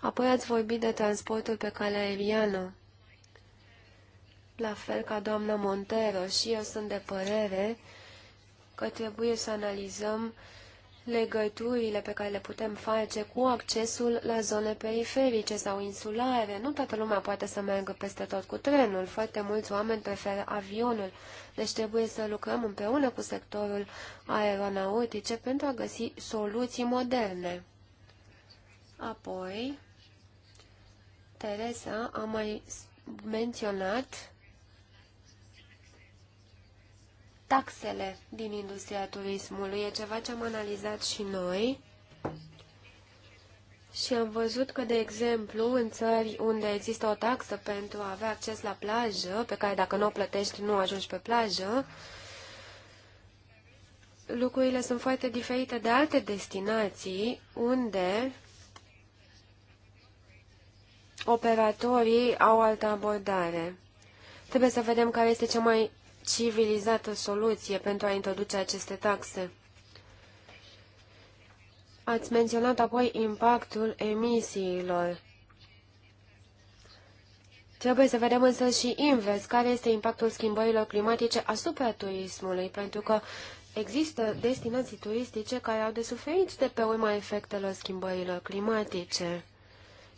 Apoi ați vorbit de transportul pe calea aeriană. La fel ca doamna Montero și eu sunt de părere că trebuie să analizăm legăturile pe care le putem face cu accesul la zone periferice sau insulare. Nu toată lumea poate să meargă peste tot cu trenul. Foarte mulți oameni preferă avionul. Deci trebuie să lucrăm împreună cu sectorul aeronautice pentru a găsi soluții moderne. Apoi, Teresa a mai menționat taxele din industria turismului. E ceva ce am analizat și noi și am văzut că, de exemplu, în țări unde există o taxă pentru a avea acces la plajă, pe care dacă nu o plătești nu ajungi pe plajă, lucrurile sunt foarte diferite de alte destinații unde operatorii au altă abordare. Trebuie să vedem care este cea mai civilizată soluție pentru a introduce aceste taxe. Ați menționat apoi impactul emisiilor. Trebuie să vedem însă și invers care este impactul schimbărilor climatice asupra turismului, pentru că există destinații turistice care au de suferit de pe urma efectelor schimbărilor climatice.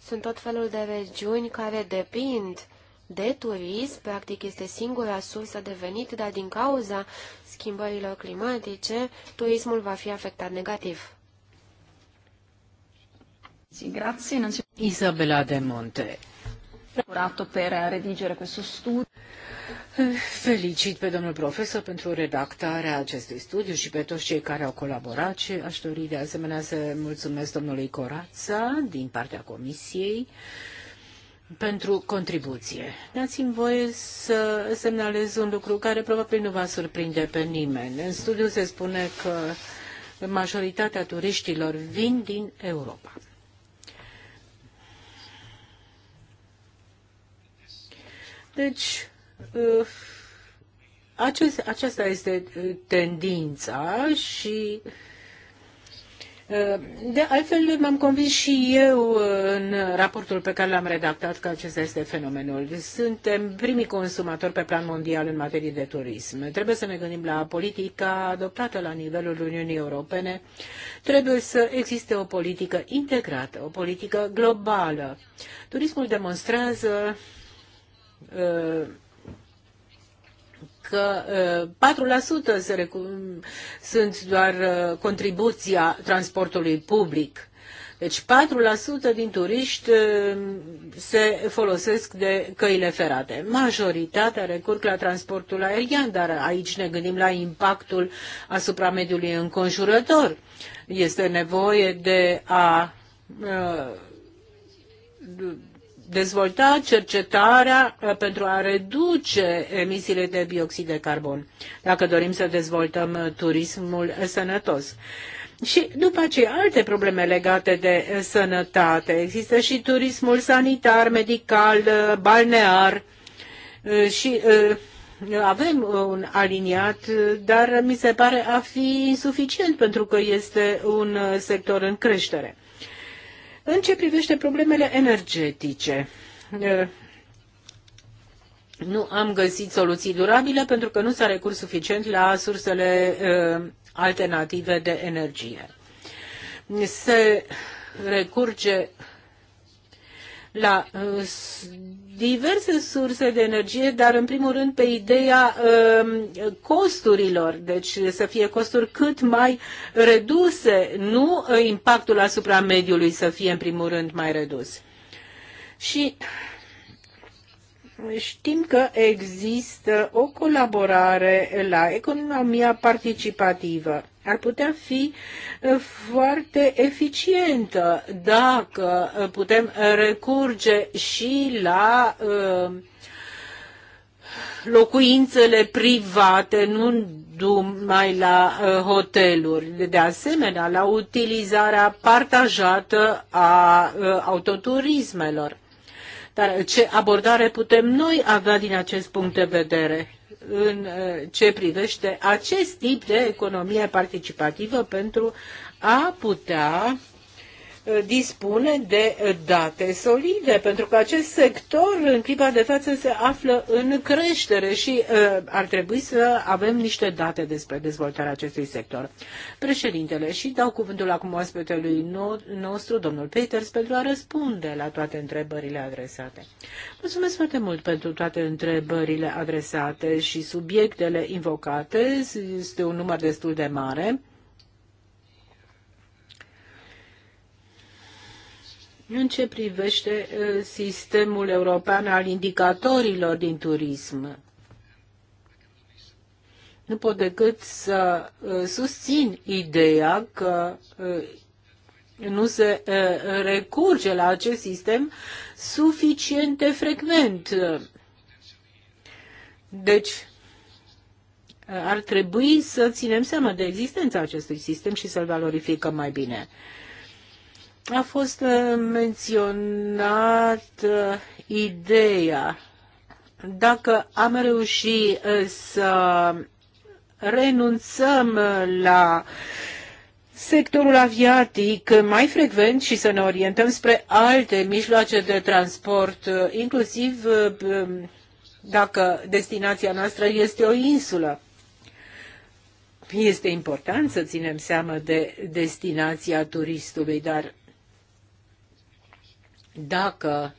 Sunt tot felul de regiuni care depind de turism, practic este singura sursă de venit, dar din cauza schimbărilor climatice, turismul va fi afectat negativ. Isabela De Monte. Lavorato per redigere questo studio. Felicit pe domnul profesor pentru redactarea acestui studiu și pe toți cei care au colaborat și aș dori de asemenea să mulțumesc domnului Corața din partea comisiei pentru contribuție. Dați-mi voie să semnalez un lucru care probabil nu va surprinde pe nimeni. În studiu se spune că majoritatea turiștilor vin din Europa. Deci, Uh, acest, aceasta este uh, tendința și uh, de altfel m-am convins și eu în raportul pe care l-am redactat că acesta este fenomenul. Suntem primii consumatori pe plan mondial în materie de turism. Trebuie să ne gândim la politica adoptată la nivelul Uniunii Europene. Trebuie să existe o politică integrată, o politică globală. Turismul demonstrează că 4% uh, se sunt doar uh, contribuția transportului public. Deci 4% din turiști uh, se folosesc de căile ferate. Majoritatea recurg la transportul aerian, dar aici ne gândim la impactul asupra mediului înconjurător. Este nevoie de a dezvolta cercetarea uh, pentru a reduce emisiile de bioxid de carbon, dacă dorim să dezvoltăm uh, turismul uh, sănătos. Și după aceea alte probleme legate de sănătate. Există și turismul sanitar, medical, balnear și avem un aliniat, dar mi se pare a fi insuficient pentru că este un sector în creștere. În ce privește problemele energetice, nu am găsit soluții durabile pentru că nu s-a recurs suficient la sursele alternative de energie. Se recurge la diverse surse de energie, dar în primul rând pe ideea um, costurilor, deci să fie costuri cât mai reduse, nu impactul asupra mediului să fie în primul rând mai redus. Și Știm că există o colaborare la economia participativă ar putea fi uh, foarte eficientă dacă uh, putem recurge și la uh, locuințele private, nu numai la hoteluri. De asemenea, la utilizarea partajată a autoturismelor. Dar ce abordare putem noi avea din acest punct de vedere? în uh, ce privește acest tip de economie participativă pentru a putea Uh, dispune de uh, date solide, pentru că acest sector în clipa de față se află în creștere și uh, ar trebui să avem niște date despre dezvoltarea acestui sector. Președintele, și dau cuvântul acum oaspetelui nostru, domnul Peters, pentru a răspunde la toate întrebările adresate. Mulțumesc foarte mult pentru toate întrebările adresate și subiectele invocate. Este un număr destul de mare. În ce privește uh, sistemul european al indicatorilor din turism, nu pot decât să uh, susțin ideea că uh, nu se recurge la acest sistem suficient de frecvent. Deci, ar trebui să ținem seama de existența acestui sistem și să-l valorificăm mai bine. A fost uh, menționat uh, ideea dacă am reușit uh, să renunțăm la sectorul aviatic mai frecvent și să ne orientăm spre alte mijloace de transport, inclusiv um, dacă destinația noastră este o insulă. Este important să ținem seama de destinația turistului, dar dacă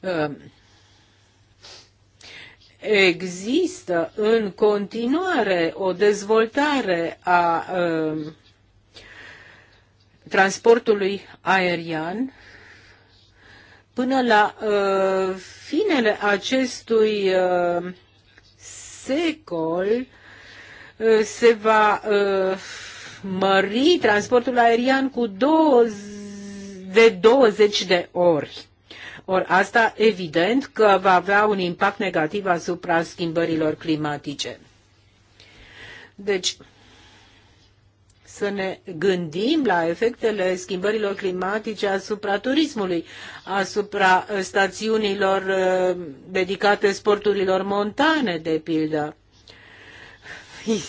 uh, există în continuare o dezvoltare a uh, transportului aerian, până la uh, finele acestui secol se va mări transportul aerian cu 20 de 20 de ori. Or, asta evident că va avea un impact negativ asupra schimbărilor climatice. Deci, să ne gândim la efectele schimbărilor climatice asupra turismului, asupra stațiunilor eh, dedicate sporturilor montane, de pildă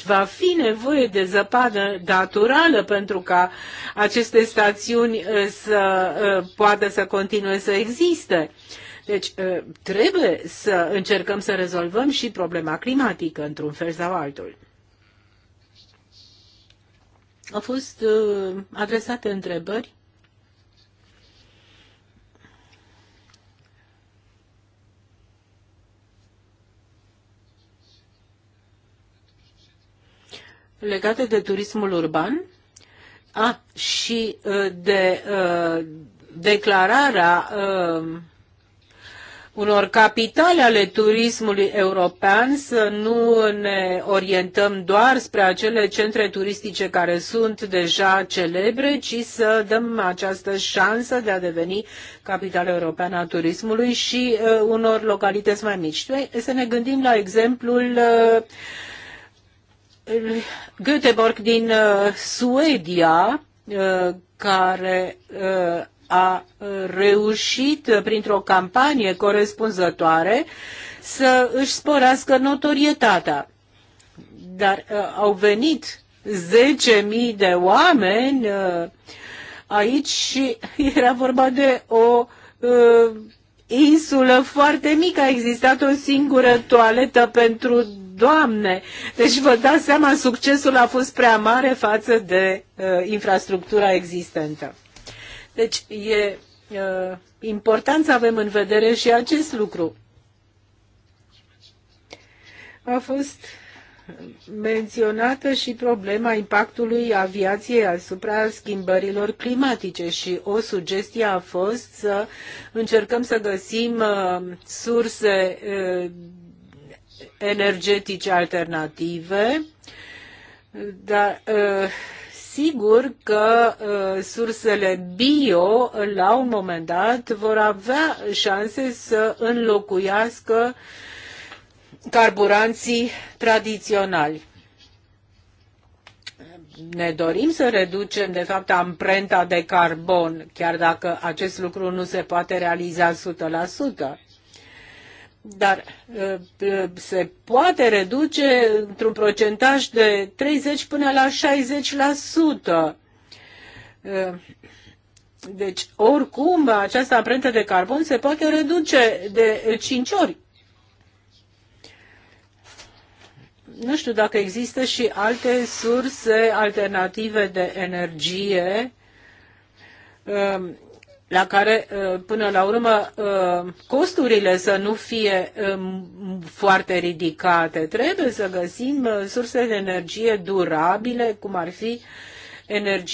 va fi nevoie de zăpadă naturală pentru ca aceste stațiuni uh, să uh, poată să continue să existe. Deci uh, trebuie să încercăm să rezolvăm și problema climatică într-un fel sau altul. Au fost adresate întrebări legate de turismul urban a, și uh, de a, uh, declararea a, uh, unor capitale ale turismului european, să nu ne orientăm doar spre acele centre turistice care sunt deja celebre, ci să dăm această șansă de a deveni capitală europeană a turismului și uh, unor localități mai mici. Să ne gândim la exemplul uh, Göteborg din uh, Suedia, uh, care uh, a reușit printr-o campanie corespunzătoare să își sporească notorietatea. Dar au venit 10.000 de oameni aici și era vorba de o insulă foarte mică. A existat o singură toaletă pentru Doamne! Deci vă dați seama, succesul a fost prea mare față de uh, infrastructura existentă. Deci e uh, important să avem în vedere și acest lucru. A fost menționată și problema impactului aviației asupra schimbărilor climatice și o sugestie a fost să încercăm să găsim uh, surse uh, energetice alternative, dar uh, sigur că uh, sursele bio la un moment dat vor avea șanse să înlocuiască carburanții tradiționali ne dorim să reducem, de fapt, amprenta de carbon, chiar dacă acest lucru nu se poate realiza 100% dar uh, uh, se poate reduce într-un procentaj de 30 până la 60%. Uh, deci, oricum, această amprentă de carbon se poate reduce de 5 ori. Nu știu dacă există și alte surse alternative de energie la care uh, până la urmă uh, costurile să nu fie um, foarte ridicate. Trebuie să găsim uh, surse de energie durabile, cum ar fi energia